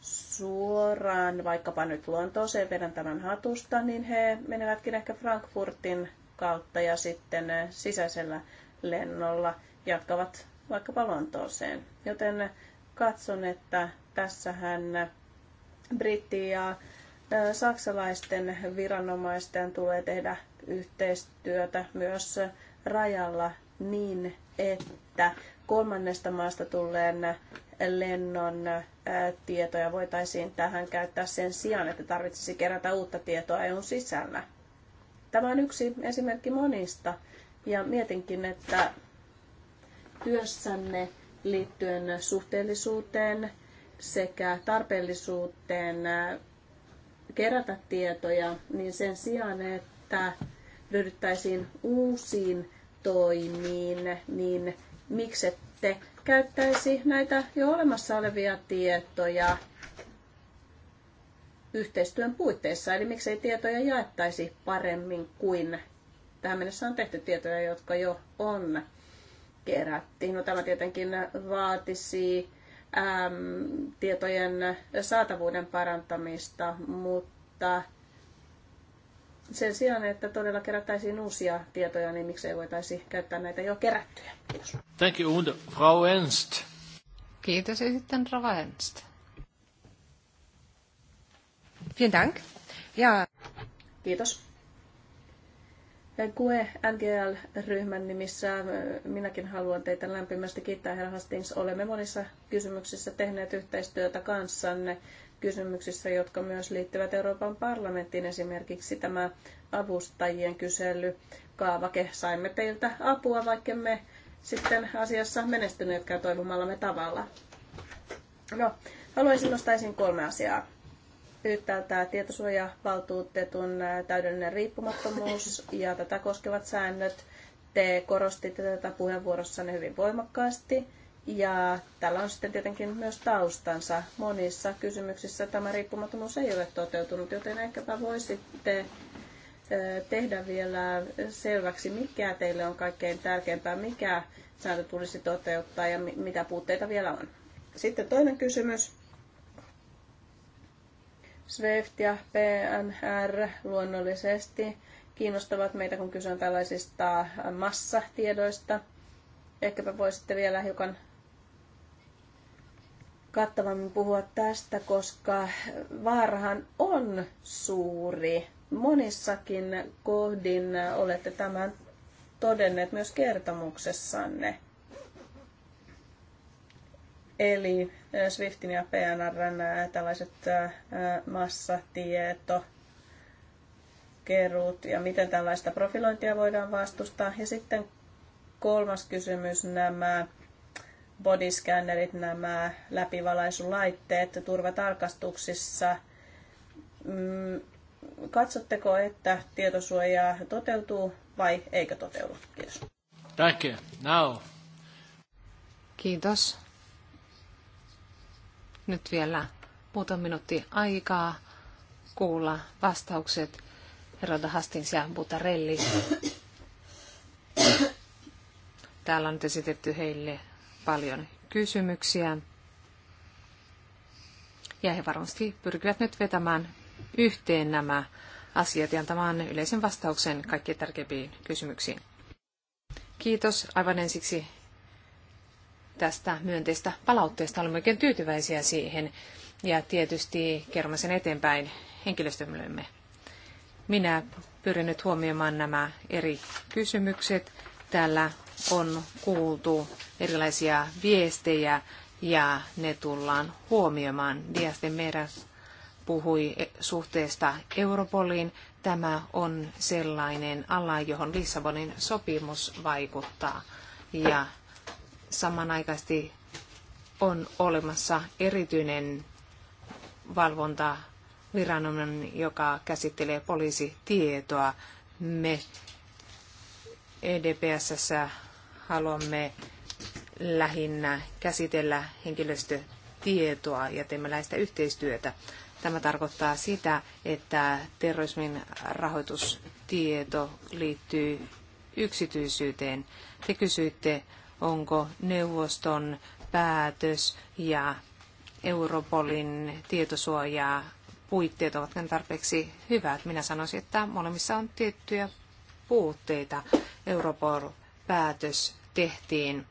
suoraan vaikkapa nyt Lontooseen, vedän tämän hatusta, niin he menevätkin ehkä Frankfurtin kautta ja sitten sisäisellä lennolla jatkavat vaikkapa Lontooseen. Joten katson, että tässähän britti- ja saksalaisten viranomaisten tulee tehdä yhteistyötä myös rajalla niin, että kolmannesta maasta tulleen lennon tietoja voitaisiin tähän käyttää sen sijaan, että tarvitsisi kerätä uutta tietoa EUn sisällä. Tämä on yksi esimerkki monista ja mietinkin, että työssänne liittyen suhteellisuuteen sekä tarpeellisuuteen kerätä tietoja, niin sen sijaan, että ryhdyttäisiin uusiin toimiin, niin miksette käyttäisi näitä jo olemassa olevia tietoja yhteistyön puitteissa, eli miksei tietoja jaettaisi paremmin kuin tähän mennessä on tehty tietoja, jotka jo on kerättiin. No, tämä tietenkin vaatisi äm, tietojen saatavuuden parantamista, mutta sen sijaan, että todella kerättäisiin uusia tietoja, niin miksei voitaisi käyttää näitä jo kerättyjä. Kiitos. Thank you, und Frau Ernst. Kiitos ja sitten Rava Ernst. Vielen Dank. Ja... Kiitos. Kue NGL-ryhmän nimissä äh, minäkin haluan teitä lämpimästi kiittää, herra Hastings. Olemme monissa kysymyksissä tehneet yhteistyötä kanssanne kysymyksissä, jotka myös liittyvät Euroopan parlamenttiin, esimerkiksi tämä avustajien kysely, kaavake. Saimme teiltä apua, vaikka me sitten asiassa menestyneetkään toivomallamme tavalla. No, haluaisin nostaisin kolme asiaa yhtäältä tietosuojavaltuutetun täydellinen riippumattomuus ja tätä koskevat säännöt. Te korostitte tätä puheenvuorossanne hyvin voimakkaasti. Ja tällä on sitten tietenkin myös taustansa. Monissa kysymyksissä tämä riippumattomuus ei ole toteutunut, joten ehkäpä voisitte tehdä vielä selväksi, mikä teille on kaikkein tärkeämpää, mikä sääntö tulisi toteuttaa ja mitä puutteita vielä on. Sitten toinen kysymys. SWIFT ja PNR luonnollisesti kiinnostavat meitä, kun kyse on tällaisista massatiedoista. Ehkäpä voisitte vielä hiukan kattavammin puhua tästä, koska vaarahan on suuri. Monissakin kohdin olette tämän todenneet myös kertomuksessanne. Eli Swiftin ja PNRn tällaiset massatieto keruut ja miten tällaista profilointia voidaan vastustaa. Ja sitten kolmas kysymys, nämä bodyscannerit, nämä läpivalaisulaitteet turvatarkastuksissa. Mm, katsotteko, että tietosuoja toteutuu vai eikö toteudu? Kiitos. Thank you. Now. Kiitos nyt vielä muutama minuutti aikaa kuulla vastaukset herralta Hastins ja Butarelli. Täällä on nyt esitetty heille paljon kysymyksiä. Ja he varmasti pyrkivät nyt vetämään yhteen nämä asiat ja antamaan yleisen vastauksen kaikkein tärkeimpiin kysymyksiin. Kiitos aivan ensiksi tästä myönteistä palautteesta. Olemme oikein tyytyväisiä siihen ja tietysti kerromme sen eteenpäin henkilöstömme. Minä pyrin nyt huomioimaan nämä eri kysymykset. Täällä on kuultu erilaisia viestejä ja ne tullaan huomioimaan. Dias Meras puhui e- suhteesta Europoliin. Tämä on sellainen ala, johon Lissabonin sopimus vaikuttaa. Ja samanaikaisesti on olemassa erityinen valvontaviranomainen, joka käsittelee poliisitietoa. Me EDPSS haluamme lähinnä käsitellä henkilöstötietoa ja teemme läheistä yhteistyötä. Tämä tarkoittaa sitä, että terrorismin rahoitustieto liittyy yksityisyyteen. Te kysyitte, onko neuvoston päätös ja Europolin tietosuojaa puitteet ovat tarpeeksi hyvät. Minä sanoisin, että molemmissa on tiettyjä puutteita. Europol-päätös tehtiin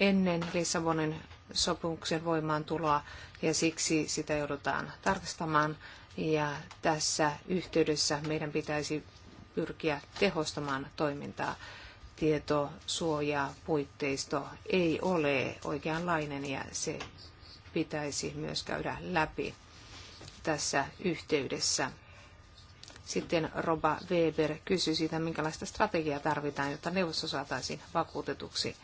ennen Lissabonin sopimuksen voimaantuloa ja siksi sitä joudutaan tarkistamaan. Ja tässä yhteydessä meidän pitäisi pyrkiä tehostamaan toimintaa tietosuojapuitteisto ei ole oikeanlainen ja se pitäisi myös käydä läpi tässä yhteydessä. Sitten Roba Weber kysyi siitä, minkälaista strategiaa tarvitaan, jotta neuvosto saataisiin vakuutetuksi.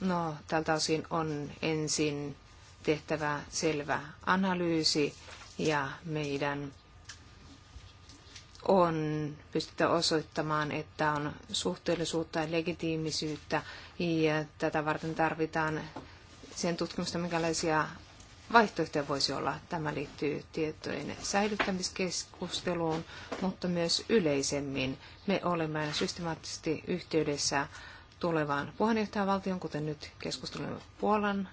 No, tältä osin on ensin tehtävä selvä analyysi ja meidän on pystytä osoittamaan, että on suhteellisuutta ja legitiimisyyttä ja tätä varten tarvitaan sen tutkimusta, minkälaisia vaihtoehtoja voisi olla. Tämä liittyy tietojen säilyttämiskeskusteluun, mutta myös yleisemmin. Me olemme systemaattisesti yhteydessä tulevaan puheenjohtajavaltion, kuten nyt keskustelemme Puolan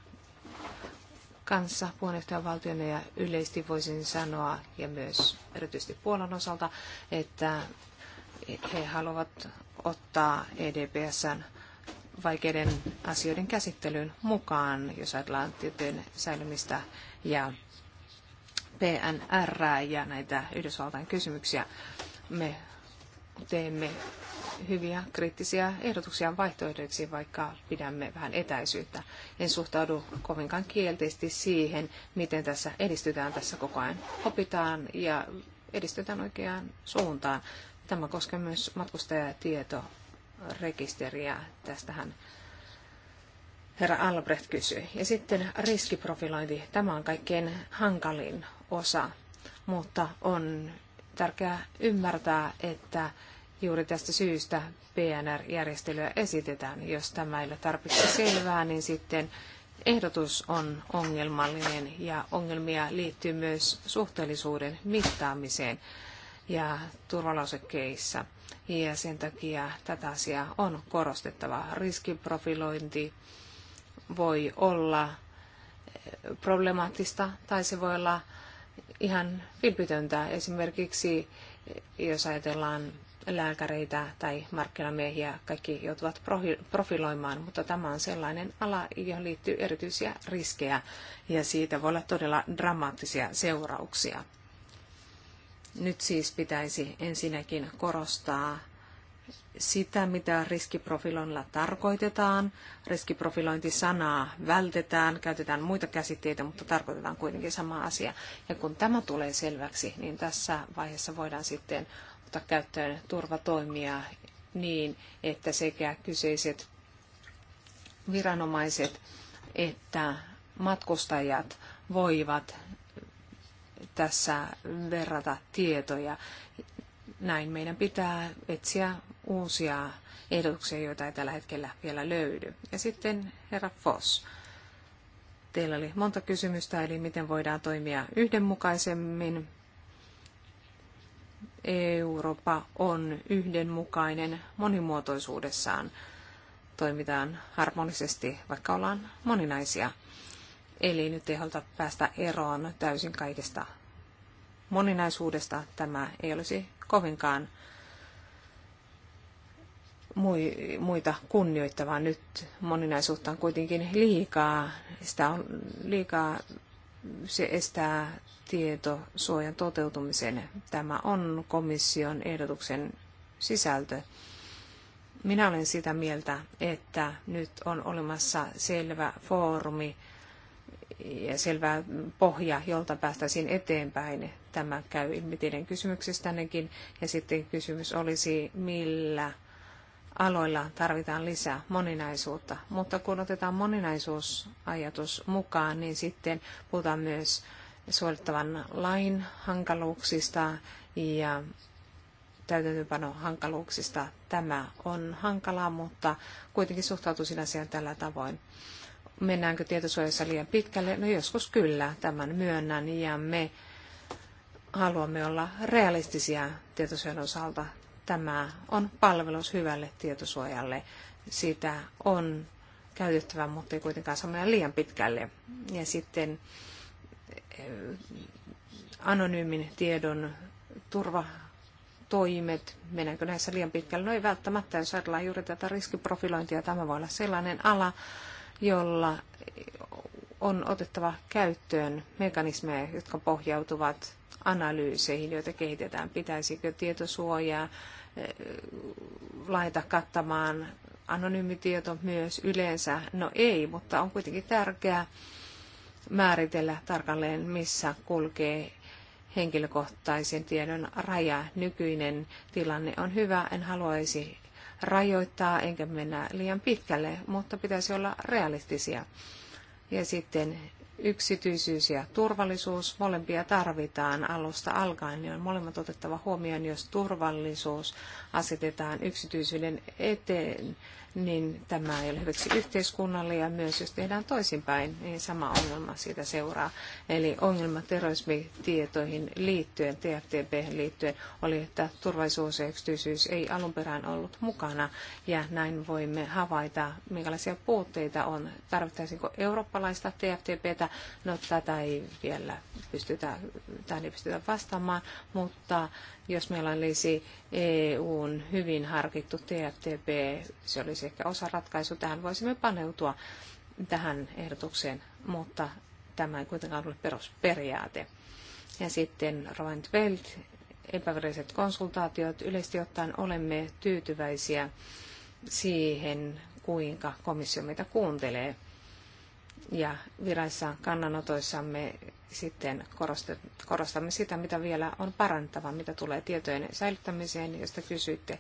kanssa puheenjohtajavaltioina ja yleisesti voisin sanoa, ja myös erityisesti Puolan osalta, että he haluavat ottaa EDPSn vaikeiden asioiden käsittelyyn mukaan, jos ajatellaan tietojen säilymistä ja PNR ja näitä Yhdysvaltain kysymyksiä. Me teemme hyviä kriittisiä ehdotuksia vaihtoehdoiksi, vaikka pidämme vähän etäisyyttä. En suhtaudu kovinkaan kielteisesti siihen, miten tässä edistytään tässä koko ajan. Opitaan ja edistytään oikeaan suuntaan. Tämä koskee myös matkustajatietorekisteriä. Tästähän herra Albrecht kysyi. Ja sitten riskiprofilointi. Tämä on kaikkein hankalin osa, mutta on tärkeää ymmärtää, että Juuri tästä syystä PNR-järjestelyä esitetään. Jos tämä ei ole tarpeeksi selvää, niin sitten ehdotus on ongelmallinen ja ongelmia liittyy myös suhteellisuuden mittaamiseen ja turvalausekkeissa. Ja sen takia tätä asiaa on korostettava. Riskiprofilointi voi olla eh, problemaattista tai se voi olla ihan vilpitöntä. Esimerkiksi eh, jos ajatellaan lääkäreitä tai markkinamiehiä, kaikki joutuvat profiloimaan, mutta tämä on sellainen ala, johon liittyy erityisiä riskejä ja siitä voi olla todella dramaattisia seurauksia. Nyt siis pitäisi ensinnäkin korostaa sitä, mitä riskiprofiloinnilla tarkoitetaan. Riskiprofilointisanaa vältetään, käytetään muita käsitteitä, mutta tarkoitetaan kuitenkin sama asia. Ja kun tämä tulee selväksi, niin tässä vaiheessa voidaan sitten ottaa käyttöön turvatoimia niin, että sekä kyseiset viranomaiset että matkustajat voivat tässä verrata tietoja. Näin meidän pitää etsiä uusia ehdotuksia, joita ei tällä hetkellä vielä löydy. Ja sitten herra Foss. Teillä oli monta kysymystä, eli miten voidaan toimia yhdenmukaisemmin Eurooppa on yhdenmukainen monimuotoisuudessaan. Toimitaan harmonisesti, vaikka ollaan moninaisia. Eli nyt ei haluta päästä eroon täysin kaikesta moninaisuudesta. Tämä ei olisi kovinkaan muita kunnioittavaa. Nyt moninaisuutta on kuitenkin liikaa. Sitä on liikaa se estää tietosuojan toteutumisen. Tämä on komission ehdotuksen sisältö. Minä olen sitä mieltä, että nyt on olemassa selvä foorumi ja selvä pohja, jolta päästäisiin eteenpäin. Tämä käy ilmi teidän kysymyksestännekin. Ja sitten kysymys olisi, millä aloilla tarvitaan lisää moninaisuutta. Mutta kun otetaan moninaisuusajatus mukaan, niin sitten puhutaan myös suorittavan lain hankaluuksista ja täytäntöönpano hankaluuksista. Tämä on hankalaa, mutta kuitenkin suhtautuisin asiaan tällä tavoin. Mennäänkö tietosuojassa liian pitkälle? No joskus kyllä, tämän myönnän, ja me haluamme olla realistisia tietosuojan osalta. Tämä on palvelus hyvälle tietosuojalle. Sitä on käytettävä, mutta ei kuitenkaan samalla liian pitkälle. Ja sitten eh, anonyymin tiedon turva toimet, mennäänkö näissä liian pitkälle? No ei välttämättä, jos ajatellaan juuri tätä riskiprofilointia, tämä voi olla sellainen ala, jolla on otettava käyttöön mekanismeja, jotka pohjautuvat analyyseihin, joita kehitetään. Pitäisikö tietosuojaa Eh, laita kattamaan anonyymitieto myös yleensä? No ei, mutta on kuitenkin tärkeää määritellä tarkalleen, missä kulkee henkilökohtaisen tiedon raja. Nykyinen tilanne on hyvä, en haluaisi rajoittaa enkä mennä liian pitkälle, mutta pitäisi olla realistisia. Ja sitten yksityisyys ja turvallisuus, molempia tarvitaan alusta alkaen, niin on molemmat otettava huomioon, jos turvallisuus asetetaan yksityisyyden eteen, niin tämä ei ole hyväksi yhteiskunnalle ja myös jos tehdään toisinpäin, niin sama ongelma siitä seuraa. Eli ongelma terrorismitietoihin liittyen, TFTP liittyen, oli, että turvallisuus ja yksityisyys ei alun perään ollut mukana ja näin voimme havaita, minkälaisia puutteita on. Tarvittaisiinko eurooppalaista TFTPtä? No tätä ei vielä pystytä, tähän ei pystytä vastaamaan, mutta jos meillä olisi EUn hyvin harkittu TFTP, se olisi ehkä osa ratkaisu tähän, voisimme paneutua tähän ehdotukseen, mutta tämä ei kuitenkaan ole perusperiaate. Ja sitten Roland Welt, epäviralliset konsultaatiot. Yleisesti ottaen olemme tyytyväisiä siihen, kuinka komissio meitä kuuntelee ja virallisissa kannanotoissamme sitten korostamme sitä, mitä vielä on parantava, mitä tulee tietojen säilyttämiseen, josta kysyitte.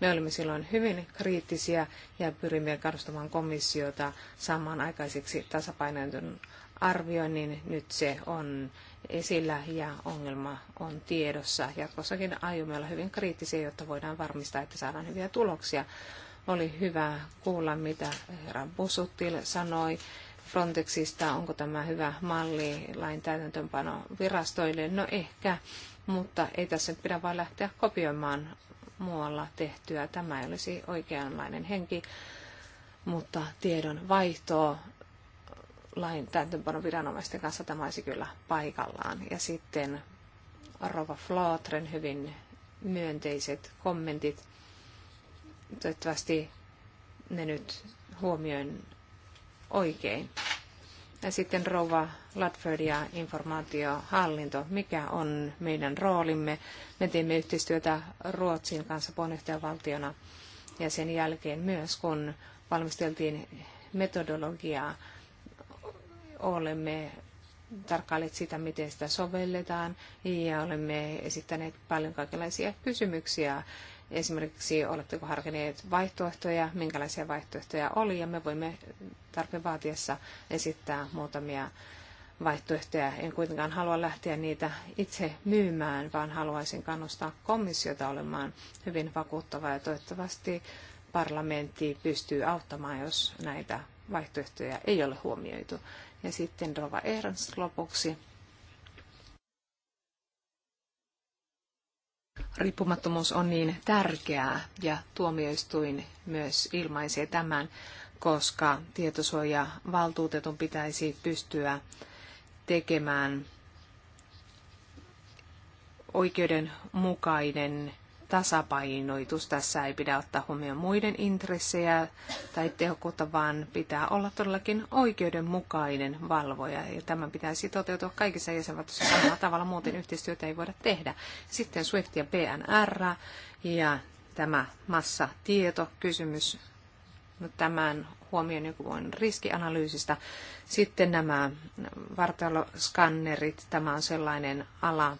Me olimme silloin hyvin kriittisiä ja pyrimme kannustamaan komissiota saamaan aikaiseksi tasapainoitun arvioinnin. Nyt se on esillä ja ongelma on tiedossa. Jatkossakin aiomme olla hyvin kriittisiä, jotta voidaan varmistaa, että saadaan hyviä tuloksia. Oli hyvä kuulla, mitä herra Busuttil sanoi Frontexista, onko tämä hyvä malli lain täytäntöönpano virastoille? No ehkä, mutta ei tässä pidä vain lähteä kopioimaan muualla tehtyä. Tämä ei olisi oikeanlainen henki, mutta tiedon vaihtoa lain täytäntöönpanon viranomaisten kanssa tämä olisi kyllä paikallaan. Ja sitten Rova Flaatren hyvin myönteiset kommentit. Toivottavasti ne nyt huomioin oikein. Ja sitten rouva Latford ja informaatiohallinto, mikä on meidän roolimme. Me teemme yhteistyötä Ruotsin kanssa puheenjohtajavaltiona ja sen jälkeen myös, kun valmisteltiin metodologiaa, olemme tarkkailleet sitä, miten sitä sovelletaan ja olemme esittäneet paljon kaikenlaisia kysymyksiä Esimerkiksi oletteko harkineet vaihtoehtoja, minkälaisia vaihtoehtoja oli, ja me voimme tarpeen vaatiessa esittää muutamia vaihtoehtoja. En kuitenkaan halua lähteä niitä itse myymään, vaan haluaisin kannustaa komissiota olemaan hyvin vakuuttava ja toivottavasti parlamentti pystyy auttamaan, jos näitä vaihtoehtoja ei ole huomioitu. Ja sitten Rova Ehrens lopuksi. riippumattomuus on niin tärkeää ja tuomioistuin myös ilmaisee tämän, koska tietosuojavaltuutetun pitäisi pystyä tekemään oikeudenmukainen tasapainoitus. Tässä ei pidä ottaa huomioon muiden intressejä tai tehokkuutta, vaan pitää olla todellakin oikeudenmukainen valvoja. Ja tämän pitäisi toteutua kaikissa jäsenvaltioissa samalla tavalla, muuten yhteistyötä ei voida tehdä. Sitten SWIFT ja PNR ja tämä massatietokysymys. No, tämän huomioon joku on riskianalyysistä. Sitten nämä vartaloskannerit, tämä on sellainen ala,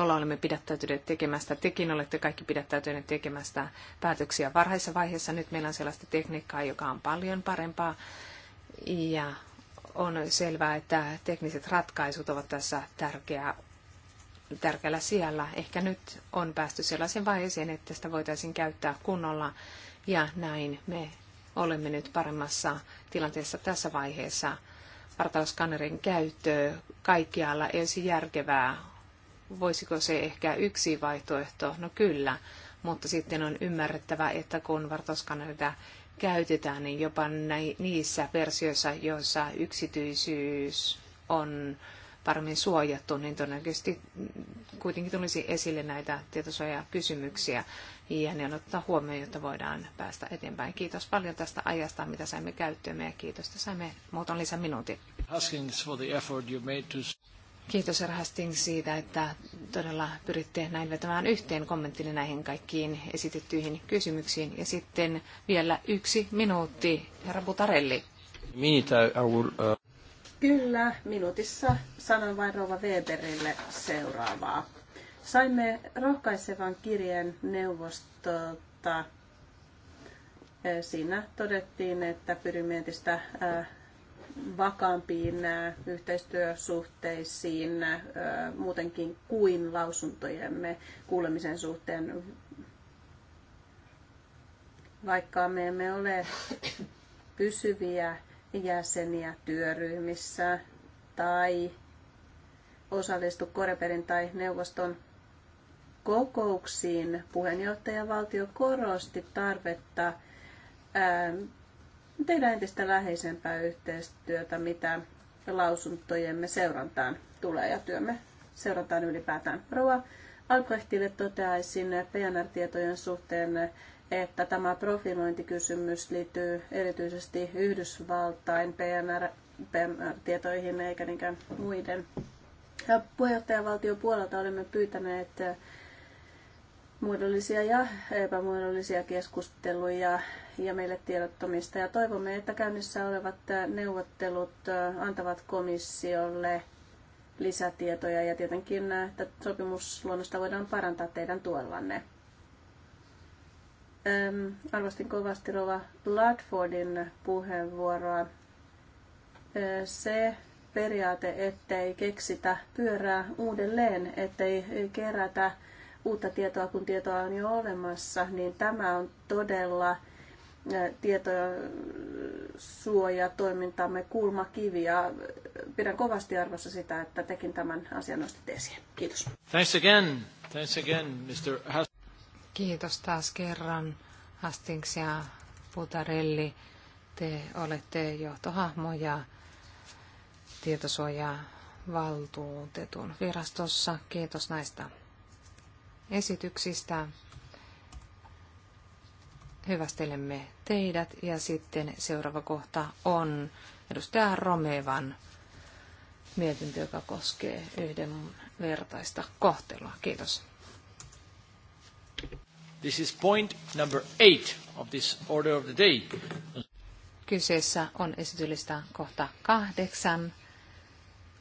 jolla olemme pidättäytyneet tekemästä. Tekin olette kaikki pidättäytyneet tekemästä päätöksiä varhaisessa vaiheessa. Nyt meillä on sellaista tekniikkaa, joka on paljon parempaa. Ja on selvää, että tekniset ratkaisut ovat tässä tärkeä, tärkeällä siellä. Ehkä nyt on päästy sellaisen vaiheeseen, että sitä voitaisiin käyttää kunnolla. Ja näin me olemme nyt paremmassa tilanteessa tässä vaiheessa. Vartaloskannerin käyttö kaikkialla ei olisi järkevää voisiko se ehkä yksi vaihtoehto? No kyllä, mutta sitten on ymmärrettävä, että kun vartauskannalta käytetään, niin jopa niissä versioissa, joissa yksityisyys on paremmin suojattu, niin todennäköisesti kuitenkin tulisi esille näitä tietosuojakysymyksiä ja ne on ottaa huomioon, jotta voidaan päästä eteenpäin. Kiitos paljon tästä ajasta, mitä saimme käyttöömme ja kiitos, että saimme muutaman lisäminuutin. Kiitos rahastin siitä, että todella pyritte näin vetämään yhteen kommenttini näihin kaikkiin esitettyihin kysymyksiin. Ja sitten vielä yksi minuutti, herra Butarelli. Uh, Kyllä, minuutissa sanon vain Rova Weberille seuraavaa. Saimme rohkaisevan kirjeen neuvostolta. Eh, siinä todettiin, että pyrimme entistä eh, vakaampiin äh, yhteistyösuhteisiin äh, muutenkin kuin lausuntojemme kuulemisen suhteen, vaikka me emme ole pysyviä jäseniä työryhmissä tai osallistu Koreperin tai neuvoston kokouksiin. Puheenjohtajavaltio korosti tarvetta ähm, tehdä entistä läheisempää yhteistyötä, mitä lausuntojemme seurantaan tulee ja työmme seurataan ylipäätään. Rova Albrechtille toteaisin PNR-tietojen suhteen, että tämä profilointikysymys liittyy erityisesti Yhdysvaltain PNR, PNR-tietoihin eikä niinkään muiden. Ja puheenjohtajavaltion puolelta olemme pyytäneet muodollisia ja epämuodollisia keskusteluja ja meille tiedottomista. Ja toivomme, että käynnissä olevat äh, neuvottelut äh, antavat komissiolle lisätietoja ja tietenkin, äh, että sopimusluonnosta voidaan parantaa teidän tuollanne. Ähm, arvostin kovasti Rova Ladfordin puheenvuoroa. Se periaate, ettei keksitä pyörää uudelleen, ettei kerätä uutta tietoa, kun tietoa on jo olemassa, niin tämä on todella tietosuojatoimintamme kulmakivi ja pidän kovasti arvossa sitä, että tekin tämän asian nostit esiin. Kiitos. Thanks again. Thanks again, Mr. Kiitos taas kerran Hastings ja Putarelli. Te olette johtohahmoja ja tietosuojaa valtuutetun virastossa. Kiitos näistä esityksistä hyvästelemme teidät ja sitten seuraava kohta on edustaja Romevan mietintö, joka koskee yhdenvertaista kohtelua. Kiitos. This is point number eight of this order of the day. Kyseessä on esityslista kohta kahdeksan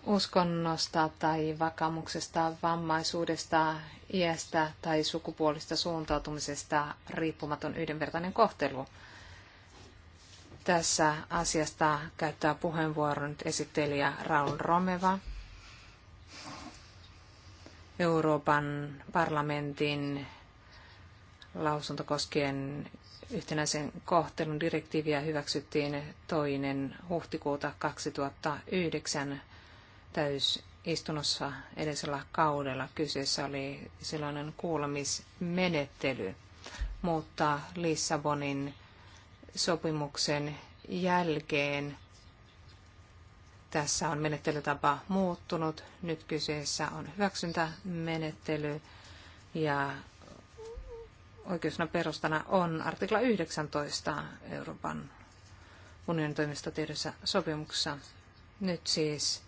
uskonnosta tai vakamuksesta, vammaisuudesta, iästä tai sukupuolista suuntautumisesta riippumaton yhdenvertainen kohtelu. Tässä asiasta käyttää puheenvuoron esittelijä Raul Romeva, Euroopan parlamentin lausunto koskien yhtenäisen kohtelun direktiiviä hyväksyttiin toinen huhtikuuta 2009 täysistunnossa edellisellä kaudella. Kyseessä oli sellainen kuulemismenettely, mutta Lissabonin sopimuksen jälkeen tässä on menettelytapa muuttunut. Nyt kyseessä on hyväksyntämenettely ja oikeusna perustana on artikla 19 Euroopan unionin toimista tehdyssä sopimuksessa. Nyt siis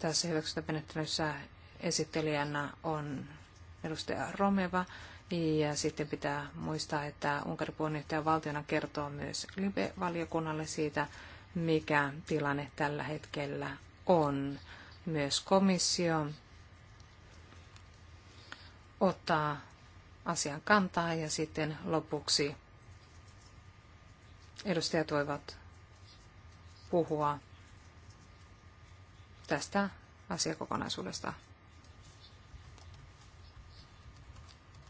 tässä hyväksyntämenettelyssä esittelijänä on edustaja Romeva. Ja sitten pitää muistaa, että Unkarin puheenjohtaja valtiona kertoo myös Libe-valiokunnalle siitä, mikä tilanne tällä hetkellä on. Myös komissio ottaa asian kantaa ja sitten lopuksi edustajat voivat puhua tästä asiakokonaisuudesta.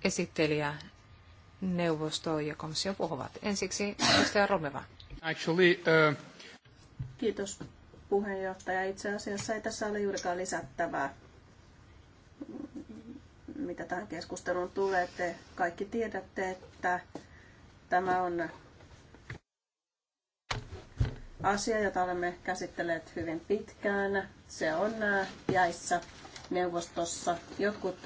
Esittelijä, neuvosto ja komissio puhuvat. Ensiksi edustaja Romeva. Actually, uh... Kiitos puheenjohtaja. Itse asiassa ei tässä ole juurikaan lisättävää, mitä tähän keskusteluun tulee. Te kaikki tiedätte, että tämä on asia, jota olemme käsitelleet hyvin pitkään. Se on jäissä neuvostossa. Jotkut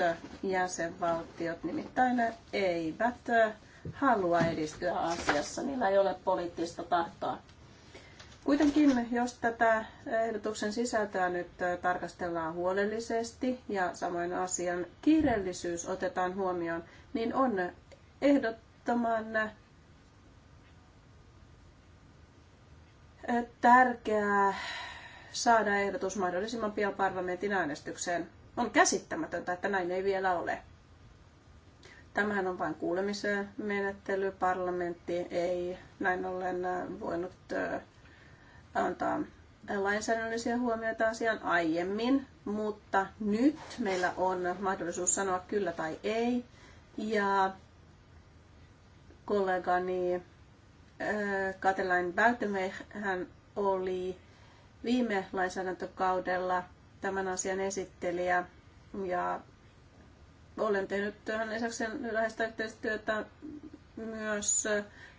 jäsenvaltiot nimittäin eivät halua edistyä asiassa. Niillä ei ole poliittista tahtoa. Kuitenkin, jos tätä ehdotuksen sisältöä nyt tarkastellaan huolellisesti ja samoin asian kiireellisyys otetaan huomioon, niin on ehdottoman tärkeää saada ehdotus mahdollisimman pian parlamentin äänestykseen. On käsittämätöntä, että näin ei vielä ole. Tämähän on vain kuulemisen menettely. Parlamentti ei näin ollen äh, voinut äh, antaa lainsäädännöllisiä huomioita asiaan aiemmin, mutta nyt meillä on mahdollisuus sanoa kyllä tai ei. Ja kollegani äh, Katelain Bautemeh, hän oli viime lainsäädäntökaudella tämän asian esittelijä ja olen tehnyt tähän lisäksi läheistä yhteistyötä myös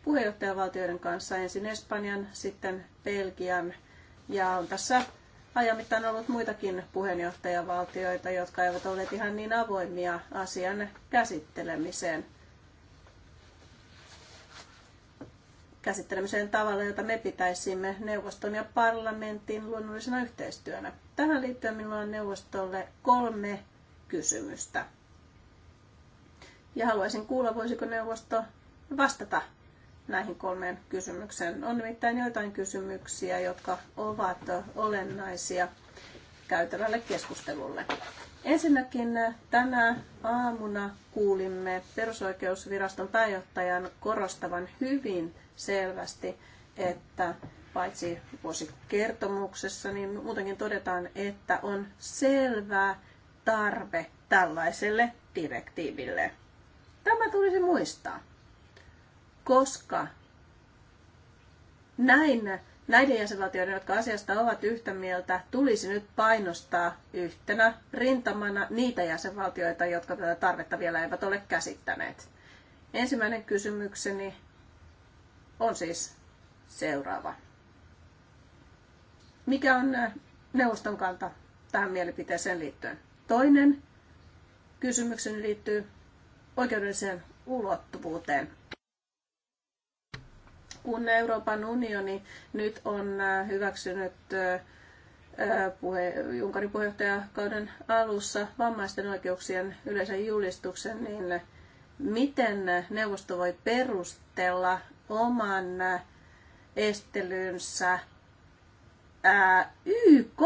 puheenjohtajavaltioiden kanssa, ensin Espanjan, sitten Belgian ja on tässä ajan mittaan ollut muitakin puheenjohtajavaltioita, jotka eivät olleet ihan niin avoimia asian käsittelemiseen. käsittelemiseen tavalla, jota me pitäisimme neuvoston ja parlamentin luonnollisena yhteistyönä. Tähän liittyen minulla on neuvostolle kolme kysymystä. Ja haluaisin kuulla, voisiko neuvosto vastata näihin kolmeen kysymykseen. On nimittäin joitain kysymyksiä, jotka ovat olennaisia käytävälle keskustelulle. Ensinnäkin eh, tänä aamuna kuulimme perusoikeusviraston pääjohtajan korostavan hyvin selvästi, että paitsi vuosikertomuksessa, niin muutenkin todetaan, että on selvä tarve tällaiselle direktiiville. Tämä tulisi muistaa, koska näin Näiden jäsenvaltioiden, jotka asiasta ovat yhtä mieltä, tulisi nyt painostaa yhtenä rintamana niitä jäsenvaltioita, jotka tätä tarvetta vielä eivät ole käsittäneet. Ensimmäinen kysymykseni on siis seuraava. Mikä on äh, neuvoston kanta tähän mielipiteeseen liittyen? Toinen kysymykseni liittyy oikeudelliseen ulottuvuuteen kun Euroopan unioni nyt on äh, hyväksynyt äh, äh, puhe, Unkarin puheenjohtajakauden alussa vammaisten oikeuksien yleisen julistuksen, niin miten neuvosto voi perustella oman estelynsä YK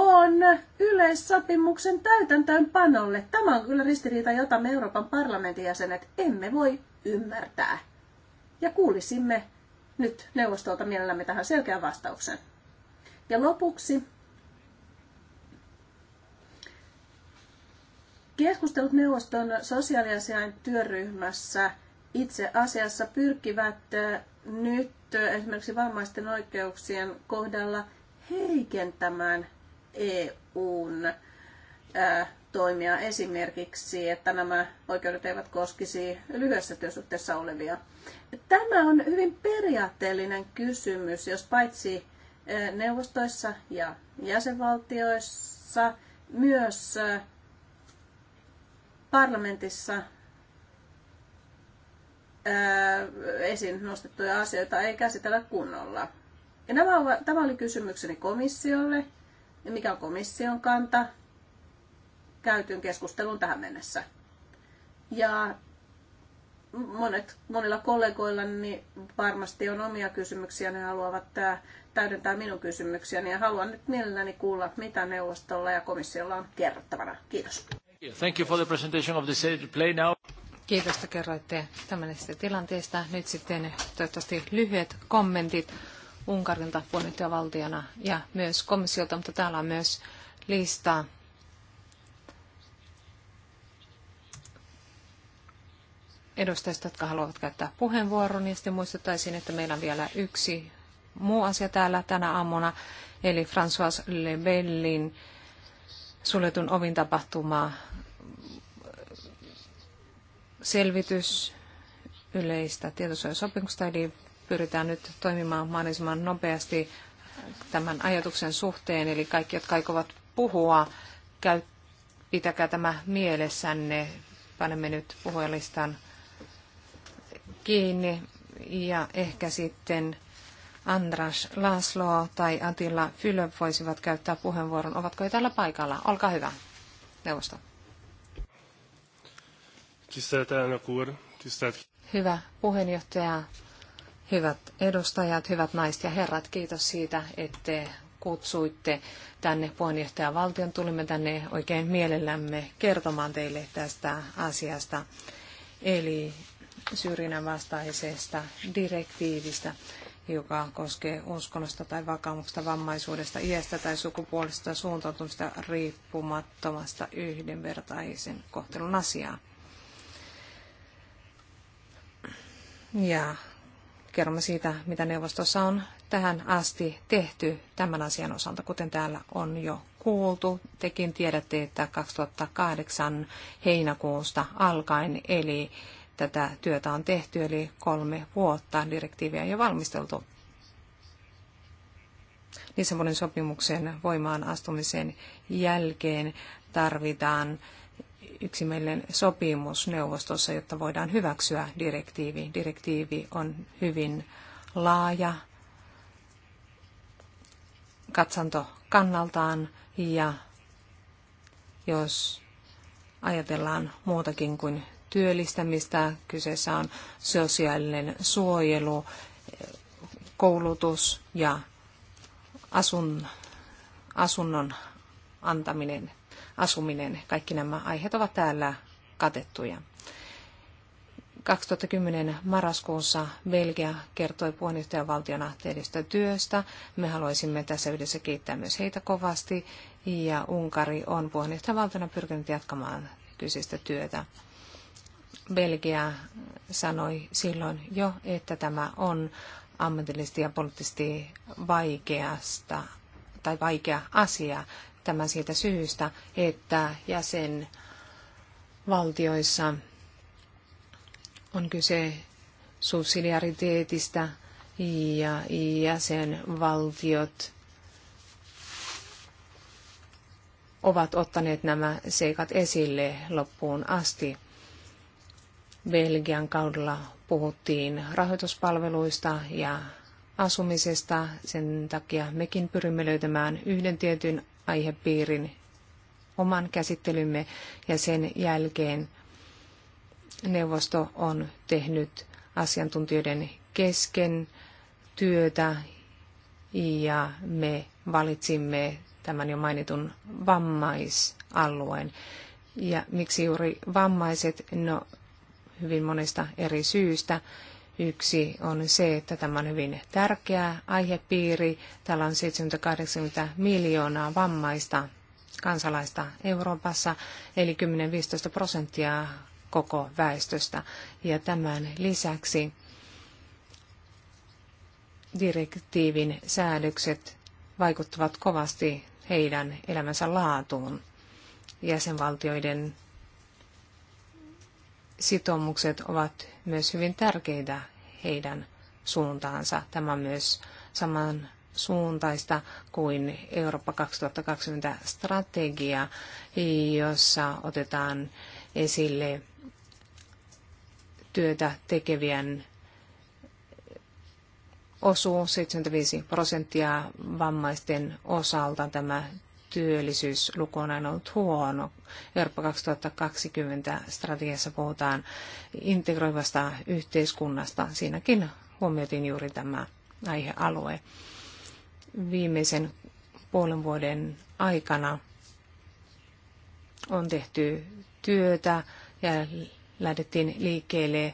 yleissopimuksen täytäntöönpanolle. Tämä on kyllä ristiriita, jota me Euroopan parlamentin jäsenet emme voi ymmärtää. Ja kuulisimme nyt neuvostolta mielellämme tähän selkeän vastauksen. Ja lopuksi keskustelut neuvoston sosiaaliasiain työryhmässä itse asiassa pyrkivät nyt esimerkiksi vammaisten oikeuksien kohdalla heikentämään EUn toimia esimerkiksi, että nämä oikeudet eivät koskisi lyhyessä työsuhteessa olevia. Tämä on hyvin periaatteellinen kysymys, jos paitsi eh, neuvostoissa ja jäsenvaltioissa, myös eh, parlamentissa eh, esiin nostettuja asioita ei käsitellä kunnolla. Ja nämä, tämä oli kysymykseni komissiolle, mikä on komission kanta käytyyn keskusteluun tähän mennessä. Ja monet, monilla kollegoilla niin varmasti on omia kysymyksiä, ne haluavat tää, äh, täydentää minun kysymyksiäni ja haluan nyt mielelläni kuulla, mitä neuvostolla ja komissiolla on kerrottavana. Kiitos. Thank you for the presentation of the state play now. Kiitos, että kerroitte tämmöisestä tilanteesta. Nyt sitten toivottavasti lyhyet kommentit Unkarilta puheenjohtajavaltiona ja myös komissiolta, mutta täällä on myös lista edustajista, jotka haluavat käyttää puheenvuoron. Ja niin sitten muistuttaisin, että meillä on vielä yksi muu asia täällä tänä aamuna, eli François Lebellin suljetun ovin tapahtuma selvitys yleistä tietosuojasopimuksesta, eli pyritään nyt toimimaan mahdollisimman nopeasti tämän ajatuksen suhteen, eli kaikki, jotka aikovat puhua, käy, pitäkää tämä mielessänne. Panemme nyt puhujalistan kiinni ja ehkä sitten Andras Laslo tai Antilla Fylö voisivat käyttää puheenvuoron. Ovatko he täällä paikalla? Olkaa hyvä, neuvosto. Hyvä puheenjohtaja, hyvät edustajat, hyvät naiset ja herrat, kiitos siitä, että kutsuitte tänne puheenjohtajan valtion. Tulimme tänne oikein mielellämme kertomaan teille tästä asiasta. Eli syrjinnän vastaisesta direktiivistä, joka koskee uskonnosta tai vakaumuksesta, vammaisuudesta, iästä tai sukupuolesta suuntautumista riippumattomasta yhdenvertaisen kohtelun asiaa. Ja kerromme siitä, mitä neuvostossa on tähän asti tehty tämän asian osalta, kuten täällä on jo kuultu. Tekin tiedätte, että 2008 heinäkuusta alkaen, eli tätä työtä on tehty, eli kolme vuotta direktiiviä jo valmisteltu. Lissabonin sopimuksen voimaan astumisen jälkeen tarvitaan yksimielinen sopimus neuvostossa, jotta voidaan hyväksyä direktiivi. Direktiivi on hyvin laaja katsanto kannaltaan ja jos ajatellaan muutakin kuin työllistämistä. Kyseessä on sosiaalinen suojelu, koulutus ja asun, asunnon antaminen, asuminen. Kaikki nämä aiheet ovat täällä katettuja. 2010 marraskuussa Belgia kertoi puheenjohtajavaltiona tehdystä työstä. Me haluaisimme tässä yhdessä kiittää myös heitä kovasti ja Unkari on puheenjohtajavaltiona pyrkinyt jatkamaan kyseistä työtä. Belgia sanoi silloin jo, että tämä on ammatillisesti ja poliittisesti vaikeasta tai vaikea asia. Tämä siitä syystä, että jäsenvaltioissa on kyse subsidiariteetista ja jäsenvaltiot ovat ottaneet nämä seikat esille loppuun asti. Belgian kaudella puhuttiin rahoituspalveluista ja asumisesta. Sen takia mekin pyrimme löytämään yhden tietyn aihepiirin oman käsittelymme ja sen jälkeen neuvosto on tehnyt asiantuntijoiden kesken työtä ja me valitsimme tämän jo mainitun vammaisalueen. Ja miksi juuri vammaiset? No hyvin monesta eri syystä. Yksi on se, että tämä on hyvin tärkeä aihepiiri. Täällä on 780 miljoonaa vammaista kansalaista Euroopassa, eli 10-15 prosenttia koko väestöstä. Ja tämän lisäksi direktiivin säädökset vaikuttavat kovasti heidän elämänsä laatuun. Jäsenvaltioiden sitoumukset ovat myös hyvin tärkeitä heidän suuntaansa. Tämä on myös saman suuntaista kuin Eurooppa 2020 strategia, jossa otetaan esille työtä tekevien osuus, 75 prosenttia vammaisten osalta. Tämä työllisyysluku on aina ollut huono. Eurooppa 2020 strategiassa puhutaan integroivasta yhteiskunnasta. Siinäkin huomioitiin juuri tämä aihealue. Viimeisen puolen vuoden aikana on tehty työtä ja lähdettiin liikkeelle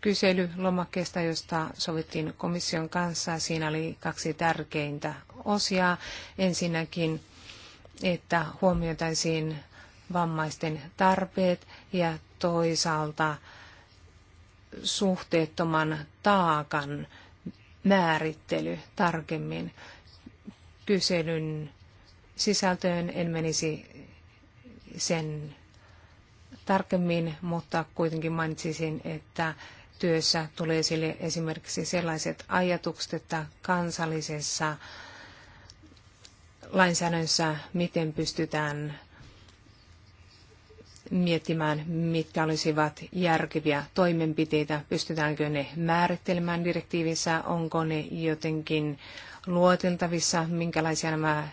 kyselylomakkeesta, josta sovittiin komission kanssa. Siinä oli kaksi tärkeintä osia. Ensinnäkin, että huomioitaisiin vammaisten tarpeet ja toisaalta suhteettoman taakan määrittely tarkemmin. Kyselyn sisältöön en menisi sen tarkemmin, mutta kuitenkin mainitsisin, että työssä tulee esille esimerkiksi sellaiset ajatukset, että kansallisessa lainsäädännössä, miten pystytään miettimään, mitkä olisivat järkeviä toimenpiteitä, pystytäänkö ne määrittelemään direktiivissä, onko ne jotenkin luoteltavissa, minkälaisia nämä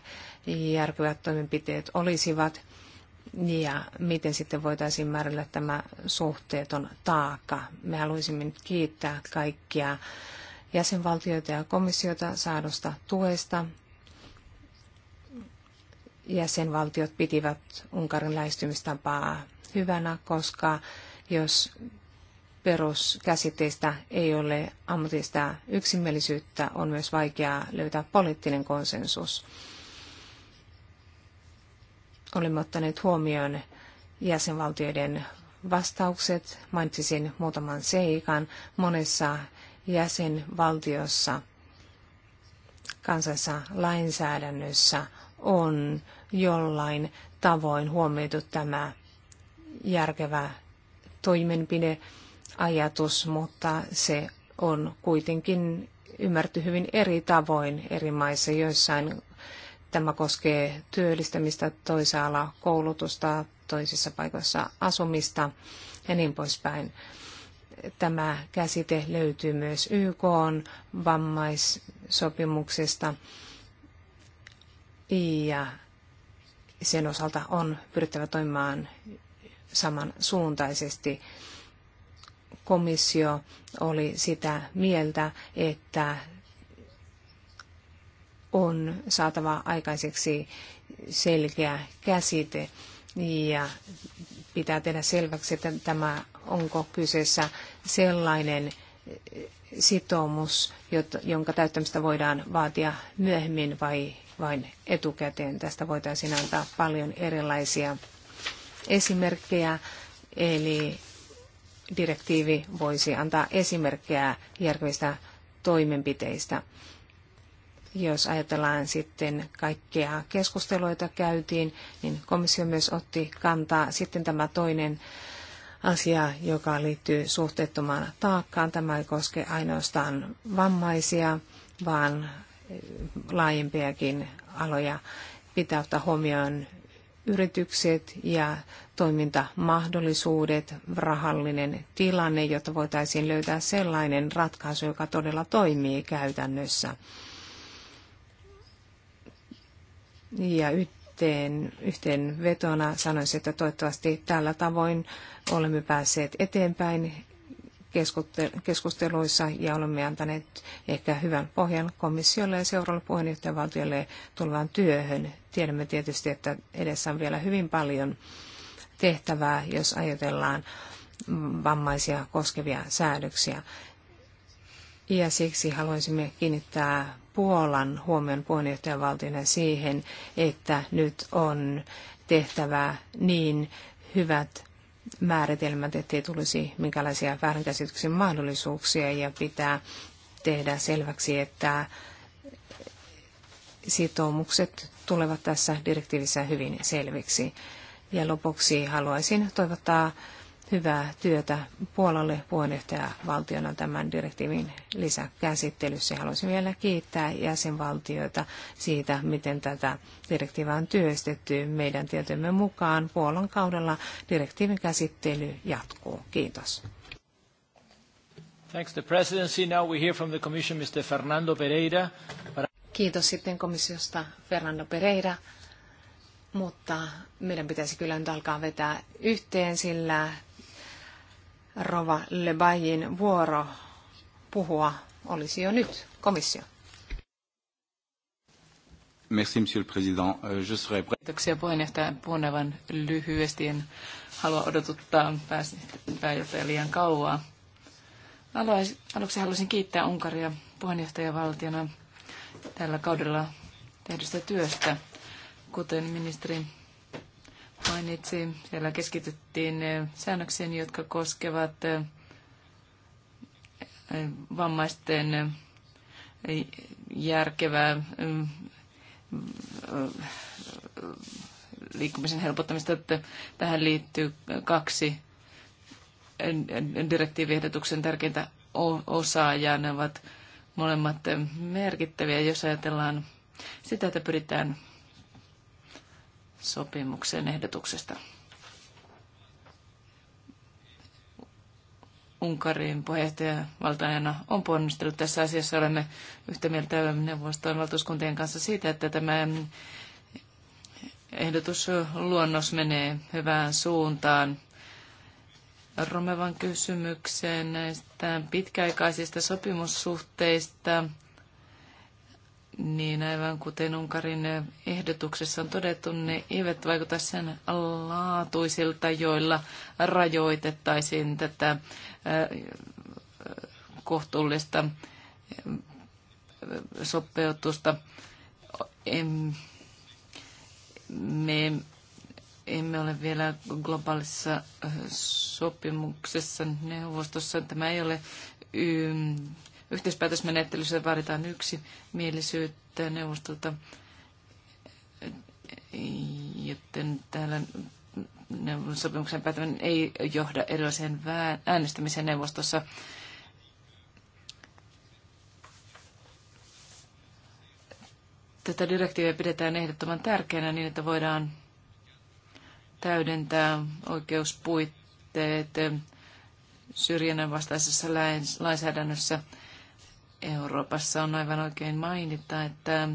järkevät toimenpiteet olisivat. Niin ja miten sitten voitaisiin määrällä tämä suhteeton taakka. Me haluaisimme nyt kiittää kaikkia jäsenvaltioita ja komissiota saadusta tuesta. Jäsenvaltiot pitivät Unkarin lähestymistapaa hyvänä, koska jos peruskäsitteistä ei ole ammatista yksimielisyyttä, on myös vaikeaa löytää poliittinen konsensus olemme ottaneet huomioon jäsenvaltioiden vastaukset. Mainitsisin muutaman seikan. Monessa jäsenvaltiossa kansallisessa lainsäädännössä on jollain tavoin huomioitu tämä järkevä toimenpideajatus, mutta se on kuitenkin ymmärretty hyvin eri tavoin eri maissa. Joissain Tämä koskee työllistämistä, toisaalla koulutusta, toisissa paikoissa asumista ja niin poispäin. Tämä käsite löytyy myös YK vammaissopimuksesta ja sen osalta on pyrittävä toimimaan samansuuntaisesti. Komissio oli sitä mieltä, että on saatava aikaiseksi selkeä käsite ja pitää tehdä selväksi, että tämä onko kyseessä sellainen sitoumus, jonka täyttämistä voidaan vaatia myöhemmin vai vain etukäteen. Tästä voitaisiin antaa paljon erilaisia esimerkkejä, eli direktiivi voisi antaa esimerkkejä järkevistä toimenpiteistä. Jos ajatellaan sitten kaikkea keskustelua, jota käytiin, niin komissio myös otti kantaa. Sitten tämä toinen asia, joka liittyy suhteettomaan taakkaan. Tämä ei koske ainoastaan vammaisia, vaan laajempiakin aloja. Pitää ottaa huomioon yritykset ja toimintamahdollisuudet, rahallinen tilanne, jotta voitaisiin löytää sellainen ratkaisu, joka todella toimii käytännössä. Ja yhteen, yhteen vetona sanoisin, että toivottavasti tällä tavoin olemme päässeet eteenpäin keskusteluissa ja olemme antaneet ehkä hyvän pohjan komissiolle ja seuraavalle puheenjohtajavaltiolle tulevaan työhön. Tiedämme tietysti, että edessä on vielä hyvin paljon tehtävää, jos ajatellaan vammaisia koskevia säädöksiä. Ja siksi haluaisimme kiinnittää Puolan huomion puheenjohtajavaltiona siihen, että nyt on tehtävä niin hyvät määritelmät, ettei tulisi minkälaisia väärinkäsityksen mahdollisuuksia ja pitää tehdä selväksi, että sitoumukset tulevat tässä direktiivissä hyvin selviksi. Ja lopuksi haluaisin toivottaa hyvää työtä Puolalle valtiona tämän direktiivin lisäkäsittelyssä. Haluaisin vielä kiittää jäsenvaltioita siitä, miten tätä direktiivää on työstetty. Meidän tietymme mukaan Puolan kaudella direktiivin käsittely jatkuu. Kiitos. Thanks the presidency. Now we hear from the commission Mr. Fernando Pereira. Kiitos sitten komissiosta Fernando Pereira mutta meidän pitäisi kyllä nyt alkaa vetää yhteen, sillä Rova Lebajin vuoro puhua olisi jo nyt komissio. Merci, monsieur le président. Euh, je serai... Kiitoksia puheenjohtaja. Puhun lyhyesti. En halua odotuttaa pääjohtaja liian kauaa. Aluksi haluaisin kiittää Unkaria puheenjohtajavaltiona tällä kaudella tehdystä työstä. Kuten ministeri mainitsi. Siellä keskityttiin eh, säännöksiin, jotka koskevat eh, vammaisten eh, järkevää liikkumisen helpottamista, että tähän liittyy kaksi direktiiviehdotuksen tärkeintä osaa ja ne ovat molemmat merkittäviä, jos ajatellaan sitä, että pyritään sopimuksen ehdotuksesta. Unkarin valtajana on ponnistellut tässä asiassa. Olemme yhtä mieltä neuvoston valtuuskuntien kanssa siitä, että tämä ehdotusluonnos menee hyvään suuntaan. Romevan kysymykseen näistä pitkäaikaisista sopimussuhteista niin aivan kuten Unkarin ehdotuksessa on todettu, ne eivät vaikuta sen laatuisilta, joilla rajoitettaisiin tätä kohtuullista sopeutusta. Me emme ole vielä globaalissa sopimuksessa neuvostossa. Tämä ei ole Yhteispäätösmenettelyssä vaaditaan yksi mielisyyttä neuvostolta, joten täällä sopimuksen päätäminen ei johda erilaiseen äänestämiseen neuvostossa. Tätä direktiiviä pidetään ehdottoman tärkeänä niin, että voidaan täydentää oikeuspuitteet syrjinnän vastaisessa lainsäädännössä – Euroopassa on aivan oikein mainita, että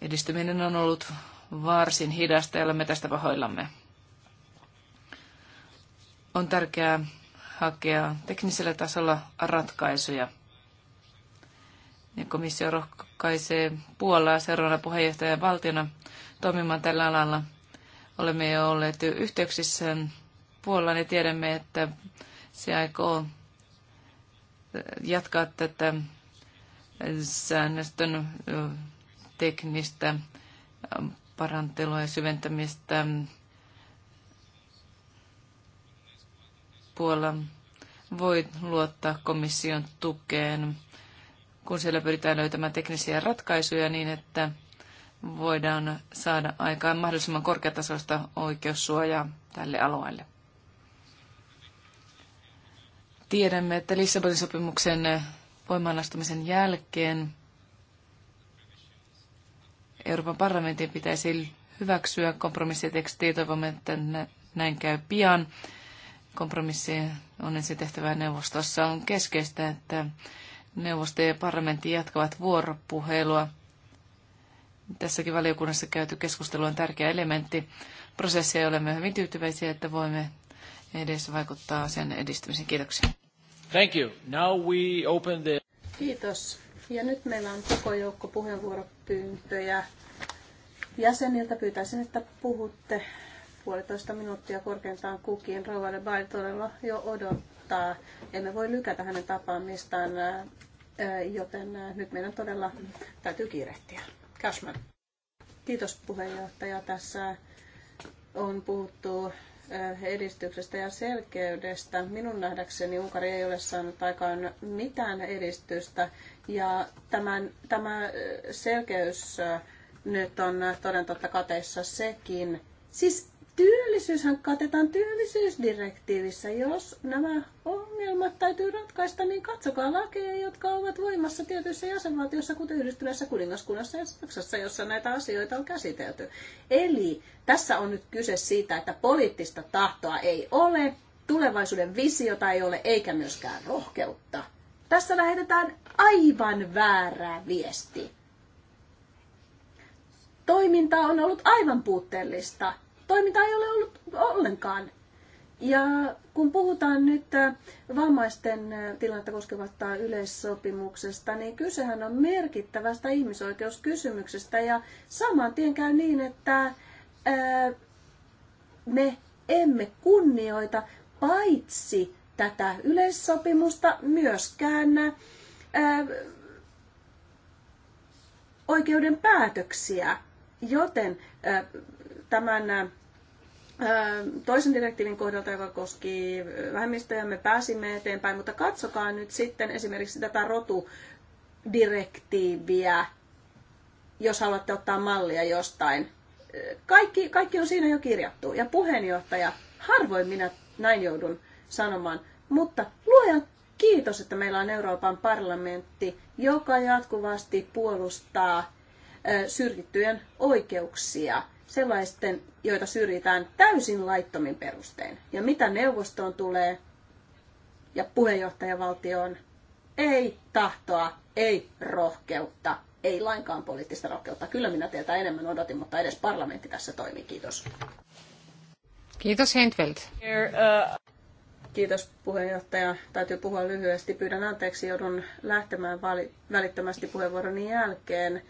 edistyminen on ollut varsin hidasta ja me tästä pahoillamme. On tärkeää hakea teknisellä tasolla ratkaisuja. Ja komissio rohkaisee Puolaa seuraavana puheenjohtajan valtiona toimimaan tällä alalla. Olemme jo olleet yhteyksissä Puolaan ja tiedämme, että se aikoo jatkaa tätä säännöstön teknistä parantelua ja syventämistä puolella voi luottaa komission tukeen, kun siellä pyritään löytämään teknisiä ratkaisuja niin, että voidaan saada aikaan mahdollisimman korkeatasoista oikeussuojaa tälle alueelle. Tiedämme, että Lissabonin sopimuksen voimaanastumisen jälkeen Euroopan parlamentin pitäisi hyväksyä kompromissiteksti. Toivomme, että näin käy pian. Kompromissi on ensin tehtävää neuvostossa. On keskeistä, että neuvosto ja parlamentti jatkavat vuoropuhelua. Tässäkin valiokunnassa käyty keskustelu on tärkeä elementti prosessia ja olemme hyvin tyytyväisiä, että voimme edes vaikuttaa sen edistymiseen. Kiitoksia. Thank you. Now we open the... Kiitos. Ja nyt meillä on koko joukko puheenvuoropyyntöjä. Jäseniltä pyytäisin, että puhutte puolitoista minuuttia korkeintaan kukin. Rouva de Bail todella jo odottaa. Emme voi lykätä hänen tapaamistaan, eh, joten eh, nyt meidän todella täytyy kiirehtiä. Cashman. Kiitos puheenjohtaja. Tässä on puhuttu Äh, edistyksestä ja selkeydestä. Minun nähdäkseni Unkari ei ole saanut aikaan mitään edistystä ja tämän, tämä äh, selkeys äh, nyt on toden totta kateissa sekin. Siis Työllisyyshän katetaan työllisyysdirektiivissä. Jos nämä ongelmat täytyy ratkaista, niin katsokaa lakeja, jotka ovat voimassa tietyissä jäsenvaltioissa, kuten yhdistyneessä kuningaskunnassa ja Saksassa, jossa näitä asioita on käsitelty. Eli tässä on nyt kyse siitä, että poliittista tahtoa ei ole, tulevaisuuden visiota ei ole, eikä myöskään rohkeutta. Tässä lähetetään aivan väärä viesti. Toiminta on ollut aivan puutteellista toiminta ei ole ollut ollenkaan. Ja kun puhutaan nyt äh, vammaisten äh, tilannetta koskevasta yleissopimuksesta, niin kysehän on merkittävästä ihmisoikeuskysymyksestä. Ja saman tien käy niin, että äh, me emme kunnioita paitsi tätä yleissopimusta myöskään oikeuden päätöksiä. Joten tämän toisen direktiivin kohdalta, joka koski vähemmistöjä, me pääsimme eteenpäin, mutta katsokaa nyt sitten esimerkiksi tätä rotudirektiiviä, jos haluatte ottaa mallia jostain. Kaikki, kaikki on siinä jo kirjattu. Ja puheenjohtaja, harvoin minä näin joudun sanomaan, mutta luojan kiitos, että meillä on Euroopan parlamentti, joka jatkuvasti puolustaa syrjittyjen oikeuksia – sellaisten, joita syrjitään täysin laittomin perustein. Ja mitä neuvostoon tulee ja puheenjohtajavaltioon, ei tahtoa, ei rohkeutta, ei lainkaan poliittista rohkeutta. Kyllä minä teiltä enemmän odotin, mutta edes parlamentti tässä toimii. Kiitos. Kiitos Hentfeld. Kiitos puheenjohtaja. Täytyy puhua lyhyesti. Pyydän anteeksi, joudun lähtemään välittömästi puheenvuoroni jälkeen.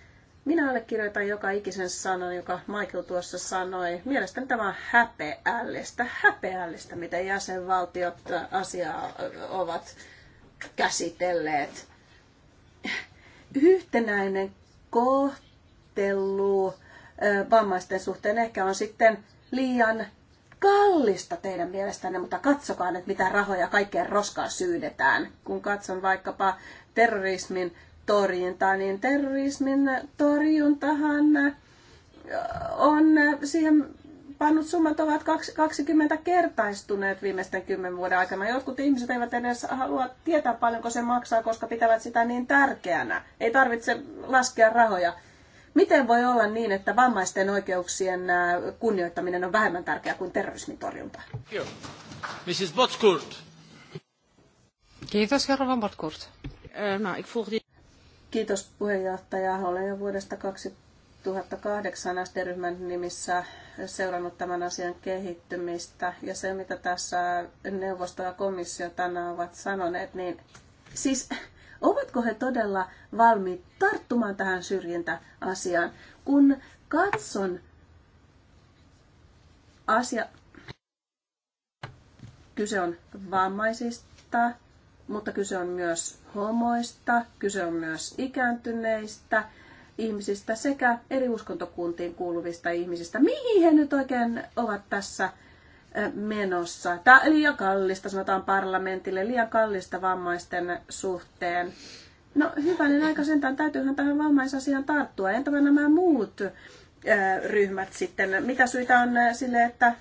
Minä allekirjoitan joka ikisen sanan, joka Michael tuossa sanoi. Mielestäni tämä on häpeällistä, häpeällistä, miten jäsenvaltiot asiaa ovat käsitelleet. Yhtenäinen kohtelu vammaisten suhteen ehkä on sitten liian kallista teidän mielestänne, mutta katsokaa nyt, mitä rahoja kaikkeen roskaan syydetään. Kun katson vaikkapa terrorismin torjuntaa, niin terrorismin torjuntahan on siihen pannut summat ovat 20 kertaistuneet viimeisten 10 vuoden aikana. Jotkut ihmiset eivät edes halua tietää paljonko se maksaa, koska pitävät sitä niin tärkeänä. Ei tarvitse laskea rahoja. Miten voi olla niin, että vammaisten oikeuksien kunnioittaminen on vähemmän tärkeää kuin terrorismin torjunta? Kiitos. Herra Botskurt. Uh, No, ik volg die... Kiitos puheenjohtaja. Olen jo vuodesta 2008 SD-ryhmän nimissä seurannut tämän asian kehittymistä. Ja se, mitä tässä neuvosto ja komissio tänään ovat sanoneet, niin siis ovatko he todella valmiit tarttumaan tähän syrjintäasiaan? Kun katson asia, kyse on vammaisista, mutta kyse on myös homoista, kyse on myös ikääntyneistä ihmisistä sekä eri uskontokuntiin kuuluvista ihmisistä. Mihin he nyt oikein ovat tässä menossa? Tämä on liian kallista, sanotaan parlamentille, liian kallista vammaisten suhteen. No hyvä, niin aika sentään, täytyyhän tähän vammaisasiaan tarttua. Entä nämä muut ryhmät sitten? Mitä syitä on sille, että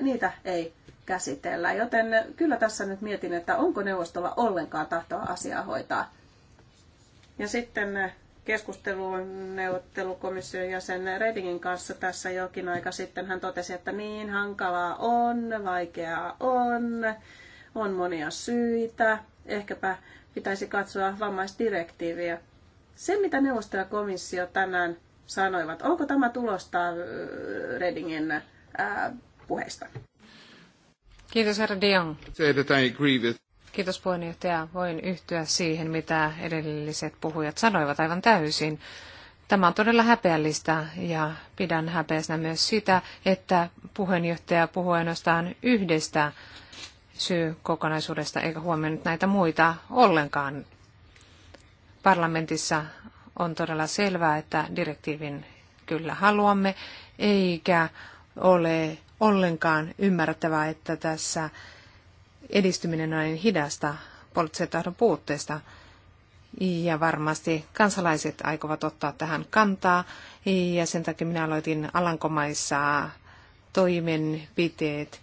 niitä ei käsitellä. Joten kyllä tässä nyt mietin, että onko neuvostolla ollenkaan tahtoa asiaa hoitaa. Ja sitten keskusteluun neuvottelukomission jäsen Redingin kanssa tässä jokin aika sitten. Hän totesi, että niin hankalaa on, vaikeaa on, on monia syitä. Ehkäpä pitäisi katsoa vammaisdirektiiviä. Se, mitä neuvosto ja komissio tänään sanoivat, onko tämä tulosta äh, Redingin äh, puheista? Kiitos, herra Dion. Kiitos puheenjohtaja. Voin yhtyä siihen, mitä edelliset puhujat sanoivat aivan täysin. Tämä on todella häpeällistä ja pidän häpeäisenä myös sitä, että puheenjohtaja puhuu ainoastaan yhdestä kokonaisuudesta eikä huomioinut näitä muita ollenkaan. Parlamentissa on todella selvää, että direktiivin kyllä haluamme, eikä ole ollenkaan ymmärrettävää, että tässä edistyminen on niin hidasta poliittisen tahdon puutteesta. Ja varmasti kansalaiset aikovat ottaa tähän kantaa. Ja sen takia minä aloitin Alankomaissa toimenpiteet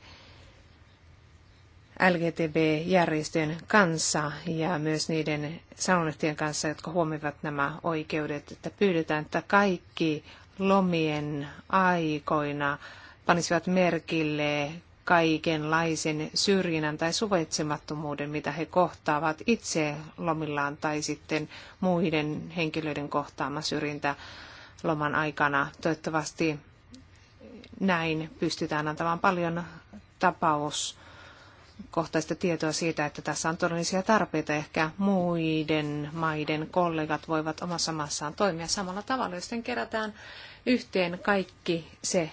LGTB-järjestöjen kanssa ja myös niiden sanonnehtien kanssa, jotka huomioivat nämä oikeudet, että pyydetään, että kaikki lomien aikoina panisivat merkille kaikenlaisen syrjinnän tai suvaitsemattomuuden, mitä he kohtaavat itse lomillaan tai sitten muiden henkilöiden kohtaama syrjintä loman aikana. Toivottavasti näin pystytään antamaan paljon tapauskohtaista tietoa siitä, että tässä on todellisia tarpeita. Ehkä muiden maiden kollegat voivat omassa maassaan toimia samalla tavalla, jos kerätään yhteen kaikki se,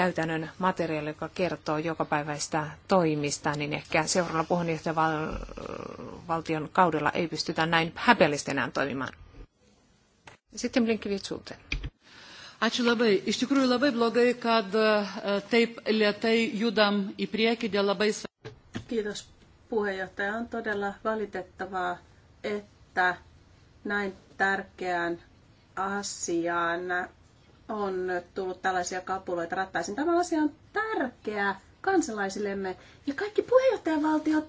käytännön materiaali, joka kertoo jokapäiväistä toimista, niin ehkä seuraavalla puheenjohtajavaltion kaudella ei pystytä näin häpeällisesti enää toimimaan. Sitten Blinkivitsulteen. Ačiū labai. Iš tikrųjų labai blogai, kad e, taip lietai judam į priekį dėl labai Kiitos puheenjohtaja. On todella valitettavaa, että näin tärkeään asiaan on tullut tällaisia kapuloita rattaisiin. Tämä asia on tärkeä kansalaisillemme. Ja kaikki puheenjohtajavaltiot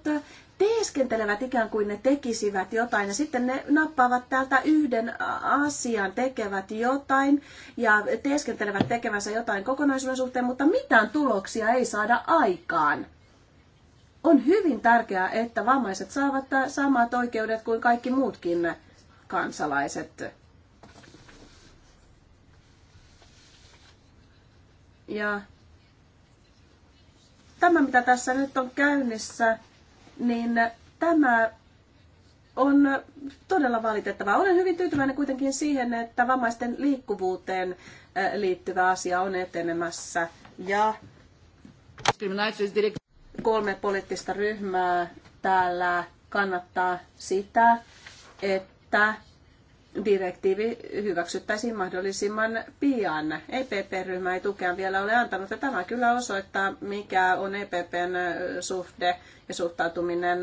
teeskentelevät ikään kuin ne tekisivät jotain ja sitten ne nappaavat täältä yhden asian, tekevät jotain ja teeskentelevät tekevänsä jotain kokonaisuuden suhteen, mutta mitään tuloksia ei saada aikaan. On hyvin tärkeää, että vammaiset saavat samat oikeudet kuin kaikki muutkin kansalaiset Ja tämä, mitä tässä nyt on käynnissä, niin tämä on todella valitettavaa. Olen hyvin tyytyväinen kuitenkin siihen, että vammaisten liikkuvuuteen äh, liittyvä asia on etenemässä. Ja kolme poliittista ryhmää täällä kannattaa sitä, että direktiivi hyväksyttäisiin mahdollisimman pian. EPP-ryhmä ei tukea vielä ole antanut, ja tämä kyllä osoittaa, mikä on EPPn suhde ja suhtautuminen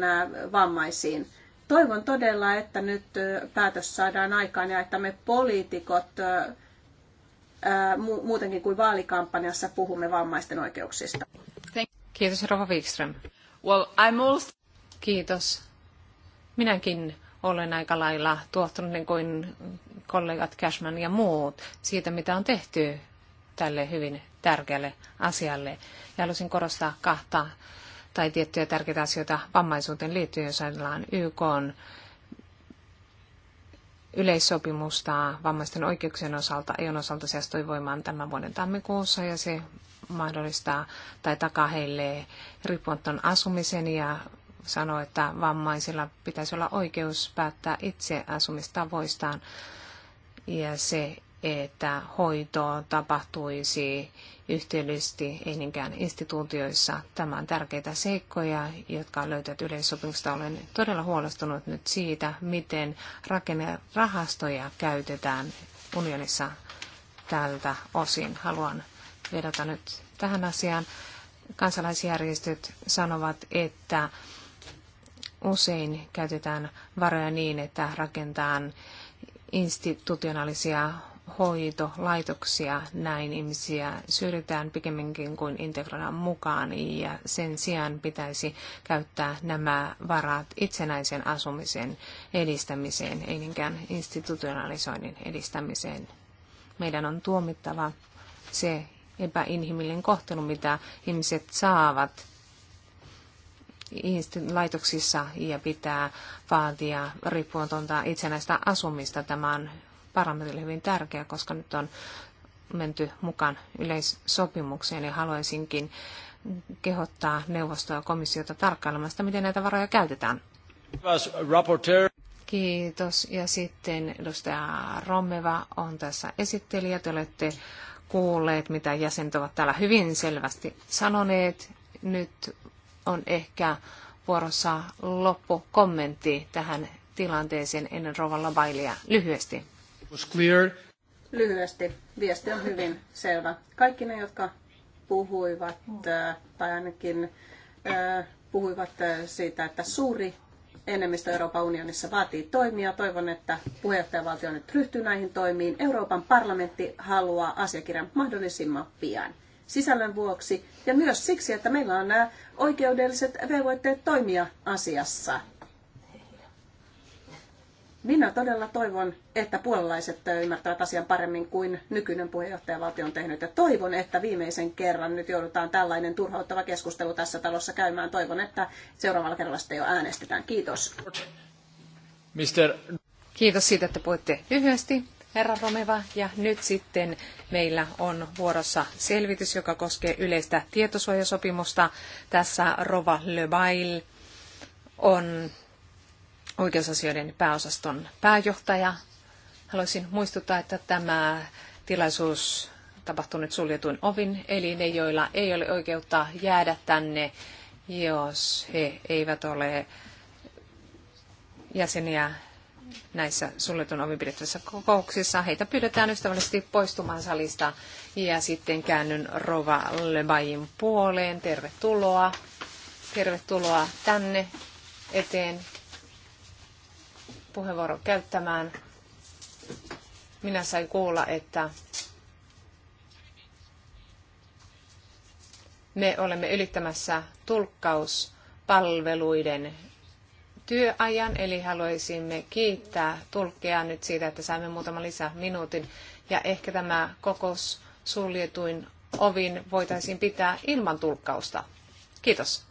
vammaisiin. Toivon todella, että nyt päätös saadaan aikaan ja että me poliitikot muutenkin kuin vaalikampanjassa puhumme vammaisten oikeuksista. Kiitos Rova Wikström. Well, I'm also... Kiitos. Minäkin olen aika lailla niin kuin kollegat Cashman ja muut siitä, mitä on tehty tälle hyvin tärkeälle asialle. Ja haluaisin korostaa kahta tai tiettyjä tärkeitä asioita vammaisuuteen liittyen, jos ajatellaan YK on yleissopimusta vammaisten oikeuksien osalta, ei on osalta se astui voimaan tämän vuoden tammikuussa ja se mahdollistaa tai takaa heille riippumaton asumisen ja sanoo, että vammaisilla pitäisi olla oikeus päättää itse asumistavoistaan ja se, että hoito tapahtuisi yhteydellisesti, ei niinkään instituutioissa. Tämä on tärkeitä seikkoja, jotka löytyvät yleissopimuksesta. Olen todella huolestunut nyt siitä, miten rakennerahastoja käytetään unionissa tältä osin. Haluan vedota nyt tähän asiaan. Kansalaisjärjestöt sanovat, että usein käytetään varoja niin, että rakentaan institutionaalisia hoitolaitoksia, näin ihmisiä syrjitään pikemminkin kuin integroidaan mukaan ja sen sijaan pitäisi käyttää nämä varat itsenäisen asumisen edistämiseen, ei niinkään institutionalisoinnin edistämiseen. Meidän on tuomittava se epäinhimillinen kohtelu, mitä ihmiset saavat laitoksissa ja pitää vaatia riippumatonta itsenäistä asumista. Tämä on parametrille hyvin tärkeä, koska nyt on menty mukaan yleissopimukseen ja haluaisinkin kehottaa neuvostoa ja komissiota tarkkailemaan sitä, miten näitä varoja käytetään. Kiitos. Ja sitten edustaja Rommeva on tässä esittelijä. Te olette kuulleet, mitä jäsenet ovat täällä hyvin selvästi sanoneet. Nyt on ehkä vuorossa loppukommentti tähän tilanteeseen ennen rovalla Labailia lyhyesti. Lyhyesti. Viesti on hyvin selvä. Kaikki ne, jotka puhuivat, äh, tai ainakin äh, puhuivat äh, siitä, että suuri enemmistö Euroopan unionissa vaatii toimia. Toivon, että puheenjohtajavaltio nyt ryhtyy näihin toimiin. Euroopan parlamentti haluaa asiakirjan mahdollisimman pian sisällön vuoksi ja myös siksi, että meillä on nämä oikeudelliset velvoitteet toimia asiassa. Minä todella toivon, että puolalaiset ymmärtävät asian paremmin kuin nykyinen puheenjohtajavaltio on tehnyt. Ja toivon, että viimeisen kerran nyt joudutaan tällainen turhauttava keskustelu tässä talossa käymään. Toivon, että seuraavalla kerralla sitten jo äänestetään. Kiitos. Mister... Kiitos siitä, että puhutte lyhyesti herra Romeva. Ja nyt sitten meillä on vuorossa selvitys, joka koskee yleistä tietosuojasopimusta. Tässä Rova Lebail on oikeusasioiden pääosaston pääjohtaja. Haluaisin muistuttaa, että tämä tilaisuus tapahtuu nyt suljetuin ovin, eli ne, joilla ei ole oikeutta jäädä tänne, jos he eivät ole jäseniä näissä suljetun ovin pidettävissä kokouksissa. Heitä pyydetään ystävällisesti poistumaan salista ja sitten käännyn Rova Lebajin puoleen. Tervetuloa. Tervetuloa tänne eteen puheenvuoron käyttämään. Minä sain kuulla, että me olemme ylittämässä tulkkauspalveluiden työajan, eli haluaisimme kiittää tulkkeja nyt siitä, että saimme muutaman lisäminuutin. Ja ehkä tämä kokous suljetuin ovin voitaisiin pitää ilman tulkkausta. Kiitos.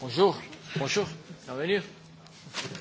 Bonjour. Bonjour. Bienvenue.